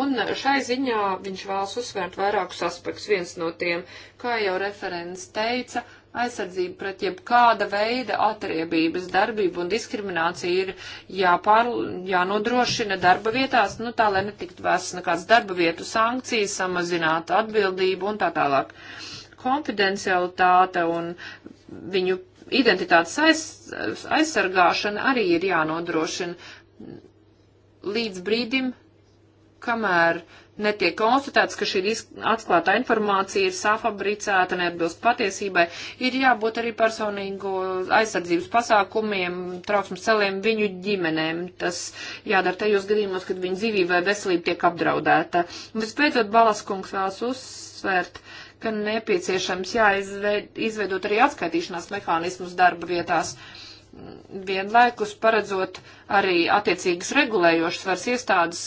Un šai ziņā viņš vēlas uzsvērt vairākus aspektus. Viens no tiem, kā jau referents teica, aizsardzība pret jebkāda veida atriebības darbību un diskrimināciju ir jāpār, jānodrošina darba vietās, nu tā, lai netiktu vēsts nekāds darba vietu sankcijas, samazināta atbildība un tā tālāk. Konfidencialitāte un viņu identitātes aiz, aizsargāšana arī ir jānodrošina līdz brīdim, kamēr netiek konstatēts, ka šī atklātā informācija ir safabricēta, neatbilst patiesībai, ir jābūt arī personīgo aizsardzības pasākumiem, trauksmes celiem viņu ģimenēm. Tas jādara tajos gadījumos, kad viņa dzīvība vai veselība tiek apdraudēta. Un visbeidzot, Balaskungs vēlas uzsvērt, ka nepieciešams jāizveidot arī atskaitīšanās mehānismus darba vietās, vienlaikus paredzot arī attiecīgas regulējošas varas iestādes,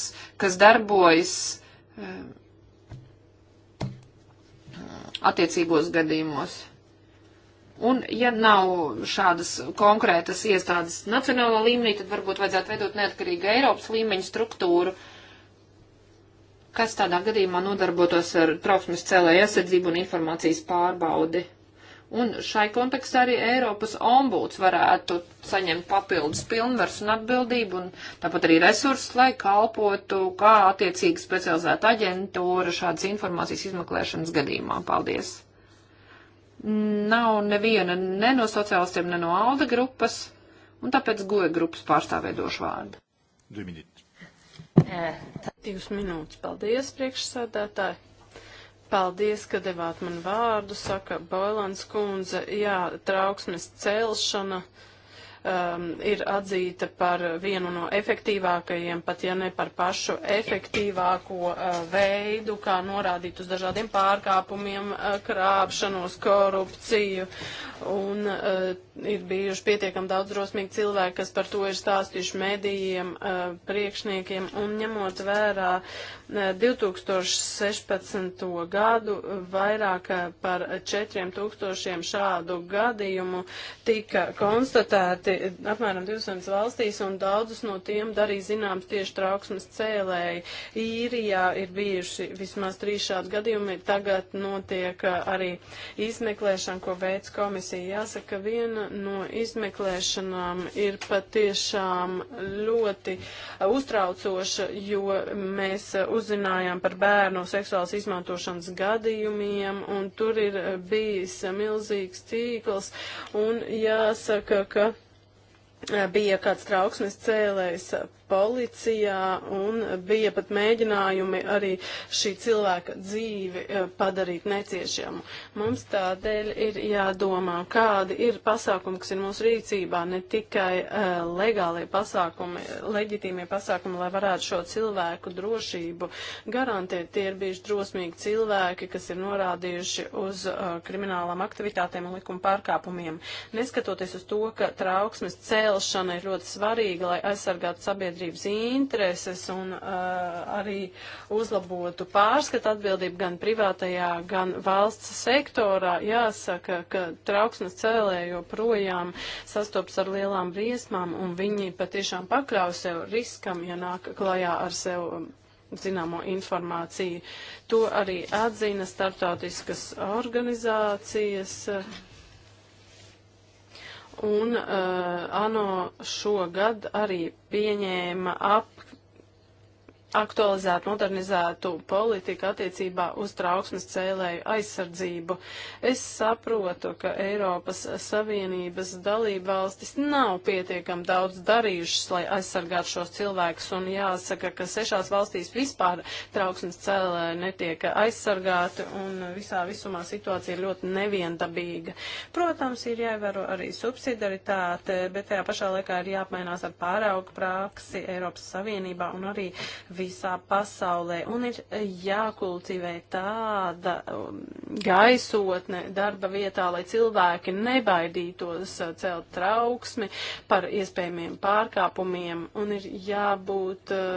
kas darbojas eh, attiecīgos gadījumos. Un, ja nav šādas konkrētas iestādes nacionālā līmenī, tad varbūt vajadzētu veidot neatkarīgu Eiropas līmeņa struktūru, uh, kas tādā gadījumā nodarbotos ar trauksmes cēlēju aizsardzību un informācijas pārbaudi. Un šai kontekstā arī Eiropas ombuds varētu saņemt papildus pilnvars un atbildību, un tāpat arī resursus, lai kalpotu kā attiecīgi specializēta aģentūra šādas informācijas izmeklēšanas gadījumā. Paldies! Nav neviena ne no sociālistiem, ne no ALDE grupas, un tāpēc goja grupas pārstāvēdošu vārdu. Divi minūtes. Divas minūtes. Paldies, priekšsādātāji. Paldies, ka devāt man vārdu, saka Boilans kundze. Jā, trauksmes celšana. Uh, um, ir atzīta par vienu no efektīvākajiem, pat ja ne par pašu efektīvāko uh, veidu, kā norādīt uz dažādiem pārkāpumiem, uh, krāpšanos, korupciju. Un uh, ir bijuši pietiekami daudz drosmīgi cilvēki, kas par to ir stāstījuši medijiem, uh, priekšniekiem. Un ņemot vērā uh, 2016. gadu, vairāk uh, par 4000 šādu gadījumu tika konstatēti veikti apmēram 200 valstīs, un daudzus no tiem darīja zināms tieši trauksmes cēlēji. Īrijā ir bijuši vismaz trīs šādi gadījumi, tagad notiek uh, arī izmeklēšana, ko veids komisija. Jāsaka, viena no izmeklēšanām ir patiešām ļoti uh, uztraucoša, jo mēs uh, uzzinājām par bērnu seksuālas izmantošanas gadījumiem, un tur ir bijis milzīgs cīkls, un jāsaka, ka bija kāds trauksmes cēlējs policijā un bija pat mēģinājumi arī šī cilvēka dzīvi eh, padarīt neciešamu. Mums tādēļ ir jādomā, kādi ir pasākumi, kas ir mūsu rīcībā, ne tikai uh, legālie pasākumi, leģitīmie pasākumi, lai varētu šo cilvēku drošību garantēt. Tie ir bijuši drosmīgi cilvēki, kas ir norādījuši uz uh, kriminālām aktivitātēm un likuma pārkāpumiem. Neskatoties uz to, ka trauksmes cēlšana ir ļoti svarīga, lai aizsargātu sabiedrību, sabiedrības intereses un uh, arī uzlabotu pārskatu atbildību gan privātajā, gan valsts sektorā. Jāsaka, ka trauksmes cēlēji joprojām sastops ar lielām briesmām un viņi patiešām pakļauj sev riskam, ja nāk klajā ar sev um, zināmo informāciju. To arī atzina starptautiskas organizācijas. Uh, Un uh, ANO šogad arī pieņēma ap aktualizētu, modernizētu politiku attiecībā uz trauksmes cēlēju aizsardzību. Es saprotu, ka Eiropas Savienības dalība valstis nav pietiekam daudz darījušas, lai aizsargātu šos cilvēkus, un jāsaka, ka sešās valstīs vispār trauksmes cēlēji netiek aizsargāti, un visā visumā situācija ir ļoti neviendabīga. Protams, ir jāievēro arī subsidaritāte, bet tajā pašā laikā ir jāapmainās ar pārauga praksi Eiropas Savienībā un arī visā pasaulē un ir jākultivē tāda um, gaisotne darba vietā, lai cilvēki nebaidītos uh, celt trauksmi par iespējamiem pārkāpumiem un ir jābūt uh,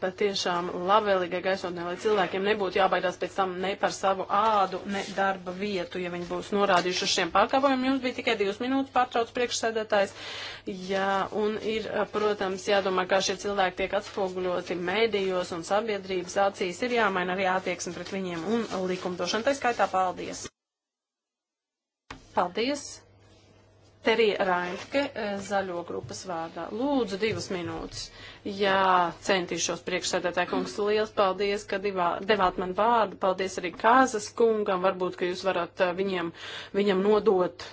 patiešām labvēlīgai gaisotnē, lai cilvēkiem nebūtu jābaidās pēc tam ne par savu ādu, ne darba vietu, ja viņi būs norādījuši uz šiem pārkāpumiem. Jums bija tikai divas minūtes pārtrauc priekšsēdētājs. Jā, un ir, eh, protams, jādomā, kā šie cilvēki tiek atspoguļoti mēdījos un sabiedrības acīs. Ir jāmaina arī attieksme pret viņiem un likumdošana. Tā skaitā paldies. Paldies. Terija Raintke eh, zaļo grupas vārdā. Lūdzu, divas minūtes. Jā, centīšos priekšsēdētāji kungs. Liels paldies, ka divā, devāt man vārdu. Paldies arī Kāzas kungam. Varbūt, ka jūs varat eh, viņiem, viņam nodot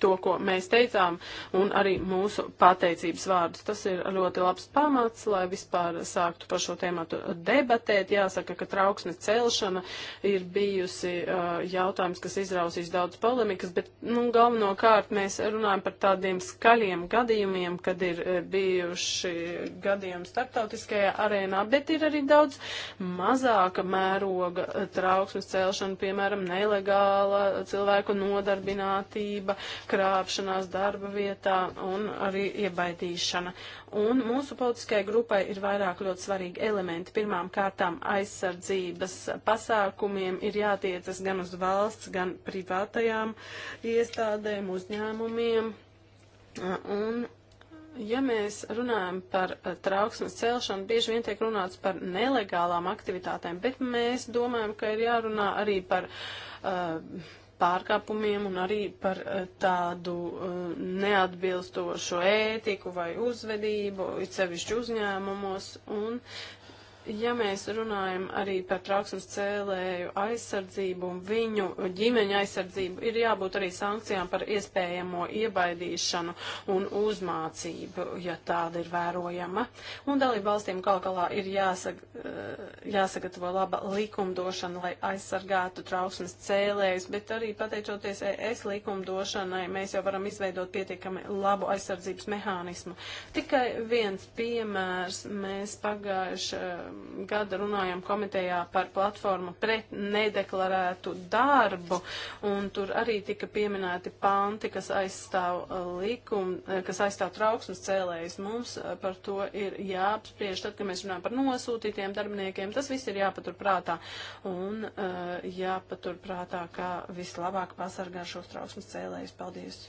to, ko mēs teicām, un arī mūsu pateicības vārdus. Tas ir ļoti labs pamats, lai vispār sāktu par šo tēmatu debatēt. Jāsaka, ka trauksmes celšana ir bijusi uh, jautājums, kas izrausīs daudz polemikas, bet nu, galvenokārt mēs runājam par tādiem skaļiem gadījumiem, kad ir uh, bijuši gadījumi starptautiskajā arēnā, bet ir arī daudz mazāka mēroga uh, trauksmes celšana, piemēram, nelegāla cilvēku nodarbinātība, krāpšanās darba vietā un arī iebaidīšana. Un mūsu politiskajai grupai ir vairāk ļoti svarīgi elementi. Pirmām kārtām aizsardzības pasākumiem ir jātiecas gan uz valsts, gan privātajām iestādēm, uzņēmumiem. Un Ja mēs runājam par eh, trauksmes celšanu, bieži vien tiek runāts par nelegālām aktivitātēm, bet mēs domājam, ka ir jārunā arī par uh, pārkāpumiem un arī par eh, tādu eh, neatbilstošu ētiku vai uzvedību, it sevišķi uzņēmumos, un Ja mēs runājam arī par trauksmes cēlēju aizsardzību un viņu ģimeņa aizsardzību, ir jābūt arī sankcijām par iespējamo iebaidīšanu un uzmācību, ja tāda ir vērojama. Un dalību valstīm kaut galā ir jāsag, eh, jāsagatavo laba likumdošana, lai aizsargātu trauksmes cēlējus, bet arī pateicoties ES likumdošanai, mēs jau varam izveidot pietiekami labu aizsardzības mehānismu. Tikai viens piemērs mēs pagājuši gada runājām komitejā par platformu pret nedeklarētu darbu, un tur arī tika pieminēti panti, kas aizstāv uh, likumu, uh, kas aizstāv trauksmes cēlējus. Mums uh, par to ir jāapspriež, tad, kad mēs runājam par nosūtītiem darbiniekiem, tas viss ir jāpaturprātā, un jāpaturprātā, kā vislabāk pasargā šos trauksmes cēlējus. Paldies!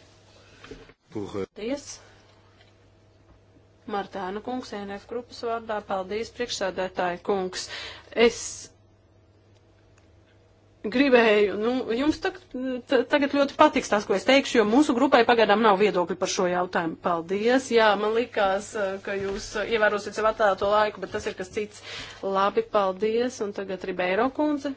Euh, Paldies! Martāna kungs, NF grupas vārdā. Paldies, priekšsādētāji kungs. Es gribēju, nu, jums tag, tagad ļoti patiks tas, ko es teikšu, jo mūsu grupai pagaidām nav viedokļi par šo jautājumu. Paldies, jā, man likās, eh, ka jūs eh, ievērosiet sev atvēlēto laiku, bet tas ir kas cits. Labi, paldies, un tagad Ribeiro kundze.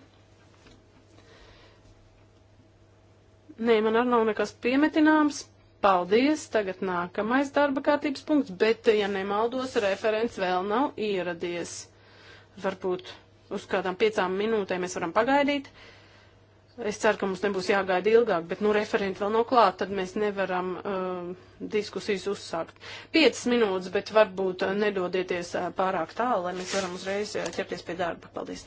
Nē, man arī nav nekas piemetināms. Paldies, tagad nākamais darba kārtības punkts, bet, ja nemaldos, referents vēl nav ieradies. Varbūt uz kādām piecām minūtēm mēs varam pagaidīt. Es ceru, ka mums nebūs jāgaida ilgāk, bet, nu, referenti vēl nav klāt, tad mēs nevaram uh, diskusijas uzsākt. Piecas minūtes, bet varbūt uh, nedodieties uh, pārāk tālu, lai mēs varam uzreiz uh, ķerties pie darba. Paldies!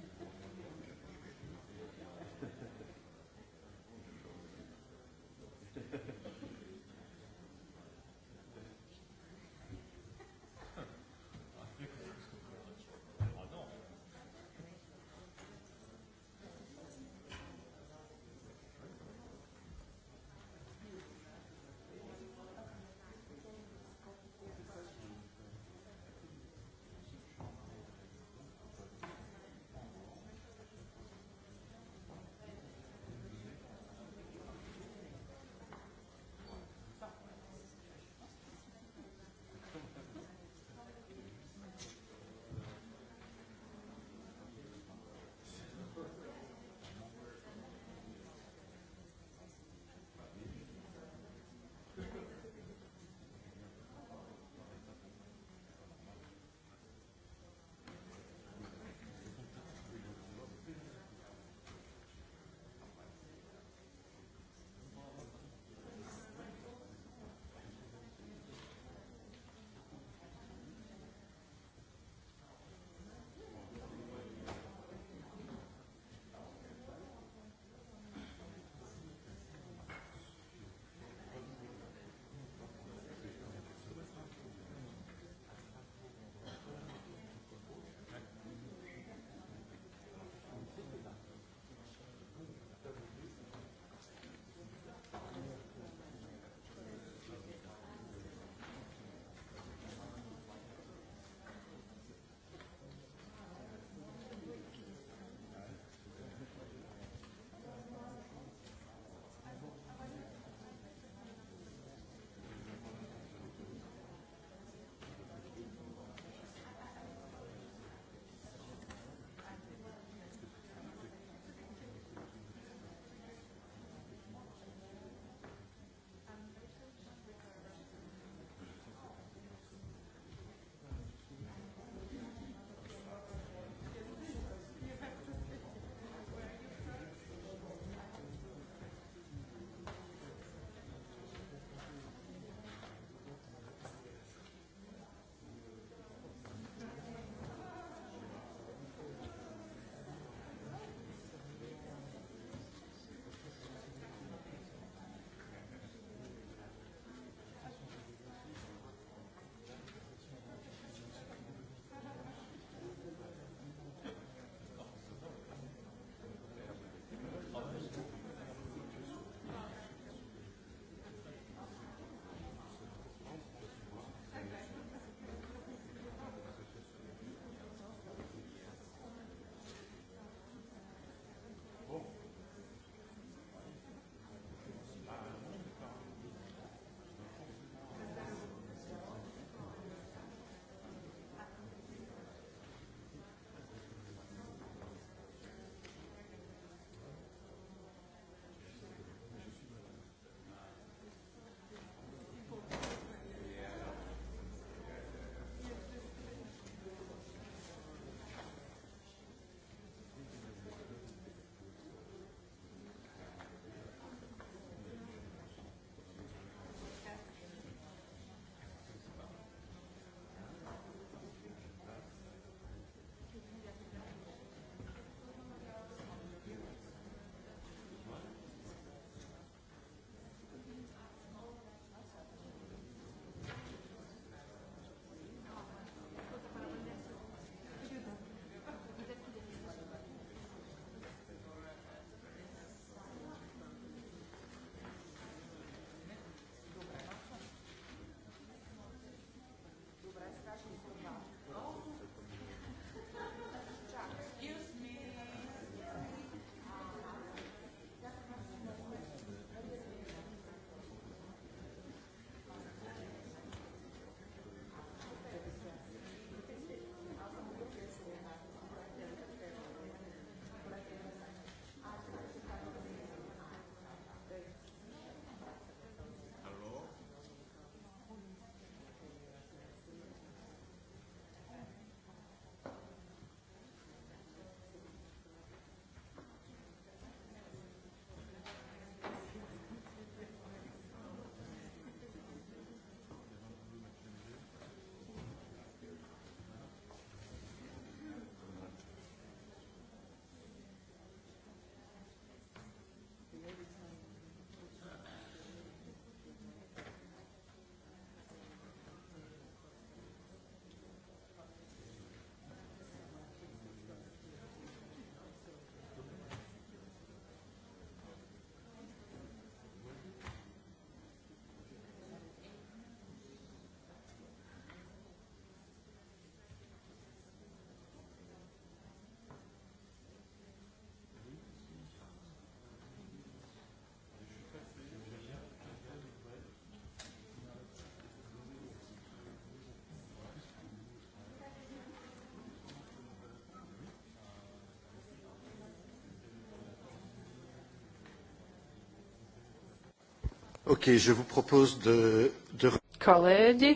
Ok, je vous propose de, de... Kolēģi,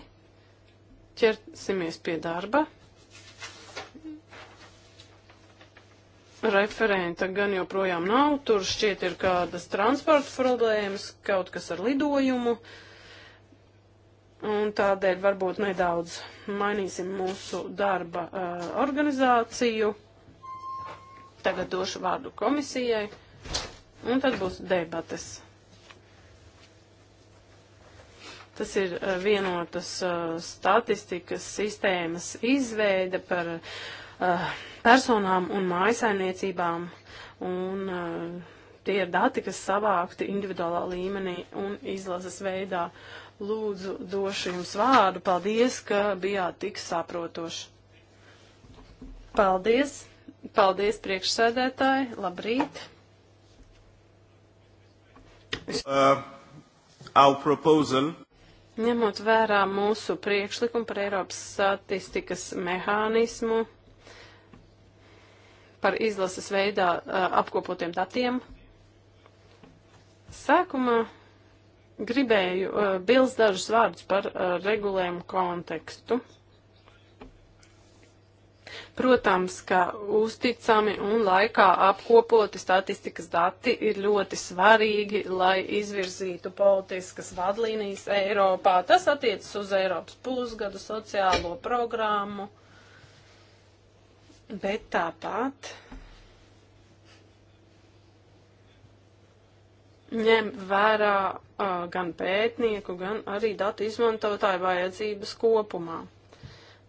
ķersimies pie darba. Referenta gan joprojām nav, tur šķiet ir kādas transporta problēmas, kaut kas ar lidojumu, un tādēļ varbūt nedaudz mainīsim mūsu darba uh, organizāciju. Tagad došu vārdu komisijai, un tad būs debates. Tas ir eh, vienotas eh, statistikas sistēmas izveida par eh, personām un mājasainiecībām. Un tie ir dati, kas savākti individuālā līmenī un izlases veidā. Lūdzu, došu jums vārdu. Paldies, ka bijāt tik saprotoši. Paldies! Paldies, priekšsēdētāji! Labrīt! Uh, our proposal Ņemot vērā mūsu priekšlikumu par Eiropas statistikas mehānismu, par izlases veidā apkopotiem datiem, sākumā gribēju bilst dažus vārdus par regulējumu kontekstu. Protams, ka uzticami un laikā apkopoti statistikas dati ir ļoti svarīgi, lai izvirzītu politiskas vadlīnijas Eiropā. Tas attiecas uz Eiropas pusgadu sociālo programmu, bet tāpat. ņem vērā uh, gan pētnieku, gan arī datu izmantotāju vajadzības kopumā.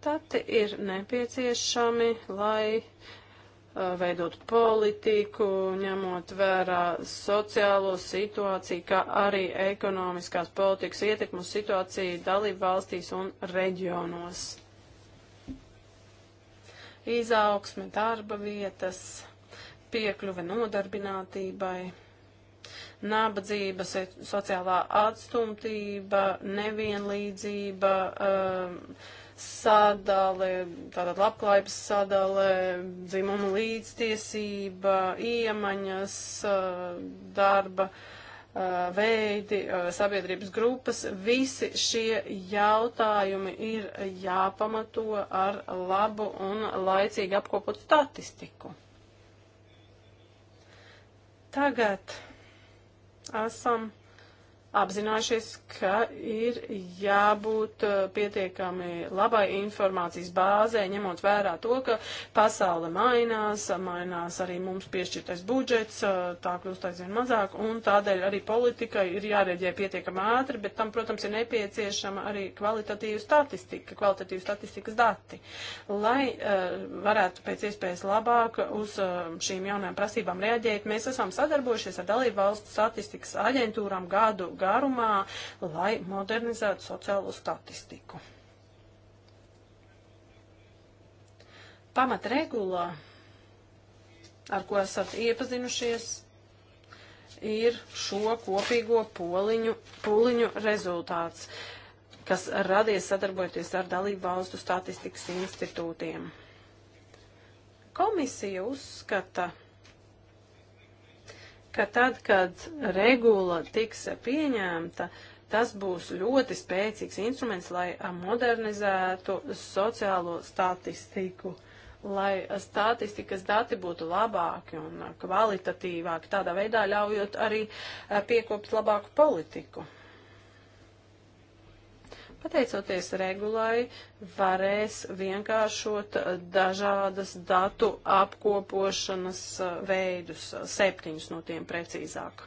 Rezultāti ir nepieciešami, lai uh, veidot politiku, ņemot vērā sociālo situāciju, kā arī ekonomiskās politikas ietekmu situāciju dalību valstīs un reģionos. Izaugsme, darba vietas, piekļuve nodarbinātībai, nabadzība, sociālā atstumtība, nevienlīdzība, uh, sadale, tātad labklājības sadale, dzimuma līdztiesība, iemaņas, darba veidi, sabiedrības grupas, visi šie jautājumi ir jāpamato ar labu un laicīgi apkopot statistiku. Tagad esam apzinājušies, ka ir jābūt uh, pietiekami labai informācijas bāzē, ņemot vērā to, ka pasaule mainās, mainās arī mums piešķirtais budžets, uh, tā kļūst aizvien mazāk, un tādēļ arī politika ir jārēģē pietiekami ātri, bet tam, protams, ir nepieciešama arī kvalitatīva statistika, kvalitatīva statistikas dati, lai uh, varētu pēc iespējas labāk uz uh, šīm jaunajām prasībām reaģēt. Mēs esam sadarbojušies ar dalību valstu statistikas aģentūrām gadu gadu garumā, lai modernizētu sociālo statistiku. Pamatregulā, ar ko esat iepazinušies, ir šo kopīgo poliņu, pūliņu rezultāts, kas radies sadarbojoties ar dalību valstu statistikas institūtiem. Komisija uzskata, ka ka tad, kad regula tiks pieņemta, tas būs ļoti spēcīgs instruments, lai modernizētu sociālo statistiku, lai statistikas dati būtu labāki un kvalitatīvāki, tādā veidā ļaujot arī eh, piekopt labāku politiku. Pateicoties regulai, varēs vienkāršot eh, dažādas datu apkopošanas eh, veidus, eh, septiņus no tiem precīzāk.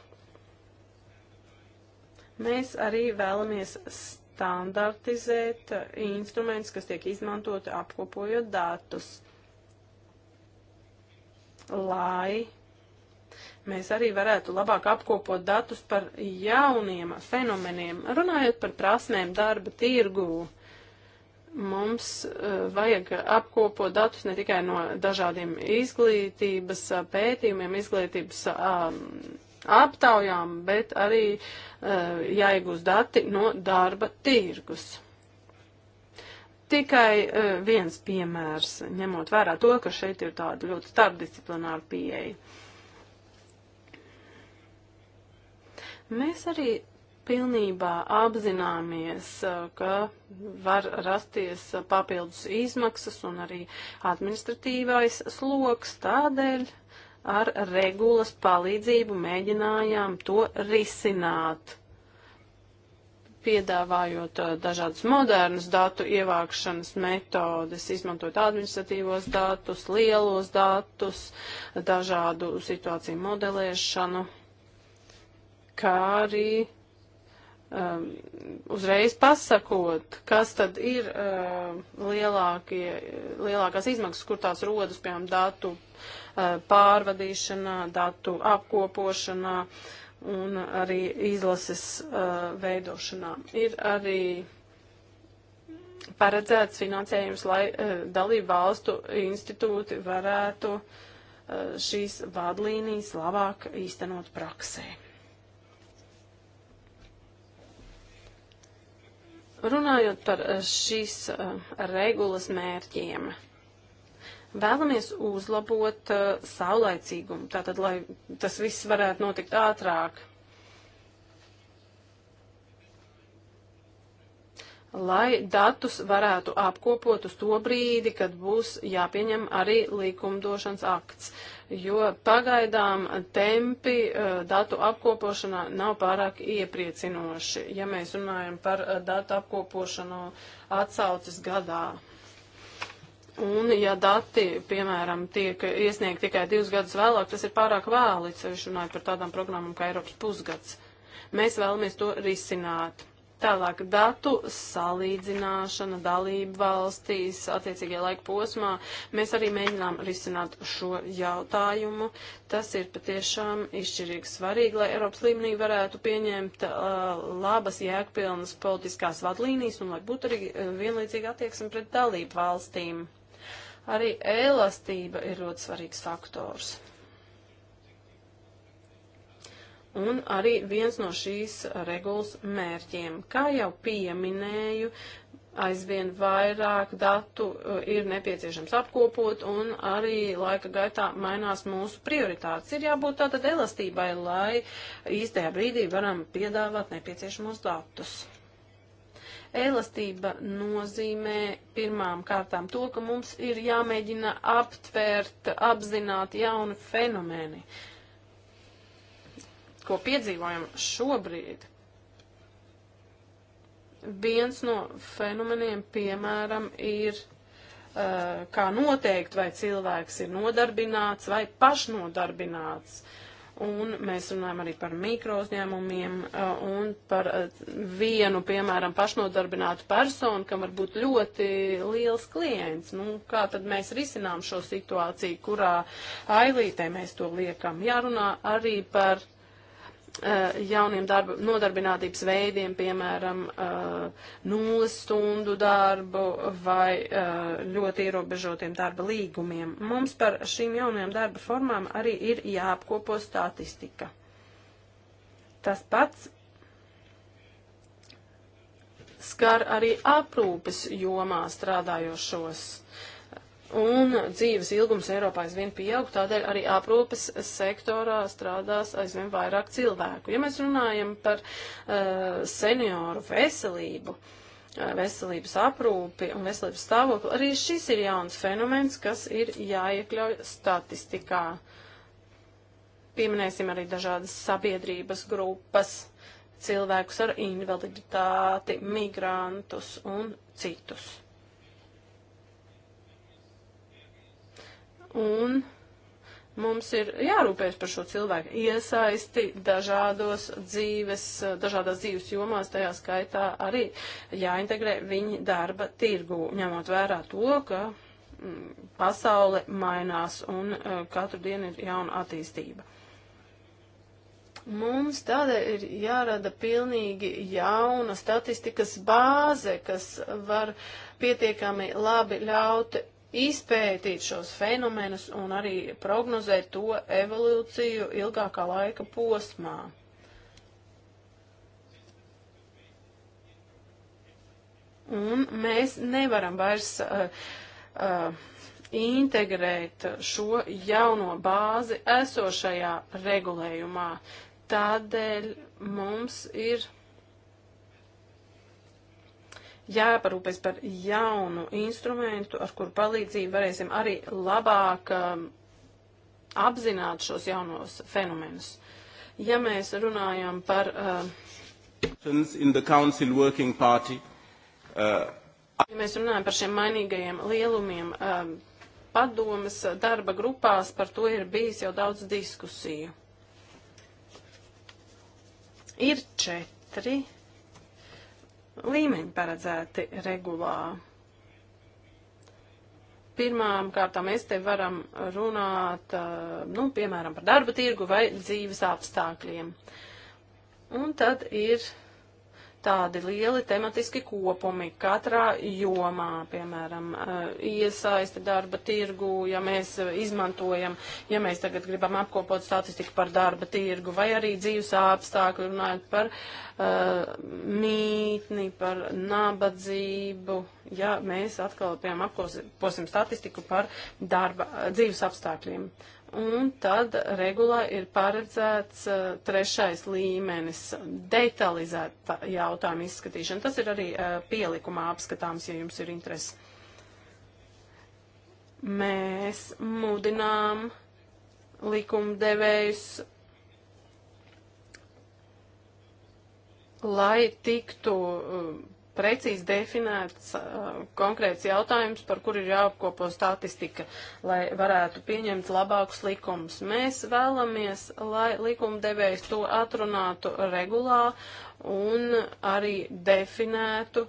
Mēs arī vēlamies standartizēt instrumentus, kas tiek izmantoti apkopojot datus, lai mēs arī varētu labāk apkopot datus par jauniem fenomeniem. Runājot par prasmēm darba tirgū, mums eh, vajag apkopot datus ne tikai no dažādiem izglītības eh, pētījumiem, izglītības ehm, aptaujām, bet arī eh, jāiegūst dati no darba tirgus tikai uh, viens piemērs, ņemot vērā to, ka šeit ir tāda ļoti starpdisciplināra pieeja. Mēs arī pilnībā apzināmies, ka var rasties papildus izmaksas un arī administratīvais sloks tādēļ. Ar regulas palīdzību mēģinājām to risināt, piedāvājot dažādas modernas datu ievākšanas metodes, izmantojot administratīvos datus, lielos datus, dažādu situāciju modelēšanu kā arī um, uzreiz pasakot, kas tad ir uh, lielākie, lielākās izmaksas, kur tās rodas, piemēram, datu uh, pārvadīšanā, datu apkopošanā un arī izlases uh, veidošanā. Ir arī paredzēts finansējums, lai uh, dalību valstu institūti varētu uh, šīs vadlīnijas labāk īstenot praksē. Runājot par eh, šīs eh, regulas mērķiem, vēlamies uzlabot eh, saulaicīgumu, tātad, lai tas viss varētu notikt ātrāk. lai datus varētu apkopot uz to brīdi, kad būs jāpieņem arī likumdošanas akts. Uh, jo pagaidām tempi eh, datu apkopošanā nav pārāk iepriecinoši, ja mēs runājam par eh, datu apkopošanu atsaucas gadā. Un, ja dati, piemēram, tiek iesniegti tikai divus gadus vēlāk, tas ir pārāk vēli, sevišķi runājot par tādām programmām kā Eiropas pusgads. Mēs vēlamies to risināt. Tālāk datu salīdzināšana dalību valstīs attiecīgajā laika posmā. Mēs arī mēģinām risināt šo jautājumu. Tas ir patiešām izšķirīgi svarīgi, lai Eiropas līmenī varētu pieņemt uh, labas jēgpilnas politiskās vadlīnijas un lai būtu arī uh, vienlīdzīga attieksme pret dalību valstīm. Arī elastība ir ļoti svarīgs faktors un arī viens no šīs regulas mērķiem. Kā jau pieminēju, aizvien vairāk datu uh, ir nepieciešams apkopot un arī laika gaitā mainās mūsu prioritātes. Ir jābūt tātad elastībai, lai īstajā brīdī varam piedāvāt nepieciešamos datus. Elastība nozīmē pirmām kārtām to, ka mums ir jāmēģina aptvērt, apzināt jauni fenomeni. Uh, ko piedzīvojam šobrīd, viens no fenomeniem, piemēram, ir, uh, kā noteikt, vai cilvēks ir nodarbināts vai pašnodarbināts. Un mēs runājam arī par mikrouzņēmumiem uh, un par uh, vienu, piemēram, pašnodarbinātu personu, kam var būt ļoti liels klients. Nu, kā tad mēs risinām šo situāciju, kurā ailītē mēs to liekam? Jārunā arī par uh, Eh, jauniem darba, nodarbinātības veidiem, piemēram, eh, nulles stundu darbu vai eh, ļoti ierobežotiem darba līgumiem. Mums par šīm jaunajām darba formām arī ir jāapkopo statistika. Tas pats skar arī aprūpes jomā strādājošos. Un dzīves ilgums Eiropā aizvien pieaug, tādēļ arī aprūpes sektorā strādās aizvien vairāk cilvēku. Ja mēs runājam par uh, senioru veselību, uh, veselības aprūpi un veselības stāvokli, arī šis ir jauns fenomens, kas ir jāiekļauj statistikā. Pieminēsim arī dažādas sabiedrības grupas, cilvēkus ar invaliditāti, migrantus un citus. un mums ir jārūpējas par šo cilvēku iesaisti dažādos dzīves, dažādās dzīves jomās, tajā skaitā arī jāintegrē viņi darba tirgu, ņemot vērā to, ka mm, pasaule mainās un eh, katru dienu ir jauna attīstība. Mums tādēļ ir jārada pilnīgi jauna statistikas bāze, kas var pietiekami labi ļaut izpētīt šos fenomenus un arī prognozēt to evolūciju ilgākā laika posmā. Un mēs nevaram vairs uh, uh, integrēt šo jauno bāzi esošajā regulējumā. Tādēļ mums ir jāparūpēs par jaunu instrumentu, ar kuru palīdzību varēsim arī labāk um, apzināt šos jaunos fenomenus. Ja mēs runājam par. Um, uh, ja mēs runājam par šiem mainīgajiem lielumiem um, padomas darba grupās, par to ir bijis jau daudz diskusiju. Ir četri līmeņi paredzēti regulā. Pirmām kārtām mēs te varam runāt, nu, piemēram, par darba tirgu vai dzīves apstākļiem. Un tad ir tādi lieli tematiski kopumi katrā jomā, piemēram, eh, iesaisti darba tirgu, ja mēs eh, izmantojam, ja mēs tagad gribam apkopot statistiku par darba tirgu, vai arī dzīves apstākļu, runājot par uh, mītni, par nabadzību, ja mēs atkal, piemēram, apkosim statistiku par darba, dzīves apstākļiem. Uh, Un tad regulā ir paredzēts uh, trešais līmenis - detalizēta jautājuma izskatīšana. Tas ir arī uh, pielikumā apskatāms, ja jums ir interesi. Mēs mudinām likumdevējus, lai tiktu uh, precīzi definēts uh, konkrēts jautājums, par kuru ir jāapkopo statistika, lai varētu pieņemt labākus likumus. Mēs vēlamies, lai likumdevējs to atrunātu regulā un arī definētu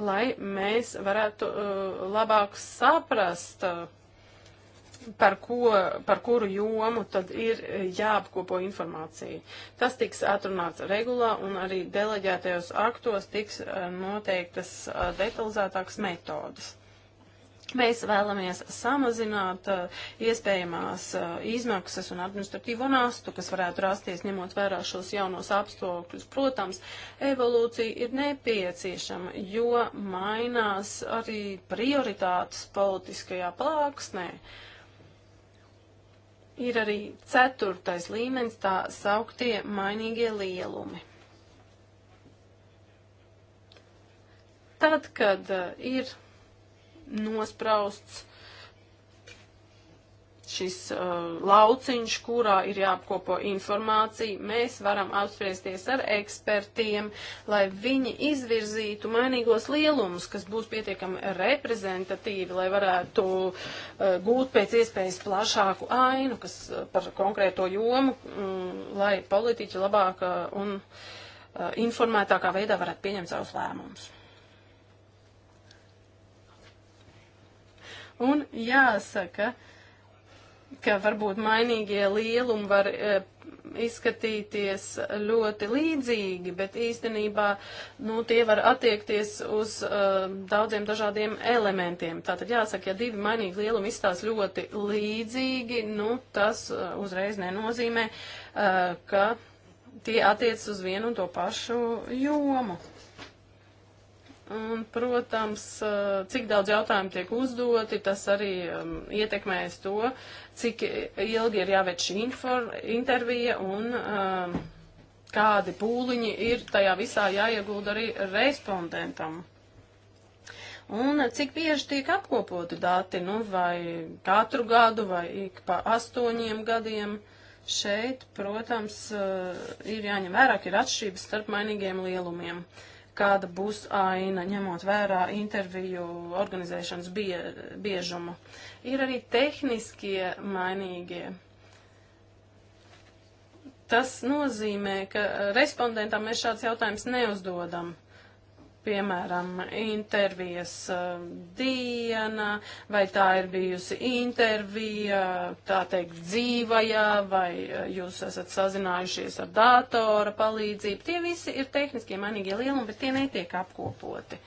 lai mēs varētu uh, labāk saprast, uh, par, ko, par kuru jomu tad ir e, jāapkopo informācija. Tas tiks atrunāts regulā un arī deleģētajos aktos tiks e, noteiktas e, detalizētākas metodas. Mēs vēlamies samazināt iespējamās izmaksas un administratīvo nastu, kas varētu rasties ņemot vērā šos jaunos apstākļus. Protams, evolūcija ir nepieciešama, jo mainās arī prioritātes politiskajā plāksnē. Uh, Ir arī ceturtais līmenis, tā sauktie mainīgie lielumi. Tad, kad uh, ir nosprausts šis uh, lauciņš, kurā ir jāapkopo informācija, mēs varam apspriesties ar ekspertiem, lai viņi izvirzītu mainīgos lielumus, kas būs pietiekami reprezentatīvi, lai varētu uh, gūt pēc iespējas plašāku ainu, kas uh, par konkrēto jomu, um, lai politiķi labāk uh, un uh, informētākā veidā varētu pieņemt savus lēmumus. Un jāsaka, uh, ka varbūt mainīgie lielumi var e, izskatīties ļoti līdzīgi, bet īstenībā nu, tie var attiekties uz e, daudziem dažādiem elementiem. Tātad jāsaka, ja divi mainīgi lielumi izstās ļoti līdzīgi, nu, tas e, uzreiz nenozīmē, e, ka tie attiec uz vienu un to pašu jomu. Un, protams, eh, cik daudz jautājumu tiek uzdoti, tas arī um, ietekmēs to, cik ilgi ir jāveic šī intervija un um, kādi pūliņi ir tajā visā jāiegulda arī respondentam. Un cik bieži tiek apkopoti dati, nu vai katru gadu, vai ik pa astoņiem gadiem. Šeit, protams, eh, ir jāņem vērā, ka ir atšķirības starp mainīgiem lielumiem. Uh, kāda būs aina, ņemot vērā interviju organizēšanas bie, biežumu. Ir arī tehniskie mainīgie. Tas nozīmē, ka respondentam mēs šāds jautājums neuzdodam piemēram, intervijas uh, diena, vai tā ir bijusi intervija, tā teikt, dzīvajā, vai uh, jūs esat sazinājušies ar datora palīdzību. Tie visi ir tehniskie mainīgie lielumi, bet tie netiek apkopoti.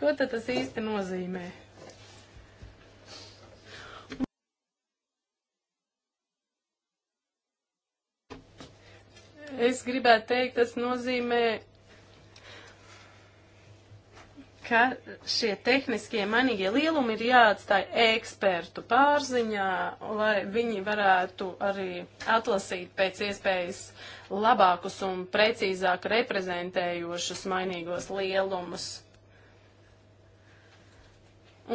Ko tad tas īsti nozīmē? Es gribētu teikt, tas nozīmē ka šie tehniskie manīgie lielumi ir jāatstāj ekspertu pārziņā, lai viņi varētu arī atlasīt pēc iespējas labākus un precīzāk reprezentējošus mainīgos lielumus.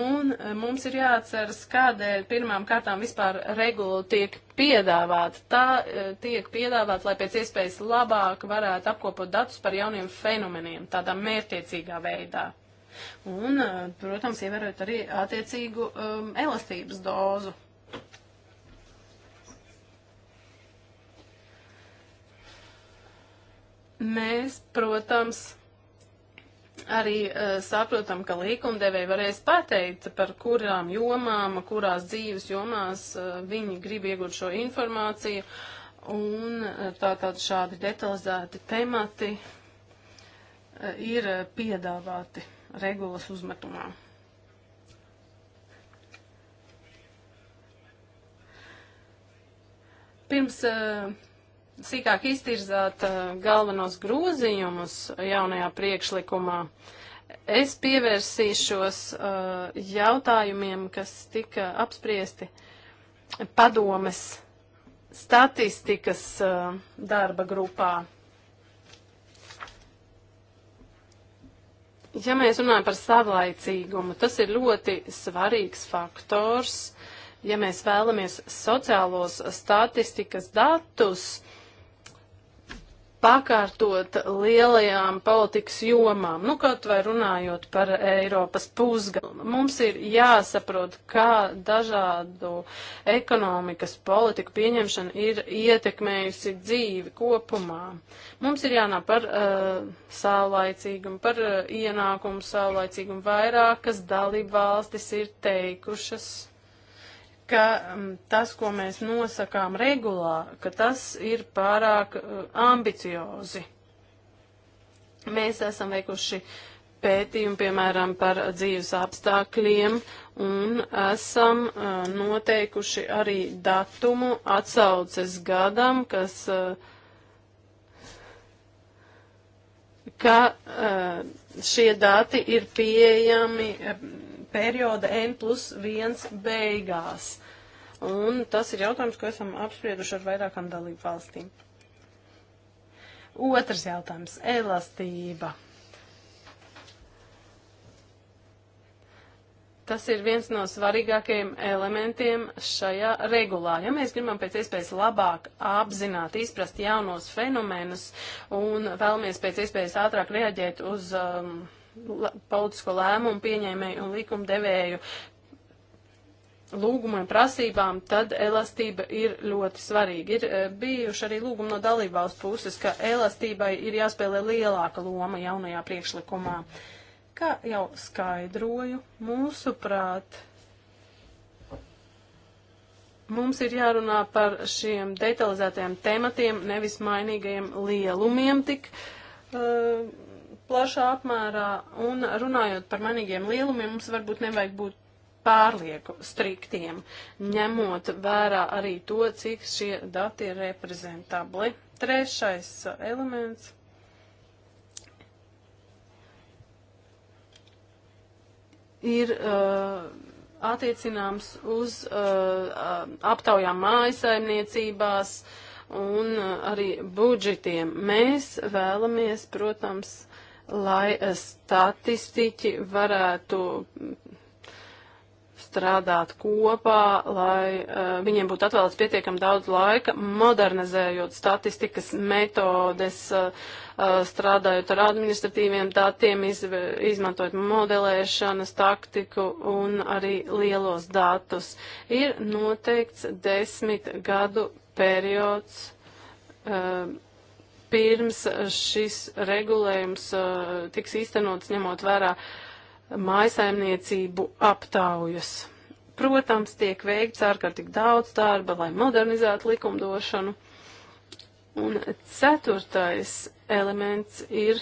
Un e, mums ir jāatceras, kādēļ pirmām kārtām vispār regula tiek piedāvāta. Tā e, tiek piedāvāta, lai pēc iespējas labāk varētu apkopot datus par jauniem fenomeniem, tādā mērķiecīgā veidā. Un, eh, protams, ievērot arī attiecīgu um, elastības dozu. Mēs, protams, arī uh, saprotam, ka likumdevēji varēs pateikt, par kurām jomām, kurās dzīves jomās uh, viņi grib iegūt šo informāciju. Un uh, tātad šādi detalizēti temati uh, ir piedāvāti regulas uzmetumā. Pirms uh, sīkāk iztirzāt uh, galvenos grozījumus jaunajā priekšlikumā, es pievērsīšos uh, jautājumiem, kas tika apspriesti padomes statistikas darba grupā. Ja mēs runājam par savlaicīgumu, tas ir ļoti svarīgs faktors. Ja mēs vēlamies sociālos statistikas datus, uh, pakārtot lielajām politikas jomām, nu kaut vai runājot par Eiropas pusgadu. Mums ir jāsaprot, kā dažādu ekonomikas politiku pieņemšana ir ietekmējusi dzīvi kopumā. Mums ir jānāk par uh, saulaicīgumu, par uh, ienākumu saulaicīgumu. Vairākas dalība valstis ir teikušas ka mm, tas, ko mēs nosakām regulā, ka tas ir pārāk eh, ambiciozi. Mēs esam veikuši pētījumu, piemēram, par dzīves apstākļiem un esam eh, noteikuši arī datumu atsauces gadam, kas, eh, ka šie dati ir pieejami perioda N plus 1 beigās. Un tas ir jautājums, ko esam apsprieduši ar vairākām dalību valstīm. Otrs jautājums - elastība. Tas ir viens no svarīgākajiem elementiem šajā regulā. Ja mēs gribam pēc iespējas labāk apzināt, izprast jaunos fenomenus un vēlamies pēc iespējas ātrāk reaģēt uz um, politisko lēmumu pieņēmēju un likumdevēju lūgumiem, prasībām, tad elastība ir ļoti svarīga. Ir eh, bijuši arī lūgumi no dalībvalstu puses, ka elastībai ir jāspēlē lielāka loma jaunajā priekšlikumā. Kā jau skaidroju, mūsuprāt, mums ir jārunā par šiem detalizētajiem tematiem, nevis mainīgajiem lielumiem tik. Uh, plašā apmērā, un runājot par manīgiem lielumiem, mums varbūt nevajag būt pārlieku striktiem, ņemot vērā arī to, cik šie dati ir reprezentabli. Trešais elements. Ir uh, attiecināms uz uh, aptaujām mājasaimniecībās un uh, arī budžetiem. Mēs vēlamies, protams, lai eh, statistiķi varētu mm, strādāt kopā, lai uh, viņiem būtu atvēlēts pietiekam daudz laika, modernizējot statistikas metodes, uh, uh, strādājot ar administratīviem datiem, iz, izmantojot modelēšanas taktiku un arī lielos datus. Ir noteikts desmit gadu periods. Uh, pirms uh, šis regulējums uh, tiks īstenots ņemot vērā mājasaimniecību aptaujas. Protams, tiek veikts ārkārtīgi daudz darba, lai modernizētu likumdošanu. Un ceturtais elements ir.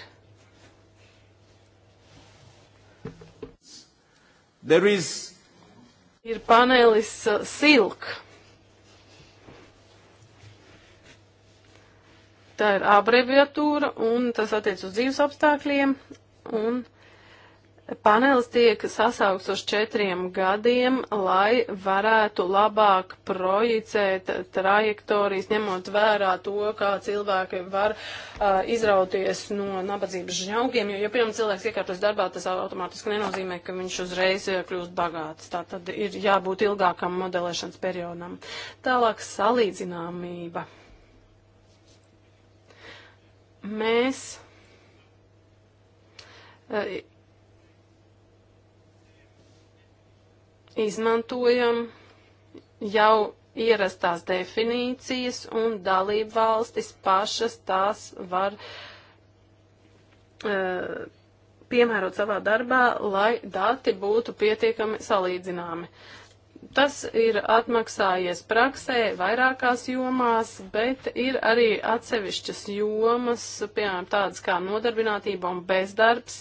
Is... Ir panelis uh, silk Tā ir abreviatūra un tas attiec uz dzīves apstākļiem un panelis tiek sasaugs uz četriem gadiem, lai varētu labāk projicēt trajektorijas, ņemot vērā to, kā cilvēki var uh, izrauties no nabadzības žņaugiem, jo, ja, piemēram, cilvēks iekārtas darbā, tas automātiski nenozīmē, ka viņš uzreiz kļūst bagāts. Tā tad ir jābūt ilgākam modelēšanas periodam. Tālāk salīdzināmība mēs e, izmantojam jau ierastās definīcijas un dalību valstis pašas tās var uh, piemērot savā darbā, lai dati būtu pietiekami salīdzināmi. Uh, Tas ir atmaksājies praksē vairākās jomās, bet ir arī atsevišķas jomas, piemēram, tādas kā nodarbinātība un bezdarbs.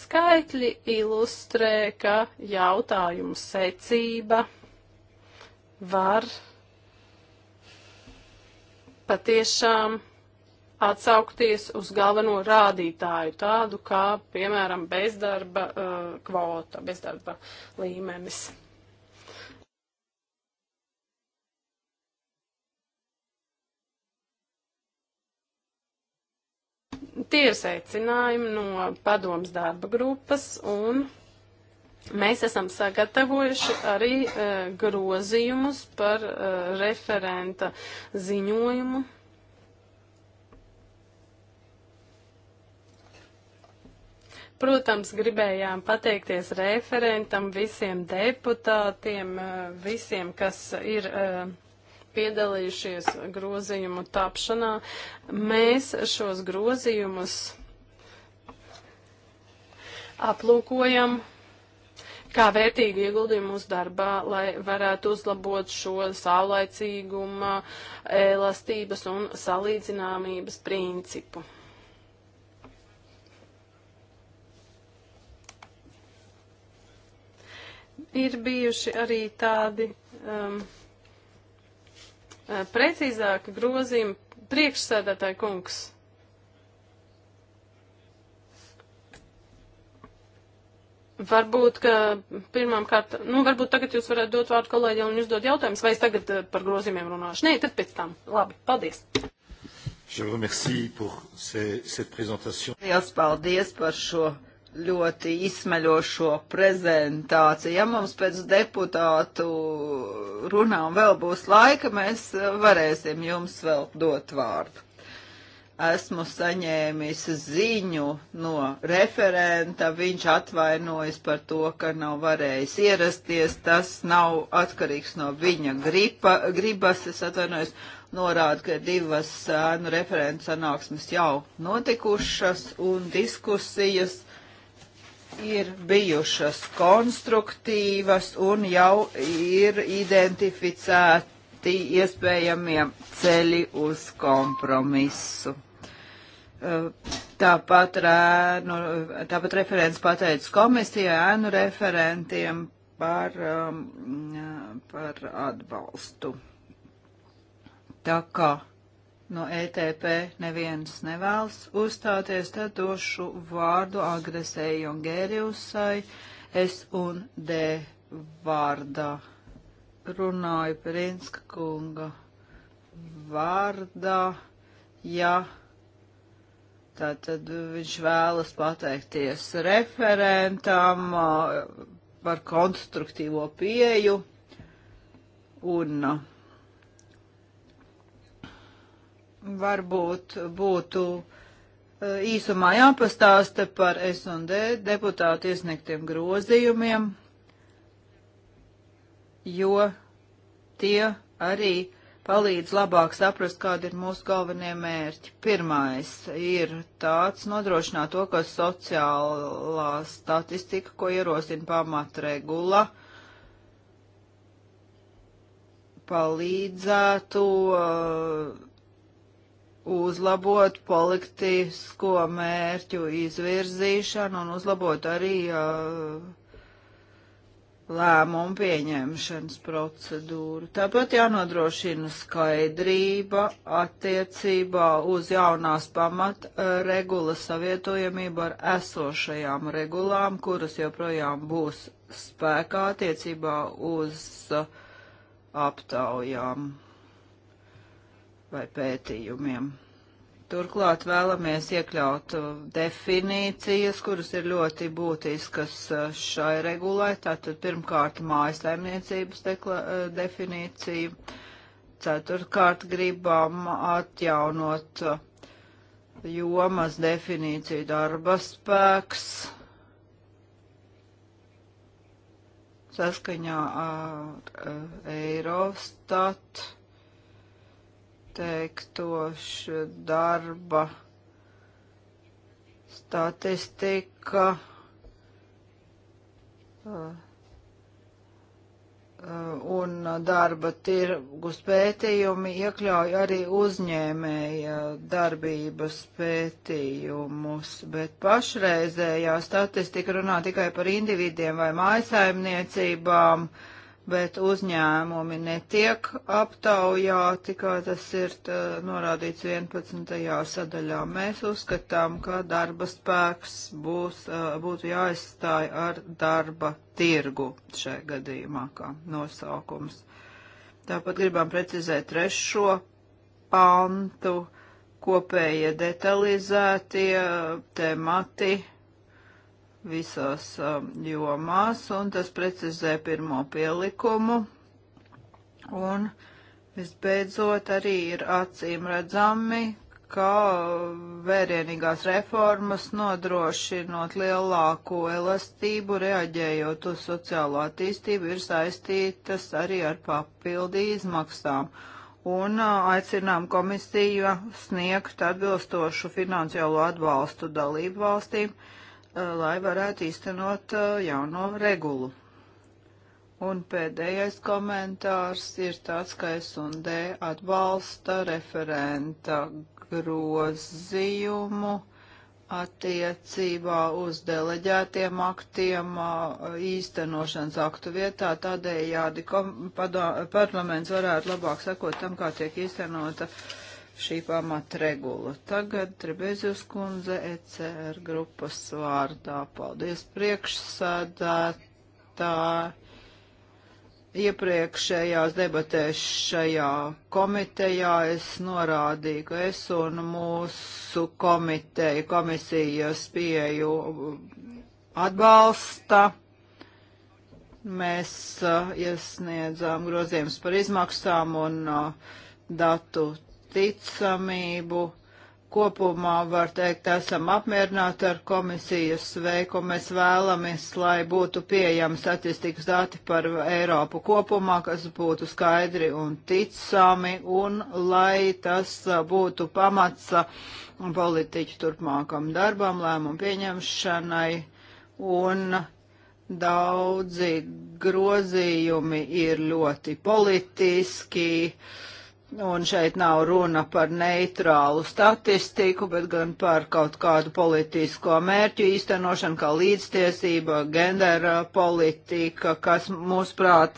Skaitļi ilustrē, ka jautājumu secība var patiešām atsaukties uz galveno rādītāju, tādu kā, piemēram, bezdarba uh, kvota, bezdarba līmenis. Tie ir secinājumi no padomas darba grupas, un mēs esam sagatavojuši arī uh, grozījumus par uh, referenta ziņojumu. Protams, gribējām pateikties referentam, visiem deputātiem, e, visiem, kas ir uh, piedalījušies grozījumu tapšanā. Mēs šos grozījumus aplūkojam kā vērtīgu ieguldījumu mūsu darbā, lai varētu uzlabot šo saulaicīguma, elastības un salīdzināmības principu. Ir bijuši arī tādi um, Eh, precīzāka grozījuma priekšsēdētāja kungs. Varbūt, ka pirmām kārt, nu, varbūt tagad jūs varētu dot vārdu kolēģiem un uzdot jautājumus, vai es tagad eh, par grozījumiem runāšu. Nē, tad pēc tam. Labi, paldies. Je vous remercie pour ces, cette présentation. Liels paldies par šo ļoti izsmeļošo prezentāciju. Ja mums pēc deputātu runām vēl būs laika, mēs varēsim jums vēl dot vārdu. Esmu saņēmis ziņu no referenta, viņš atvainojas par to, ka nav varējis ierasties, tas nav atkarīgs no viņa gripa, gribas, es atvainojos, norāda, ka divas sēnu referents sanāksmes jau notikušas un diskusijas ir bijušas konstruktīvas un jau ir identificēti iespējamie ceļi uz kompromisu. Uh, tāpat, nu, tāpat referents pateica komisijai, ēnu referentiem par, um, par atbalstu. Tā kā no ETP neviens nevēlas uzstāties, tad došu vārdu agresēju Jongēriusai S un D vārdā. Runāju Prinska kunga vārdā, ja tātad viņš vēlas pateikties referentam uh, par konstruktīvo pieju un uh, varbūt būtu eh, īsumā jāpastāsta par S&D deputātu iesniegtiem grozījumiem, jo tie arī palīdz labāk saprast, kādi ir mūsu galvenie mērķi. Pirmais ir tāds nodrošināt to, ka sociālā statistika, ko ierosina pamatregula, palīdzētu uh, uzlabot politisko mērķu izvirzīšanu un uzlabot arī uh, lēmumu pieņemšanas procedūru. Tāpat jānodrošina skaidrība attiecībā uz jaunās pamat regulas savietojamību ar esošajām regulām, kuras joprojām būs spēkā attiecībā uz uh, aptaujām vai pētījumiem. Turklāt vēlamies iekļaut uh, definīcijas, kuras ir ļoti būtiskas uh, šai regulai. Tātad pirmkārt mājasaimniecības uh, definīcija, ceturtkārt gribam atjaunot jomas definīciju darba spēks saskaņā ar Eirostat. Uh, noteiktoša darba statistika. Uh, un darba tirgus pētījumi iekļauj arī uzņēmēja darbības pētījumus, bet pašreizējā statistika runā tikai par individiem vai mājasaimniecībām. Uh, bet uzņēmumi netiek aptaujāti, kā tas ir tā, norādīts 11. sadaļā. Mēs uzskatām, ka darba spēks būs, būtu jāizstāj ar darba tirgu šai gadījumā, kā nosaukums. Tāpat gribam precizēt trešo pantu, kopējie detalizētie temati visās um, jomās, un tas precizē pirmo pielikumu. Un visbeidzot arī ir acīm redzami, ka vērienīgās reformas nodrošinot lielāko elastību, reaģējot uz sociālo attīstību, ir saistītas arī ar papildi izmaksām. Un uh, aicinām komisiju sniegt atbilstošu finansiālo atbalstu dalību valstīm Uh, lai varētu īstenot uh, jauno regulu. Un pēdējais komentārs ir tāds, ka S&D atbalsta referenta grozījumu attiecībā uz deleģētiem aktiem uh, īstenošanas aktu vietā. Tādējādi parlaments varētu labāk sekot tam, kā tiek īstenota uh, šī pamata regula. Tagad Trebezjus kundze ECR grupas vārdā. Paldies priekšsēdētāji. Iepriekšējās debatēs šajā komitejā es norādīju, ka es un mūsu komiteja komisijas pieju atbalsta. Mēs uh, iesniedzām grozījums par izmaksām un uh, datu ticamību. Kopumā var teikt, esam apmierināti ar komisijas veiku. Mēs vēlamies, lai būtu pieejami statistikas dati par Eiropu kopumā, kas būtu skaidri un ticami, un lai tas būtu pamats politiķu turpmākam darbam, lēmumu pieņemšanai. Un daudzi grozījumi ir ļoti politiski, uh, Un šeit nav runa par neitrālu statistiku, bet gan par kaut kādu politisko mērķu īstenošanu, kā līdztiesība, gendera politika, kas mūsuprāt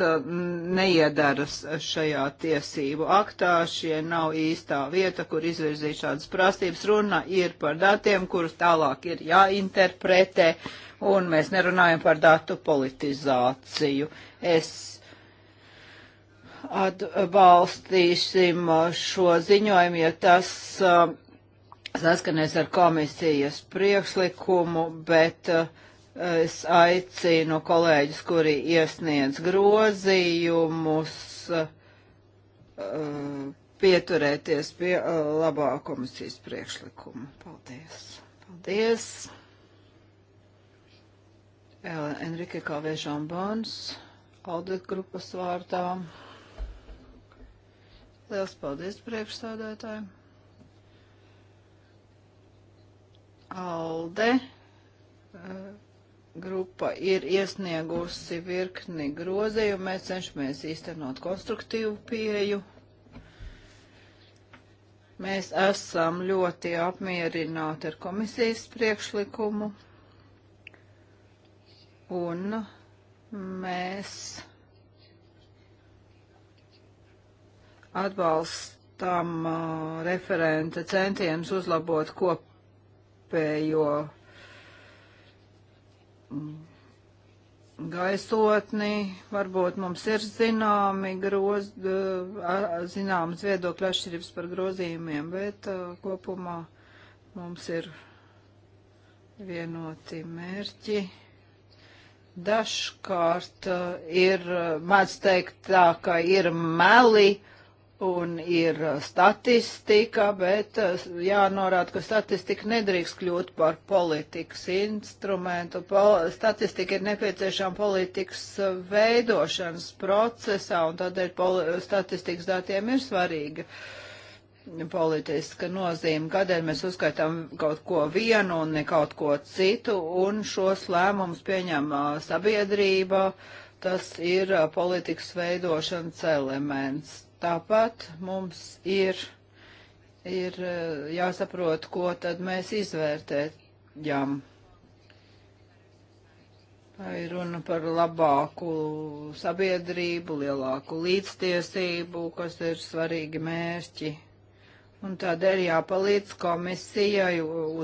neiedaras šajā tiesību aktā. Šie nav īstā vieta, kur izvirzīt šādas prasības. Runa ir par datiem, kurus tālāk ir jāinterpretē, un mēs nerunājam par datu politizāciju. Es atbalstīsim uh, šo ziņojumu, ja tas uh, saskanēs ar komisijas priekšlikumu, bet uh, es aicinu kolēģis, kuri iesniedz grozījumus, uh, pieturēties pie uh, labā komisijas priekšlikuma. Paldies! Paldies! Enrique Kalvēžambons, Alde grupas vārdā. Liels paldies priekšstādētājiem. Alde eh, grupa ir iesniegusi virkni grozījumu, mēs cenšamies īstenot konstruktīvu pieju. Mēs esam ļoti apmierināti ar komisijas priekšlikumu un mēs atbalstam uh, referenta centienus uzlabot kopējo mm, gaisotni. Varbūt mums ir zināmi groz, uh, zināmas viedokļa atšķirības par grozījumiem, bet uh, kopumā mums ir vienoti mērķi. Dažkārt uh, ir, uh, mēdz teikt tā, ka ir meli un ir statistika, bet eh, jānorāda, ka statistika nedrīkst kļūt par politikas instrumentu. Pol statistika ir nepieciešama politikas eh, veidošanas procesā, un tādēļ statistikas datiem ir svarīga politiska nozīme, kādēļ mēs uzskaitām kaut ko vienu un ne kaut ko citu, un šos lēmumus pieņem eh, sabiedrība. Tas ir politikas veidošanas elements Tāpat mums ir, ir eh, jāsaprot, ko tad mēs izvērtējam. Tā ir runa par labāku sabiedrību, lielāku līdztiesību, kas ir svarīgi mērķi. Un tādēļ jāpalīdz komisijai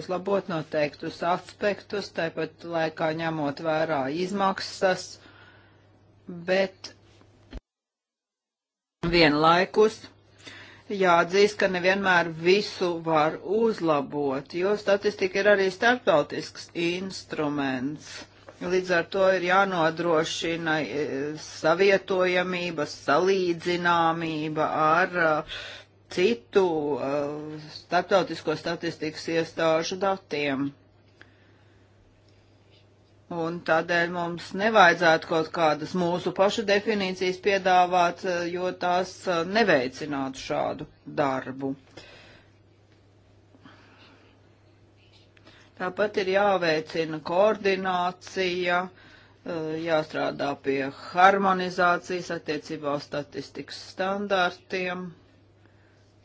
uzlabot noteiktus aspektus, tāpat laikā ņemot vērā izmaksas, bet vienlaikus jāatzīst, ka nevienmēr visu var uzlabot, jo statistika ir arī starptautisks instruments. Līdz ar to ir jānodrošina e, savietojamība, salīdzināmība ar uh, citu uh, starptautisko statistikas iestāžu datiem. Un tādēļ mums nevajadzētu kaut kādas mūsu pašu definīcijas piedāvāt, eh, jo tās eh, neveicinātu šādu darbu. Tāpat ir jāveicina koordinācija, eh, jāstrādā pie harmonizācijas attiecībā uz statistikas standartiem.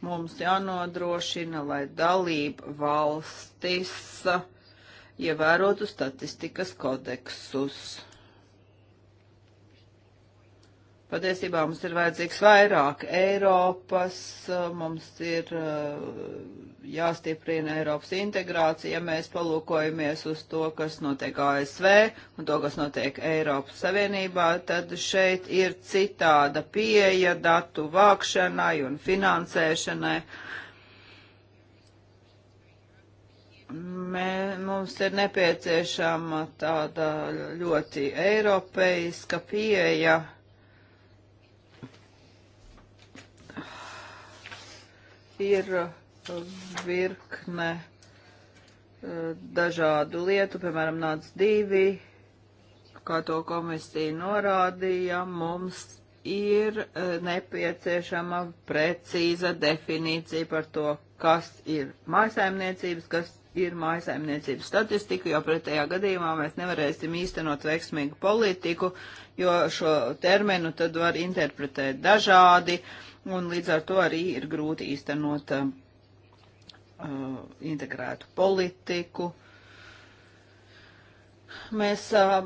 Mums jānodrošina, lai dalība valstis uh, ievērotu statistikas kodeksus. Patiesībā mums ir vajadzīgs vairāk Eiropas, mums ir eh, jāstiprina Eiropas integrācija, ja mēs palūkojamies uz to, kas notiek ASV un to, kas notiek Eiropas Savienībā, tad šeit ir citāda pieeja datu vākšanai un finansēšanai. Uh, Mē, mums ir nepieciešama tāda ļoti eiropeiska pieeja. Ir virkne eh, dažādu lietu, piemēram, nāc divi, kā to komisija norādīja, mums ir eh, nepieciešama precīza definīcija par to, kas ir mājsaimniecības, kas ir mājasaimniecības statistika, jo pretējā gadījumā mēs nevarēsim īstenot veiksmīgu politiku, jo šo terminu tad var interpretēt dažādi, un līdz ar to arī ir grūti īstenot uh, integrētu politiku. Mēs uh,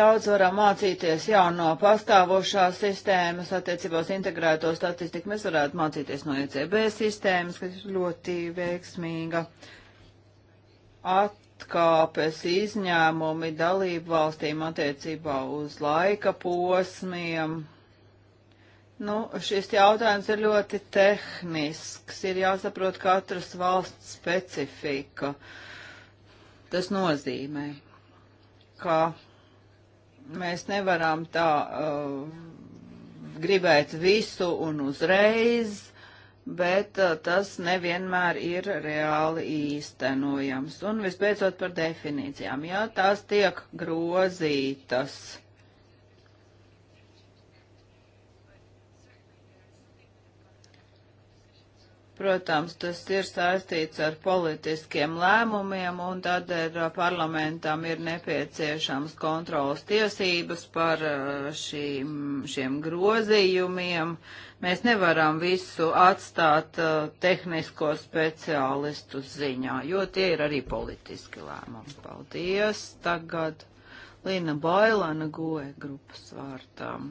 daudz varam mācīties jau no pastāvošās sistēmas attiecībās integrēto statistiku. Mēs varētu mācīties no ECB sistēmas, kas ir ļoti veiksmīga. Uh, atkāpes izņēmumi dalību valstīm attiecībā uz laika posmiem. Nu, šis jautājums ir ļoti tehnisks, ir jāsaprot katras valsts specifika. Tas nozīmē, ka mēs nevaram tā uh, gribēt visu un uzreiz, bet uh, tas nevienmēr ir reāli īstenojams. Un visbeidzot par definīcijām, ja tās tiek grozītas. Protams, tas ir saistīts ar politiskiem lēmumiem, un tādēļ uh, parlamentam ir nepieciešams kontrolas tiesības par uh, šīm, šiem grozījumiem. Uh, Mēs nevaram visu atstāt uh, tehnisko speciālistu ziņā, jo tie ir arī politiski lēmumi. Paldies! Tagad Lina Bailana goja grupas vārtām.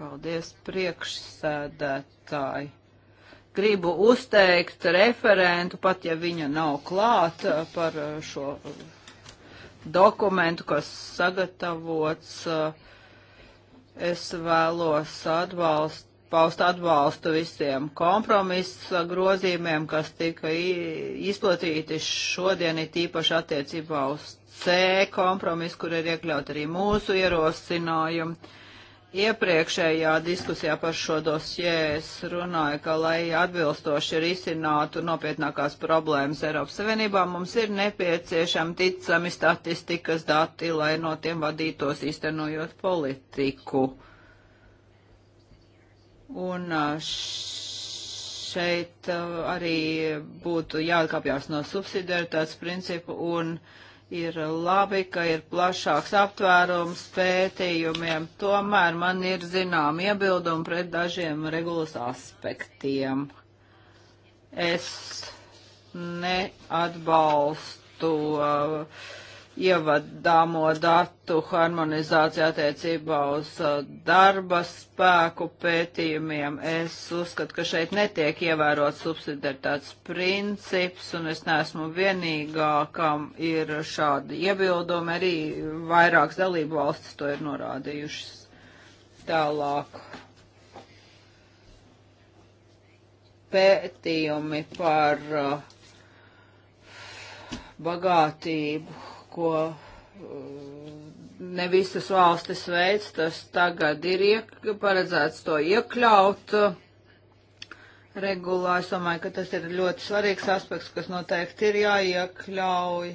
Paldies priekšsēdētāji! Gribu uzteikt referentu, pat ja viņa nav klāta uh, par uh, šo uh, dokumentu, kas sagatavots. Es vēlos atbalst paust atbalstu visiem kompromisa grozījumiem, kas tika izplatīti šodien, it īpaši attiecībā uz C kompromisu, kur ir iekļaut arī mūsu ierosinājumi. Iepriekšējā diskusijā par šo dosjē es runāju, ka, lai atbilstoši risinātu nopietnākās problēmas Eiropas Savienībā, mums ir nepieciešami ticami statistikas dati, lai no tiem vadītos īstenojot politiku. Uh, Un šeit arī būtu jāatkāpjas no subsidiaritātes principu un ir labi, ka ir plašāks aptvērums pētījumiem. Tomēr man ir zinām iebildumi pret dažiem regulas aspektiem. Es neatbalstu uh, ievadāmo datu harmonizācija attiecībā uz uh, darba spēku pētījumiem. Es uzskatu, ka šeit netiek ievērot subsidiaritātes princips, un es neesmu vienīgā, kam ir šādi iebildumi. Arī vairākas dalību valstis to ir norādījušas. Tālāk. Pētījumi par uh, bagātību ko ne visas valstis veic, tas tagad ir iek, paredzēts to iekļaut regulā. Es domāju, ka tas ir ļoti svarīgs aspekts, kas noteikti ir jāiekļauj.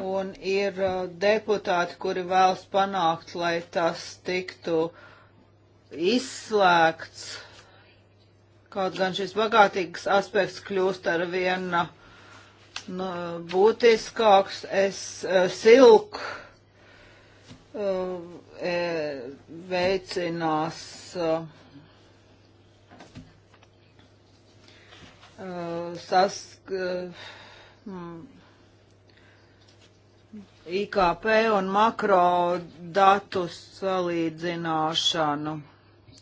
Un ir uh, deputāti, kuri vēlas panākt, lai tas tiktu izslēgts. Kaut gan šis bagātīgs aspekts kļūst ar viena uh, būtiskāks. Es eh, silk eh, e, veicinās eh, sask IKP un makro datus salīdzināšanu.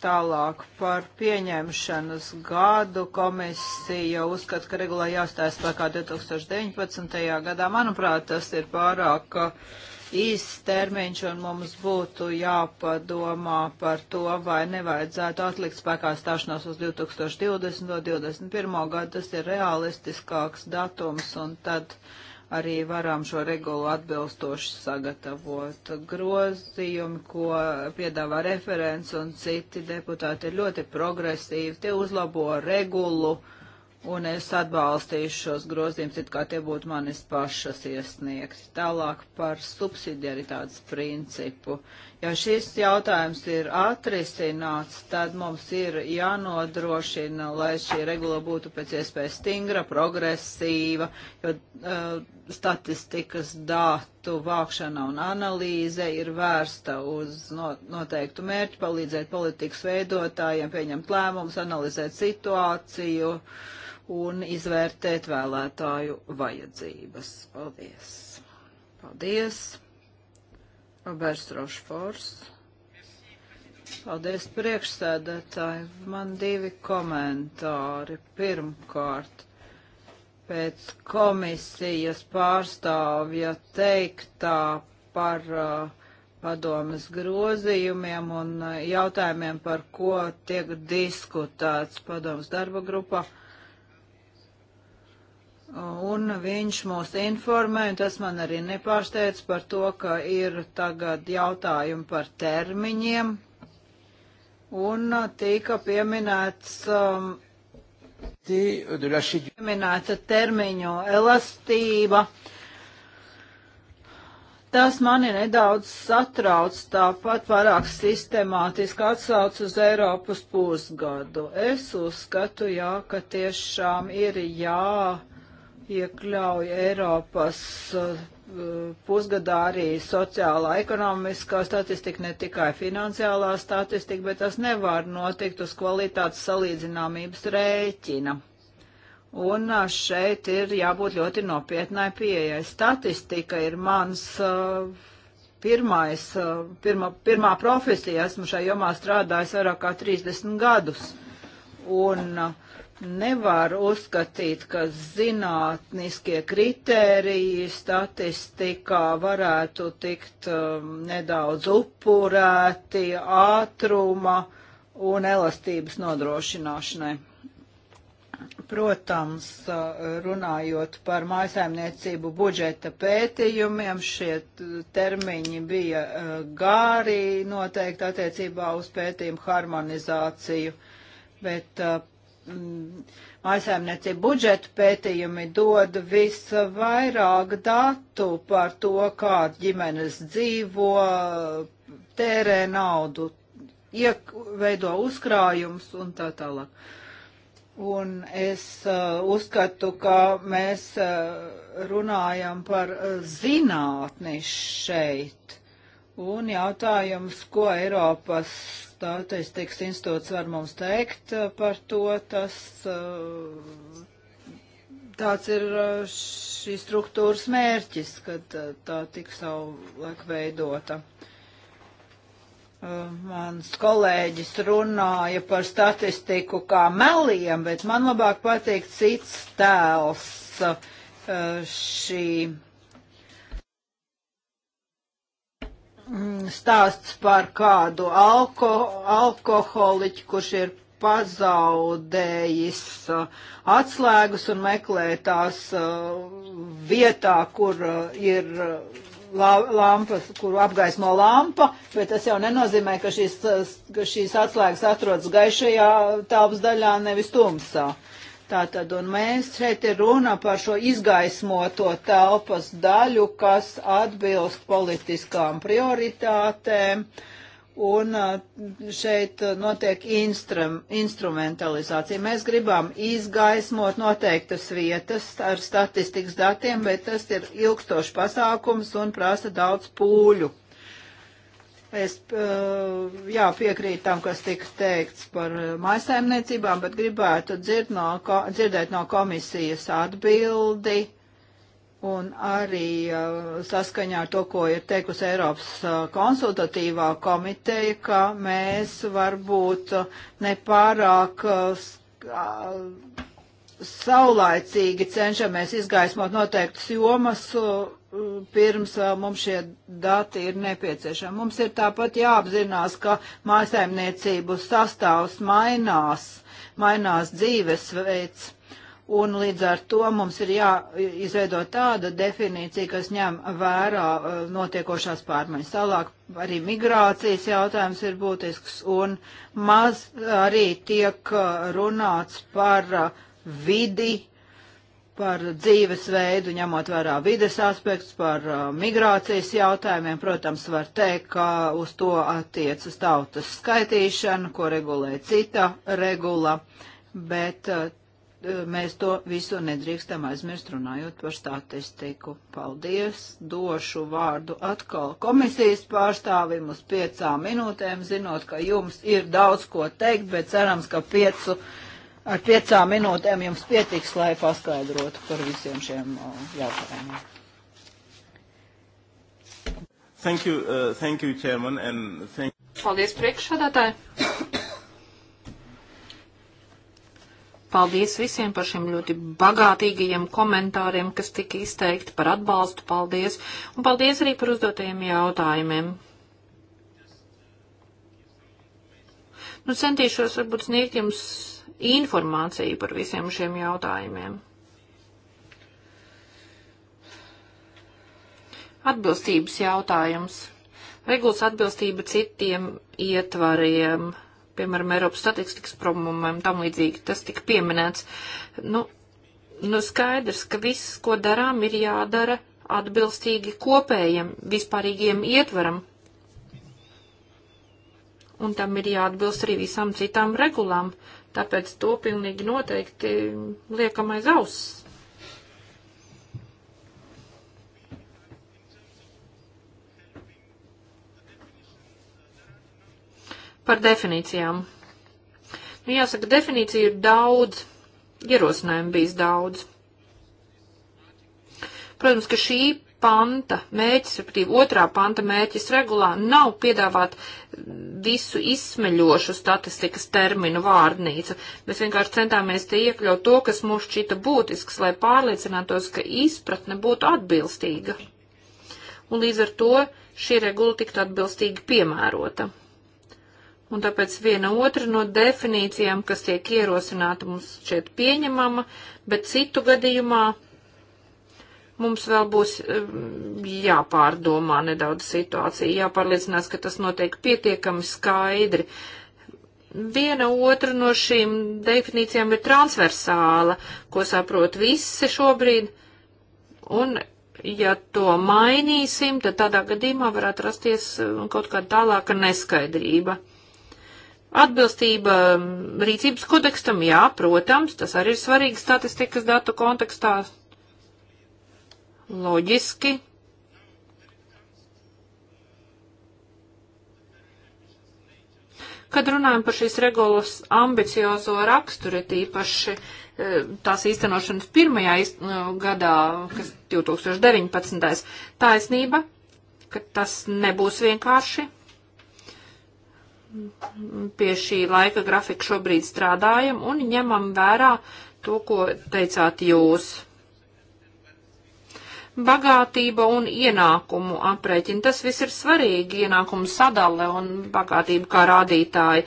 Tālāk par pieņemšanas gadu komisija uzskata, ka regulā jāstājas spēkā 2019. gadā. Manuprāt, tas ir pārāk uh, īsts termiņš un mums būtu jāpadomā par to, vai nevajadzētu atlikt spēkā stāšanos uz 2020. un 2021. gadu. Tas ir realistiskāks datums un tad. Uh, arī varam šo regulu atbilstoši sagatavot. Grozījumi, ko piedāvā referents un citi deputāti, ir ļoti progresīvi, tie uzlabo regulu, un es atbalstīšu šos grozījumus, it kā tie būtu manis pašas iesniegti. Tālāk par subsidiaritātes principu. Uh, Ja šis jautājums ir atrisināts, tad mums ir jānodrošina, lai šī regula būtu pēc iespējas stingra, progresīva, jo uh, statistikas datu vākšana un analīze ir vērsta uz no, noteiktu mērķu, palīdzēt politikas veidotājiem pieņemt lēmumus, analizēt situāciju un izvērtēt vēlētāju vajadzības. Paldies! Paldies! Roberts Rošfors. Paldies priekšsēdētāji. Man divi komentāri. Pirmkārt, pēc komisijas pārstāvja teiktā par uh, padomas grozījumiem un uh, jautājumiem, par ko tiek diskutēts padomas darba grupa. Uh, Un viņš mūs informē, un tas man arī nepārsteidz par to, ka ir tagad jautājumi par termiņiem. Un uh, tika pieminēts, um, pieminēta termiņu elastība. Tas mani nedaudz satrauc, tāpat vairāk sistemātiski atsauc uz Eiropas pusgadu. Es uzskatu, jā, ka tiešām ir jā iekļauj Eiropas uh, pusgadā arī sociālā ekonomiskā statistika, ne tikai finansiālā statistika, bet tas nevar notikt uz kvalitātes salīdzināmības rēķina. Un uh, šeit ir jābūt ļoti nopietnai pieejai. Statistika ir mans uh, pirmais, uh, pirma, pirmā profesija. Esmu šajā jomā strādājis vairāk kā 30 gadus. Un uh, nevar uzskatīt, ka zinātniskie kritēriji statistikā varētu tikt um, nedaudz upurēti ātruma un elastības nodrošināšanai. Protams, uh, runājot par mājasēmniecību budžeta pētījumiem, šie termiņi bija uh, gārī noteikti attiecībā uz pētījumu harmonizāciju, bet uh, mājasēmniecību budžetu pētījumi dod visvairāk datu par to, kā ģimenes dzīvo, tērē naudu, iek, veido uzkrājumus un tā tālāk. Un es uh, uzskatu, ka mēs uh, runājam par uh, zinātni šeit. Un jautājums, ko Eiropas statistikas institūts var mums teikt uh, par to, tas uh, tāds ir uh, šīs struktūras mērķis, kad tā tik savulaik veidota. Mans kolēģis runāja par statistiku kā meliem, bet man labāk patīk cits tēls šī Mm, stāsts par kādu alko, alkoholiķu, kurš ir pazaudējis uh, atslēgas un meklē tās uh, vietā, kur uh, ir lampas, kuru apgaismo lampa, bet tas jau nenozīmē, ka šīs, ka šīs atslēgas atrodas gaišajā telpas daļā, nevis tumsā. Uh, Tātad, un mēs šeit ir runa par šo izgaismoto telpas daļu, kas atbilst politiskām prioritātēm, un eh, šeit notiek instrum, instrumentalizācija. Mēs gribam izgaismot noteiktas vietas ar statistikas datiem, bet tas ir ilgstošs pasākums un prasa daudz pūļu Es eh, jā, piekrītu tam, kas tika teikts par eh, maisaimniecībām, bet gribētu dzird no, dzirdēt no komisijas atbildi un arī eh, saskaņā ar to, ko ir teikusi Eiropas konsultatīvā komiteja, ka mēs varbūt nepārāk saulaicīgi cenšamies izgaismot noteiktas jomas pirms mums šie dati ir nepieciešami. Mums ir tāpat jāapzinās, ka mājasaimniecību sastāvs mainās, mainās dzīvesveids. Un līdz ar to mums ir jāizveido tāda definīcija, kas ņem vērā notiekošās pārmaiņas. Tālāk arī migrācijas jautājums ir būtisks un maz arī tiek runāts par vidi, uh, par dzīvesveidu, ņemot vērā vides aspektus, par uh, migrācijas jautājumiem. Protams, var teikt, ka uz to attiecas tautas skaitīšana, ko regulē cita regula, bet uh, mēs to visu nedrīkstam aizmirst runājot par statistiku. Paldies! Došu vārdu atkal komisijas pārstāvim uz piecām minūtēm, zinot, ka jums ir daudz ko teikt, bet cerams, ka piecu minūtēm ar piecām minūtēm jums pietiks, lai paskaidrotu par visiem šiem jautājumiem. Thank you, uh, thank you, Chairman, and thank Paldies priekšsādātāji. Paldies visiem par šiem ļoti bagātīgajiem komentāriem, kas tika izteikti par atbalstu. Paldies. Un paldies arī par uzdotajiem jautājumiem. Nu, centīšos varbūt sniegt jums informāciju par visiem šiem jautājumiem. Atbilstības jautājums. Regulas atbilstība citiem ietvariem, piemēram, Eiropas statistikas problēmām, tam līdzīgi tas tika pieminēts. Nu, nu skaidrs, ka viss, ko darām, ir jādara atbilstīgi kopējiem vispārīgiem ietvaram. Un tam ir jāatbilst arī visām citām regulām. Uh, Tāpēc to pilnīgi noteikti liekam aiz auss. Par definīcijām. Nu, jāsaka, definīcija ir daudz, ierosinājumu bijis daudz. Protams, ka šī panta mēķis, respektīvi otrā panta mēķis regulā nav piedāvāt visu izsmeļošu statistikas terminu vārdnīcu. Mēs vienkārši centāmies te iekļaut to, kas mums šķita būtisks, lai pārliecinātos, ka izpratne būtu atbilstīga. Un līdz ar to šī regula tiktu atbilstīgi piemērota. Un tāpēc viena otra no definīcijām, kas tiek ierosināta, mums šeit pieņemama, bet citu gadījumā mums vēl būs eh, jāpārdomā nedaudz situācija, jāpārliecinās, ka tas notiek pietiekami skaidri. Viena otra no šīm definīcijām ir transversāla, ko saprot visi šobrīd, un ja to mainīsim, tad tādā gadījumā varētu rasties eh, kaut kāda tālāka neskaidrība. Atbilstība mm, rīcības kodekstam, jā, protams, tas arī ir svarīgi statistikas datu kontekstā, loģiski. Kad runājam par šīs regulas ambiciozo raksturi, tīpaši eh, tās īstenošanas pirmajā īst, eh, gadā, kas 2019. taisnība, ka tas nebūs vienkārši. Pie šī laika grafika šobrīd strādājam un ņemam vērā to, ko teicāt jūs bagātība un ienākumu aprēķina. Tas viss ir svarīgi, ienākumu sadale un bagātība kā rādītāji.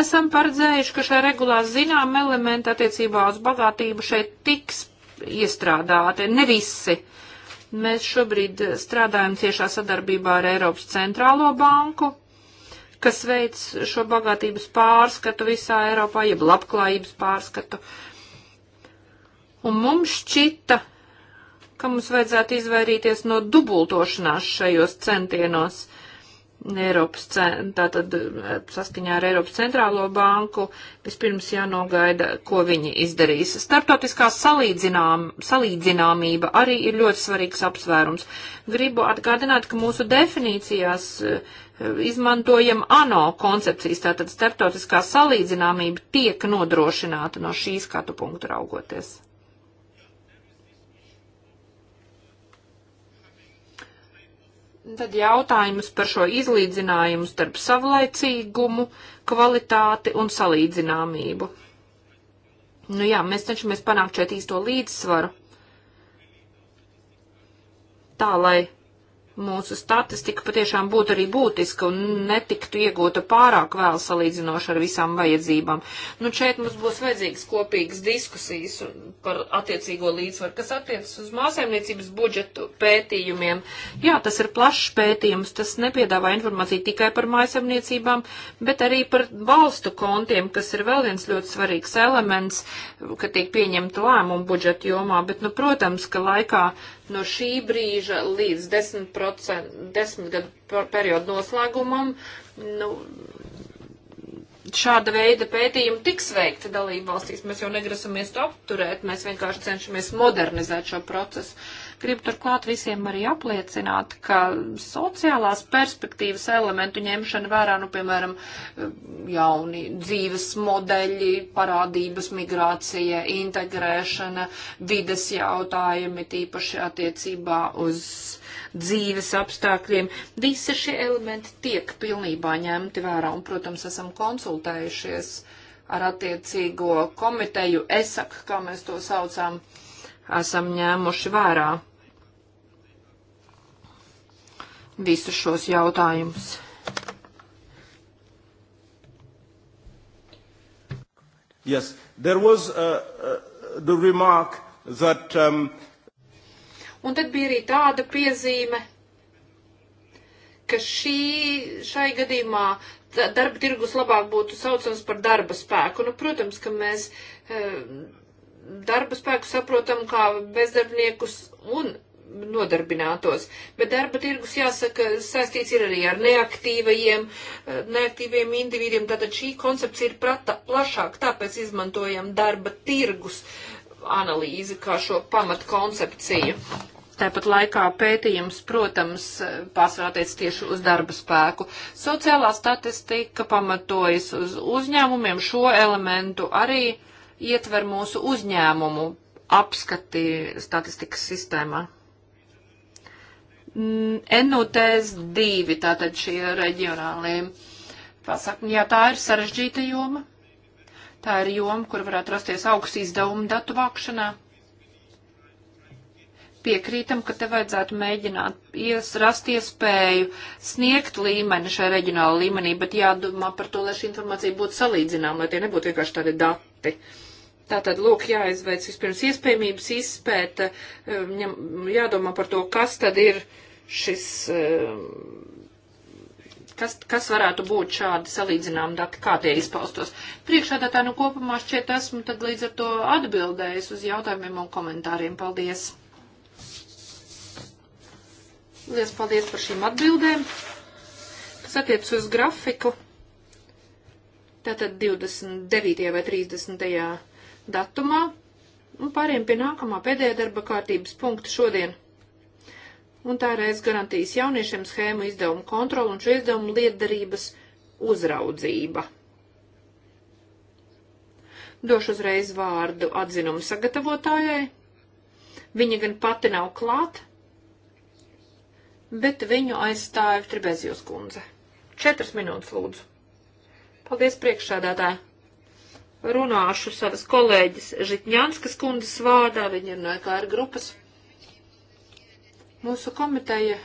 Esam paredzējuši, ka šajā regulā zinām elementi attiecībā uz bagātību šeit tiks iestrādāti, ne visi. Mēs šobrīd strādājam ciešā sadarbībā ar Eiropas centrālo banku, kas veic šo bagātības pārskatu visā Eiropā, jeb labklājības pārskatu. Un mums šķita, ka mums vajadzētu izvairīties no dubultošanās šajos centienos. Eiropas, tātad eh, saskaņā ar Eiropas centrālo banku vispirms jānogaida, ko viņi izdarīs. Startautiskā salīdzinām, salīdzināmība arī ir ļoti svarīgs apsvērums. Gribu atgādināt, ka mūsu definīcijās eh, izmantojam ANO koncepcijas, tātad startautiskā salīdzināmība tiek nodrošināta no šīs skatu punktu raugoties. Tad jautājums par šo izlīdzinājumu starp savlaicīgumu, kvalitāti un salīdzināmību. Nu jā, mēs cenšamies panākt šeit īsto līdzsvaru. Tā, lai mūsu statistika patiešām būtu arī būtiska un netiktu iegūta pārāk vēl salīdzinoši ar visām vajadzībām. Nu, šeit mums būs vajadzīgas kopīgas diskusijas par attiecīgo līdzsvaru, kas attiecas uz māsēmniecības budžetu pētījumiem. Jā, tas ir plašs pētījums, tas nepiedāvā informāciju tikai par māsēmniecībām, bet arī par valstu kontiem, kas ir vēl viens ļoti svarīgs elements, ka tiek pieņemta lēmumu budžetu jomā, bet, nu, protams, ka laikā no šī brīža līdz 10%, 10 gadu periodu noslēgumam, nu, šāda veida pētījumi tiks veikti dalību valstīs. Mēs jau negrasamies to apturēt, mēs vienkārši cenšamies modernizēt šo procesu. Gribu turklāt visiem arī apliecināt, ka sociālās perspektīvas elementu ņemšana vērā, nu, piemēram, jauni dzīves modeļi, parādības migrācija, integrēšana, vides jautājumi, tīpaši attiecībā uz dzīves apstākļiem. Visi šie elementi tiek pilnībā ņemti vērā un, protams, esam konsultējušies ar attiecīgo komiteju, ESAK, kā mēs to saucām, esam ņēmuši vērā visus šos jautājumus. Yes, there was uh, uh, the remark that. Um, Un tad bija arī tāda piezīme, ka šī, šai gadījumā darba tirgus labāk būtu saucams par darba spēku. Nu, protams, ka mēs uh, darba spēku saprotam kā bezdarbniekus un nodarbinātos. Bet darba tirgus, jāsaka, saistīts ir arī ar neaktīvajiem, eh, neaktīviem individiem, tātad šī koncepcija ir prata plašāk, tāpēc izmantojam darba tirgus analīzi kā šo pamatkoncepciju. Tāpat laikā pētījums, protams, pārsvarāties tieši uz darba spēku. Sociālā statistika pamatojas uz uzņēmumiem, šo elementu arī ietver mūsu uzņēmumu apskati statistikas sistēmā. NUTS 2, tātad šie reģionālie pasākumi. Jā, tā ir sarežģīta joma. Tā ir joma, kur varētu rasties augsts izdevumu datu vākšanā. Piekrītam, ka te vajadzētu mēģināt rast iespēju sniegt līmeni šai reģionāla līmenī, bet jādomā par to, lai šī informācija būtu salīdzināma, lai tie nebūtu vienkārši tādi dati. Uh, Tātad, lūk, jāizveic vispirms iespējamības izpēta, um, jādomā par to, kas tad ir šis, um, kas, kas varētu būt šādi salīdzinām dati, kā tie izpaustos. Priekšādātā, nu, kopumā šķiet esmu tad līdz ar to atbildējis uz jautājumiem un komentāriem. Paldies! Lielas paldies par šīm atbildēm. Kas attiecas uz grafiku, tātad 29. vai 30 datumā un nu, pāriem pie nākamā pēdējā darba kārtības punkta šodien. Un tā reiz garantīs jauniešiem schēmu izdevumu kontrolu un šo izdevumu lietdarības uzraudzība. Došu uzreiz vārdu atzinumu sagatavotājai. Viņa gan pati nav klāt, bet viņu aizstāja Tribezijos kundze. Četras minūtes lūdzu. Paldies priekšsēdētāji! runāšu savas kolēģis Žitņānskas kundas vārdā, viņa runāja kā ar grupas. Mūsu komiteja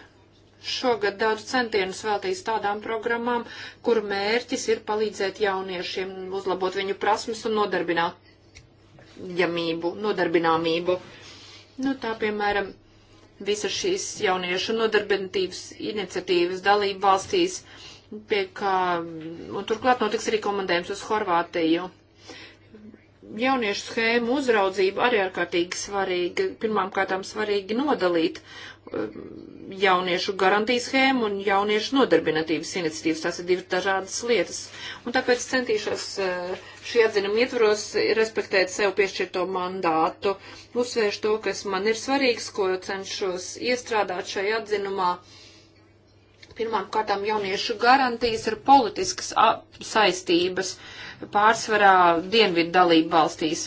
šogad daudz centienus veltīs tādām programmām, kur mērķis ir palīdzēt jauniešiem uzlabot viņu prasmes un nodarbināmību. nodarbināmību. Nu, tā, piemēram, visa šīs jauniešu nodarbinātības iniciatīvas dalība valstīs, pie kā, un turklāt notiks arī komandējums uz Horvātiju jauniešu schēmu uzraudzību arī ārkārtīgi svarīgi. Pirmām kārtām svarīgi nodalīt um, jauniešu garantijas schēmu un jauniešu nodarbinatības iniciatīvas. Tās ir divas dažādas lietas. Un tāpēc centīšos uh, šī atzinuma ietvaros respektēt sev piešķirto mandātu, uzsvērš to, kas man ir svarīgs, ko cenšos iestrādāt šajā atzinumā. Pirmām kārtām jauniešu garantijas ir politiskas saistības. Uh, pārsvarā dienvidu dalību valstīs.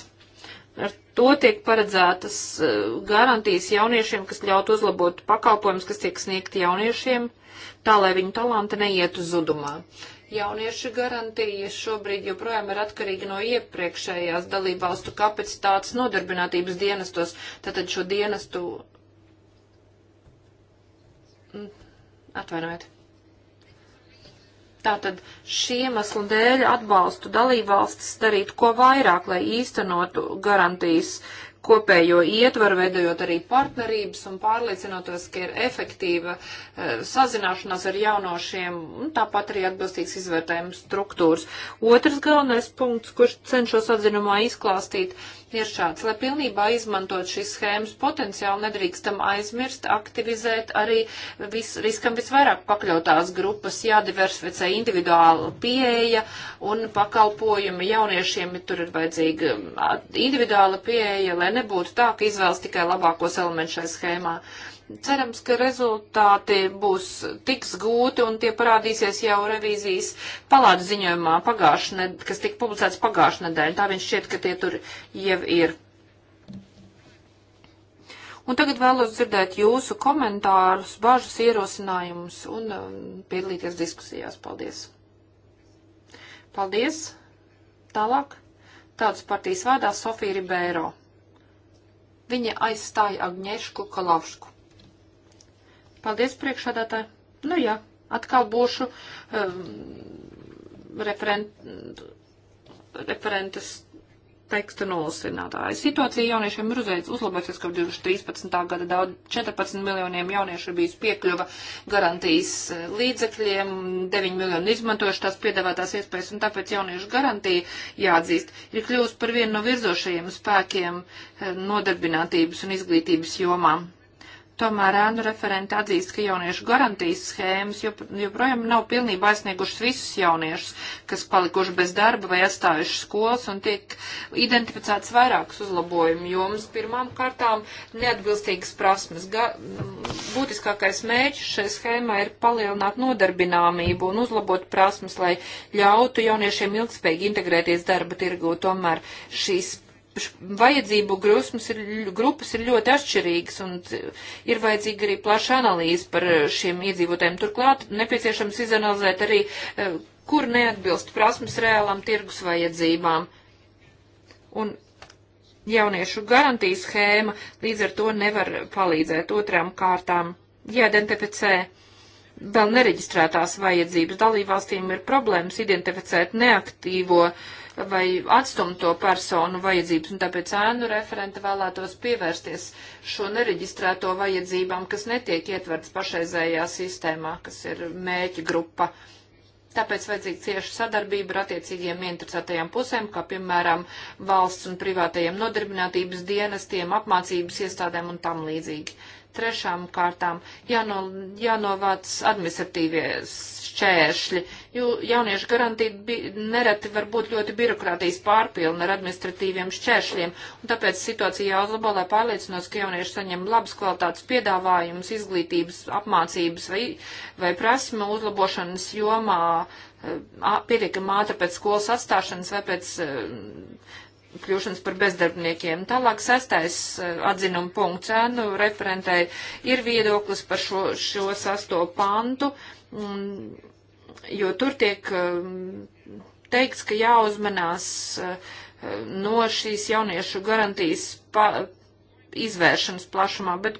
Ar to tiek paredzētas eh, garantijas jauniešiem, kas ļaut uzlabot pakalpojumus, kas tiek sniegti jauniešiem, tā lai viņu talanti neietu zudumā. Jauniešu garantijas šobrīd joprojām ir atkarīgi no iepriekšējās dalībvalstu kapacitātes nodarbinātības dienestos, tātad šo dienestu. Mm. Atvainojiet. Tātad šī iemesla dēļ atbalstu dalībvalstis darīt ko vairāk, lai īstenotu garantijas kopējo ietvaru, veidojot arī partnerības un pārliecinoties, ka ir efektīva e, sazināšanās ar jaunošiem un tāpat arī atbilstīgs izvērtējums struktūras. Otrs galvenais punkts, kurš cenšos atzinumā izklāstīt, ir ir šāds. Lai pilnībā izmantot šīs schēmas potenciāli, nedrīkstam aizmirst aktivizēt arī vis, riskam visvairāk pakļautās grupas, jādiversificē individuāla pieeja un pakalpojumi jauniešiem, tur ir vajadzīga individuāla pieeja, lai nebūtu tā, ka izvēlas tikai labākos elementus šai schēmā cerams, ka rezultāti būs tiks gūti un tie parādīsies jau revīzijas palādu ziņojumā, ned, kas tika publicēts pagājušajā nedēļā. Tā viņš šķiet, ka tie tur jau ir. Un tagad vēlos dzirdēt jūsu komentārus, bažas, ierosinājumus un um, piedalīties diskusijās. Paldies! Paldies! Tālāk. Tautas partijas vārdā Sofija Ribeiro. Viņa aizstāja Agņešku Kalavšku. Paldies, priekšādātāji. Nu jā, atkal būšu um, referent, referentes teksta nolasinātāja. Situācija jauniešiem ir uzreiz uzlabojusies, ka 2013. gada daudz 14 miljoniem jauniešu ir bijis piekļuva garantijas eh, līdzekļiem, 9 miljoni izmantojuši tās piedāvātās iespējas, un tāpēc jauniešu garantija, jāatzīst, ir kļuvusi par vienu no virzošajiem spēkiem eh, nodarbinātības un izglītības jomām. Tomēr ēnu referenti atzīst, ka jauniešu garantijas schēmas joprojām nav pilnībā aizsniegušas visus jauniešus, kas palikuši bez darba vai atstājuši skolas un tiek identificēts vairākas uzlabojumu jomas. Pirmām kārtām neatbilstīgas prasmes. Ga būtiskākais mērķis šai schēmai ir palielināt nodarbināmību un uzlabot prasmes, lai ļautu jauniešiem ilgspējīgi integrēties darba tirgu. Tomēr šīs vajadzību grusmas ir, grupas ir ļoti atšķirīgas un ir vajadzīga arī plaša analīze par eh, šiem iedzīvotājiem. Turklāt nepieciešams izanalizēt arī, eh, kur neatbilst prasmes reālām tirgus vajadzībām. Un jauniešu garantijas schēma līdz ar to nevar palīdzēt otrām kārtām jāidentificē. Vēl nereģistrētās vajadzības dalībvalstīm ir problēmas identificēt neaktīvo uh, vai atstumto personu vajadzības, un tāpēc ēnu referenta vēlētos pievērsties šo nereģistrēto vajadzībām, kas netiek ietverts pašreizējā sistēmā, kas ir mēķi grupa. Tāpēc vajadzīga cieša sadarbība ar attiecīgiem interesētajām pusēm, kā piemēram valsts un privātajiem nodarbinātības dienestiem, apmācības iestādēm un tam līdzīgi. Trešām kārtām jāno, jānovāc administratīvie šķēršļi, jo jauniešu garantija nereti var būt ļoti birokrātijas pārpilna ar administratīviem šķēršļiem, un tāpēc situācija jāuzlabo, lai pārliecinos, ka jaunieši saņem labas kvalitātes piedāvājumus izglītības, apmācības vai, vai prasme uzlabošanas jomā eh, pietiekami ātri pēc skolas atstāšanas vai pēc eh, kļūšanas par bezdarbniekiem. Tālāk sastais eh, atzinuma punkts ēnu referentai ir viedoklis par šo, šo sasto pantu, jo tur tiek eh, teikts, ka jāuzmanās eh, no šīs jauniešu garantijas pa, izvēršanas plašumā, bet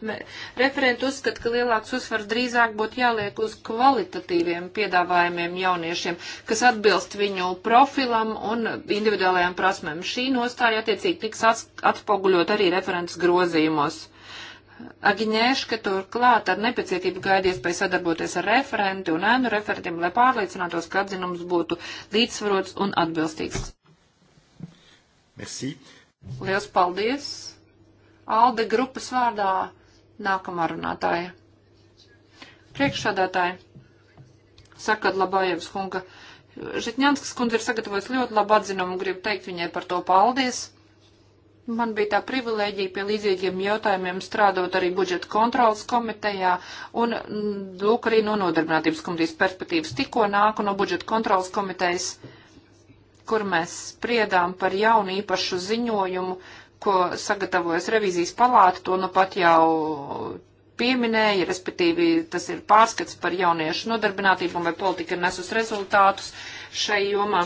referenti uzskata, ka lielāks uzsvars drīzāk būtu jāliek uz kvalitatīviem piedāvājumiem jauniešiem, kas atbilst viņu profilam un individuālajām prasmēm. Šī nostāja attiecīgi tiks atspoguļot arī referents grozījumos. Agiņēška turklāt ar nepacietību gaida iespēju sadarboties ar referenti un ēnu referentiem, lai pārliecinātos, ka atzinums būtu līdzsvarots un atbilstīgs. Merci. Liels paldies! Alde grupas vārdā nākamā runātāja. Priekšsādātāja, sakat Labājevs kunga, Žitņanskas kundze ir sagatavojis ļoti labu atzinumu, gribu teikt viņai par to paldies. Man bija tā privilēģija pie līdzīgiem jautājumiem strādot arī budžeta kontrolas komitejā un mm, lūk arī no nodarbinātības komitejas perspektīvas. Tikko nāku no budžeta kontrolas komitejas, kur mēs spriedām par jaunu īpašu ziņojumu ko sagatavojas revīzijas palāta, to nu pat jau pieminēja, respektīvi tas ir pārskats par jauniešu nodarbinātību un vai politika ir nesus rezultātus šai jomā.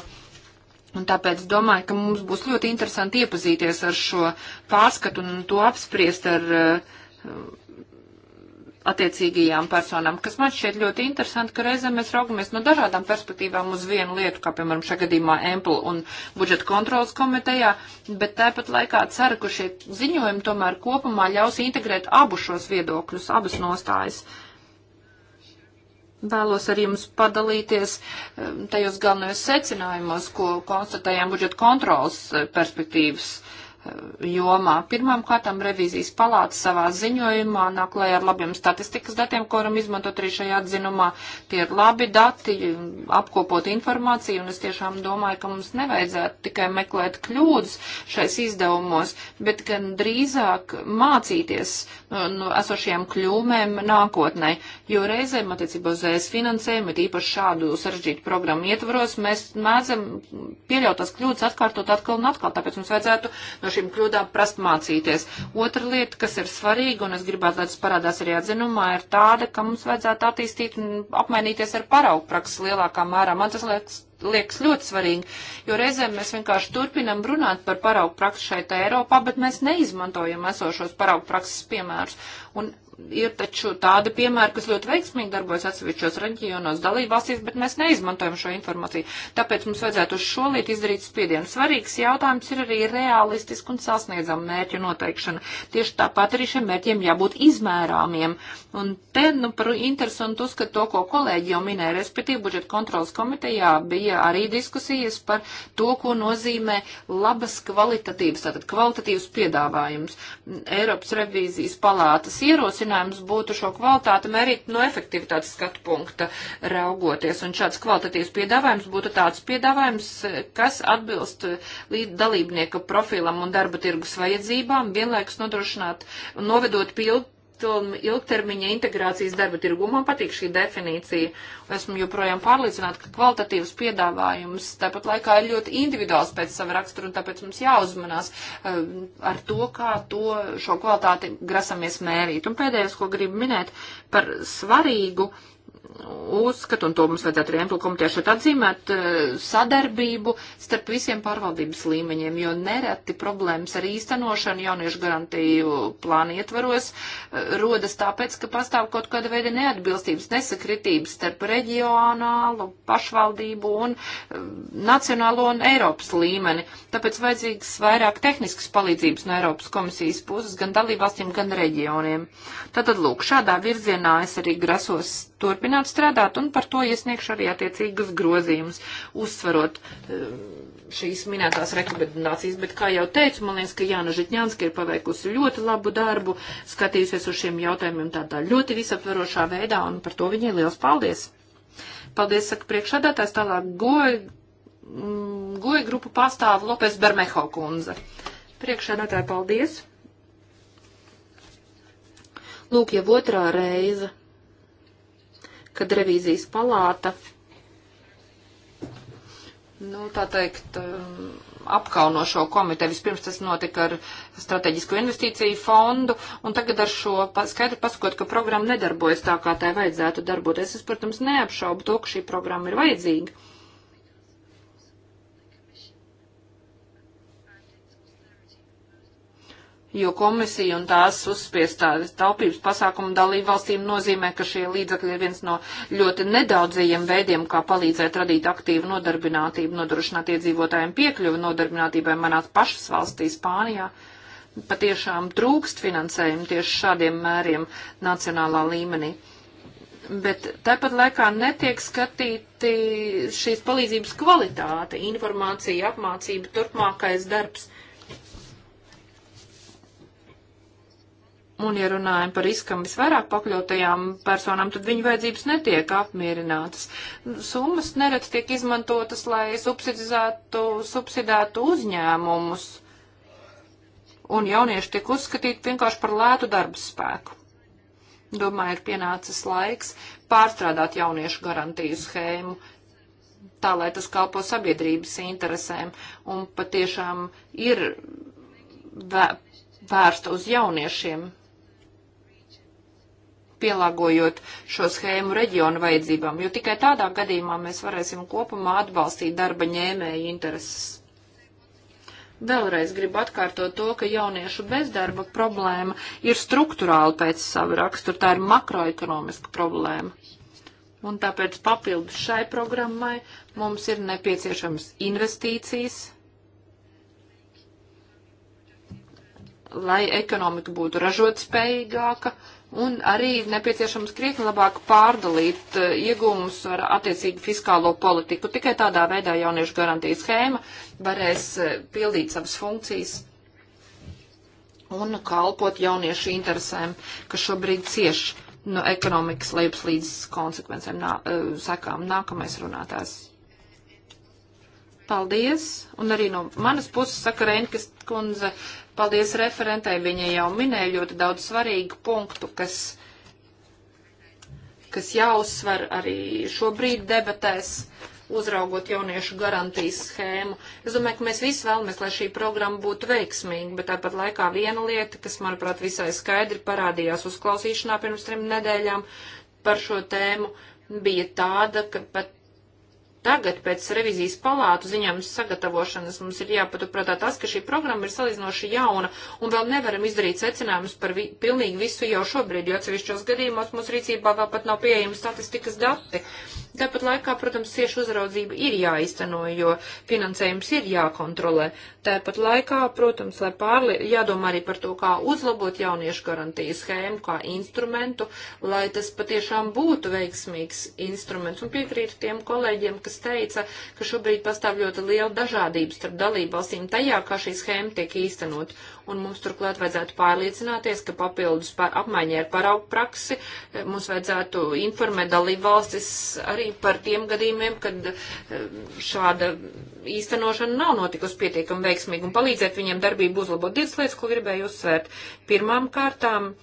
Un tāpēc domāju, ka mums būs ļoti interesanti iepazīties ar šo pārskatu un to apspriest ar uh, attiecīgajām personām, kas man šķiet ļoti interesanti, ka reizē mēs raugamies no dažādām perspektīvām uz vienu lietu, kā piemēram šajā gadījumā Emplu un budžeta kontrolas komitejā, bet tāpat laikā ceru, ka šie ziņojumi tomēr kopumā ļaus integrēt abu šos viedokļus, abas nostājas. Vēlos ar jums padalīties eh, tajos galvenajos secinājumos, ko konstatējām budžeta kontrolas eh, perspektīvas uh, jomā. Pirmām kārtām revīzijas palāca savā ziņojumā nāk lai ar labiem statistikas datiem, ko varam izmantot arī šajā atzinumā. Tie ir labi dati, apkopot informāciju, un es tiešām domāju, ka mums nevajadzētu tikai meklēt kļūdas šais izdevumos, bet gan drīzāk mācīties nu, no nu, esošajām kļūmēm nākotnē, jo reizēm attiecībā uz ES finansējumu, bet īpaši šādu sarežģītu programmu ietvaros, mēs mēdzam pieļautās kļūdas atkārtot atkal un atkal, tāpēc mums vajadzētu no šīm kļūdām prast mācīties. Otra lieta, kas ir svarīga, un es gribētu, lai tas parādās arī atzinumā, ir tāda, ka mums vajadzētu attīstīt un apmainīties ar paraugu praksi lielākā mērā. Man tas liekas, liekas ļoti svarīgi, jo reizēm mēs vienkārši turpinam runāt par paraugu praksi šeit Eiropā, bet mēs neizmantojam esošos paraugu prakses piemērus. Un ir taču tādi piemēri, kas ļoti veiksmīgi darbojas atsevišķos reģionos dalībvalstīs, bet mēs neizmantojam šo informāciju. Tāpēc mums vajadzētu uz šo lietu izdarīt spiedienu. Svarīgs jautājums ir arī realistiski un sasniedzama mērķu noteikšana. Tieši tāpat arī šiem mērķiem jābūt izmērāmiem. Un te, nu, par interesantu uzskatu to, ko kolēģi jau minēja, respektīvi budžeta kontrolas komitejā bija arī diskusijas par to, ko nozīmē labas kvalitatīvas, tātad kvalitatīvas piedāvājums. Eiropas revīzijas palātas ierosinājums risinājums būtu šo kvalitāti mērīt no efektivitātes skatu punkta raugoties. Un šāds kvalitatīvs piedāvājums būtu tāds piedāvājums, kas atbilst dalībnieka profilam un darba tirgus vajadzībām, vienlaikus nodrošināt un novedot pildu ilgtermiņa integrācijas darba tirgu. Man patīk šī definīcija. Esmu joprojām pārliecināta, ka kvalitatīvs piedāvājums tāpat laikā ir ļoti individuāls pēc sava rakstura, un tāpēc mums jāuzmanās eh, ar to, kā to šo kvalitāti grasamies mērīt. Un pēdējais, ko gribu minēt par svarīgu. Uh, uzskatu, un to mums vajadzētu arī Emplu komitē šeit atzīmēt, eh, sadarbību starp visiem pārvaldības līmeņiem, jo nereti problēmas ar īstenošanu jauniešu garantiju plānu ietvaros eh, rodas tāpēc, ka pastāv kaut kāda veida neatbilstības, nesakritības starp reģionālu pašvaldību un eh, nacionālo un Eiropas līmeni. Tāpēc vajadzīgs vairāk tehniskas palīdzības no Eiropas komisijas puses gan dalībvalstīm, gan reģioniem. Tātad, lūk, šādā virzienā es arī grasos turpināt turpināt strādāt un par to iesniegšu arī attiecīgus grozījumus, uzsverot eh, šīs minētās rekomendācijas. Bet, kā jau teicu, man liekas, ka Jāna Žitņānska ir paveikusi ļoti labu darbu, skatījusies uz šiem jautājumiem tādā ļoti visaptverošā veidā un par to viņai liels paldies. Paldies, saka priekšādātājs, tālāk goja, mm, goja grupu pārstāvu Lopes Bermeho kundze. Priekšādātāji, paldies! Lūk, jau otrā reize kad revīzijas palāta, nu, tā teikt, um, apkauno šo komiteju. Vispirms tas notika ar strateģisko investīciju fondu, un tagad ar šo skaidru pasakot, ka programma nedarbojas tā, kā tai vajadzētu darboties. Es, protams, neapšaubu to, ka šī programma ir vajadzīga. jo komisija un tās uzspiestā taupības pasākuma dalība valstīm nozīmē, ka šie līdzakļi ir viens no ļoti nedaudzajiem veidiem, kā palīdzēt radīt aktīvu nodarbinātību, nodrošināt iedzīvotājiem piekļuvi nodarbinātībai manās pašas valstī, Spānijā. Patiešām trūkst finansējumu tieši šādiem mēriem nacionālā līmenī. Bet tāpat laikā netiek skatīti šīs palīdzības kvalitāte, informācija, apmācība, turpmākais darbs Un, ja runājam par riskam visvairāk pakļautajām personām, tad viņu vajadzības netiek apmierinātas. Summas neredz tiek izmantotas, lai subsidizētu, subsidētu uzņēmumus. Un jaunieši tiek uzskatīti vienkārši par lētu darba spēku. Domāju, ir pienācis laiks pārstrādāt jauniešu garantiju schēmu, tā, lai tas kalpo sabiedrības interesēm un patiešām ir vērsta uz jauniešiem pielāgojot šo schēmu reģionu vajadzībām, jo tikai tādā gadījumā mēs varēsim kopumā atbalstīt darba ņēmēju intereses. Vēlreiz gribu atkārtot to, ka jauniešu bezdarba problēma ir struktūrāla pēc sava rakstura, tā ir makroekonomiska problēma. Un tāpēc papildus šai programmai mums ir nepieciešams investīcijas, lai ekonomika būtu ražotspējīgāka Un arī nepieciešams krietni labāk pārdalīt eh, iegūmus ar attiecīgu fiskālo politiku. Tikai tādā veidā jauniešu garantijas schēma varēs eh, pildīt savas funkcijas un kalpot jauniešu interesēm, kas šobrīd cieš no ekonomikas lejupslīdes konsekvencēm, nā, eh, sakām, nākamais runātājs. Paldies! Un arī no manas puses saka Reinkas kundze, uh, Paldies referentei, viņa jau minēja ļoti daudz svarīgu punktu, kas, kas jāuzsver arī šobrīd debatēs, uzraugot jauniešu garantijas schēmu. Es domāju, ka mēs visi vēlamies, lai šī programma būtu veiksmīga, bet tāpat laikā viena lieta, kas, manuprāt, visai skaidri parādījās uzklausīšanā pirms trim nedēļām par šo tēmu, bija tāda, ka pat Tagad pēc revizijas palātu ziņojums sagatavošanas mums ir jāpaturprātā tas, ka šī programma ir salīdzinoši jauna un vēl nevaram izdarīt secinājumus par vi pilnīgi visu jau šobrīd, jo atsevišķos gadījumos mums rīcībā vēl pat nav pieejami statistikas dati. Tāpat laikā, protams, cieši uzraudzība ir jāizteno, jo finansējums ir jākontrolē. Tāpat laikā, protams, lai pārli jādomā arī par to, kā uzlabot jauniešu garantijas schēmu, kā instrumentu, lai tas patiešām būtu veiksmīgs instruments. Un piekrītu tiem kolēģiem, kas kas teica, ka šobrīd pastāv ļoti liela dažādības starp dalībvalstīm tajā, kā šī schēma tiek īstenot. Un mums turklāt vajadzētu pārliecināties, ka papildus par apmaiņai ar paraugu praksi eh, mums vajadzētu informēt dalībvalstis arī par tiem gadījumiem, kad eh, šāda īstenošana nav notikusi pietiekami veiksmīgi un palīdzēt viņiem darbību uzlabot. Divas lietas, ko gribēju uzsvērt. Pirmām kārtām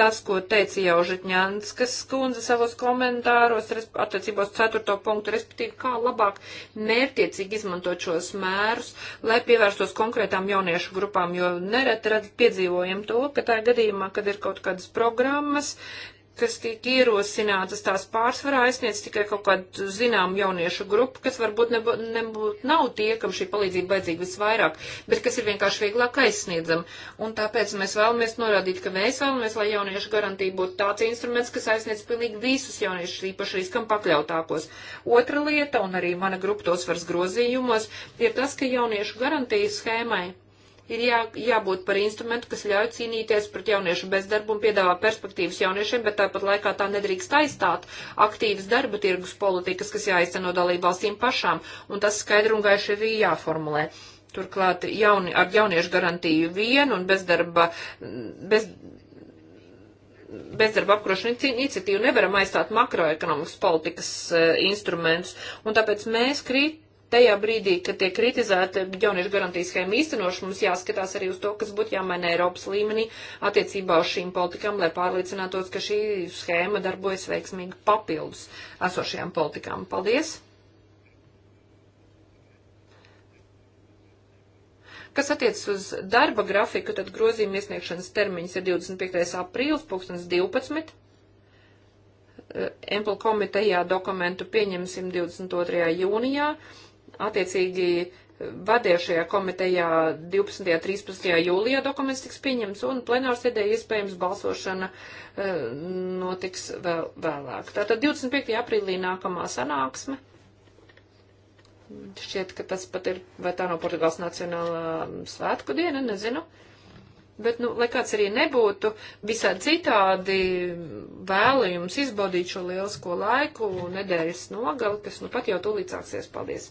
tas, ko teica jau Žitņānskas skundze savos komentāros attiecībos ceturto punktu, respektīvi, kā labāk mērtiecīgi izmantot šos mērus, lai pievērstos konkrētām jauniešu grupām, jo nereti piedzīvojam to, ka tā gadījumā, kad ir kaut kādas programmas, kas tiek ierosinātas, tās pārsvarā aizsniedz tikai kaut kādu zinām jauniešu grupu, kas varbūt nebū, nebū, nav tie, kam šī palīdzība vajadzīga visvairāk, bet kas ir vienkārši vieglāk aizsniedzama. Un tāpēc mēs vēlamies norādīt, ka mēs vēlamies, lai jauniešu garantija būtu tāds instruments, kas aizsniedz pilnīgi visus jauniešus, īpaši riskam pakļautākos. Otra lieta, un arī mana grupa tos vairs grozījumos, ir tas, ka jauniešu garantijas schēmai ir jā, jābūt par instrumentu, kas ļauj cīnīties pret jauniešu bezdarbu un piedāvā perspektīvas jauniešiem, bet tāpat laikā tā nedrīkst aizstāt aktīvas darba tirgus politikas, kas jāizceno dalību valstīm pašām, un tas skaidri un gaiši ir jāformulē. Turklāt jauni, ar jauniešu garantiju vienu un bezdarba, bez, bezdarba apkrošana iniciatīvu nevaram aizstāt makroekonomikas politikas uh, instrumentus, un tāpēc mēs krīt tajā brīdī, kad tiek kritizēta jauniešu garantijas schēma īstenošana, mums jāskatās arī uz to, kas būtu jāmaina Eiropas līmenī attiecībā uz šīm politikām, lai pārliecinātos, ka šī schēma darbojas veiksmīgi papildus esošajām politikām. Paldies! Kas attiecas uz darba grafiku, tad grozījuma iesniegšanas termiņš ir 25. aprīlis, 2012. Empel komitejā dokumentu pieņemsim 22. jūnijā attiecīgi eh, vadījušajā komitejā 12. un 13. jūlijā dokuments tiks pieņemts, un plenārsēdē iespējams balsošana e, notiks vēl, vēlāk. Tātad 25. aprīlī nākamā sanāksme. Šķiet, ka tas pat ir, vai tā nav no Portugāles nacionālā mm, svētku diena, nezinu. Bet, nu, lai kāds arī nebūtu, visā citādi vēlu jums izbaudīt šo lielisko laiku, nedēļas nogali, kas nu pat jau tūlīt sāksies. Paldies!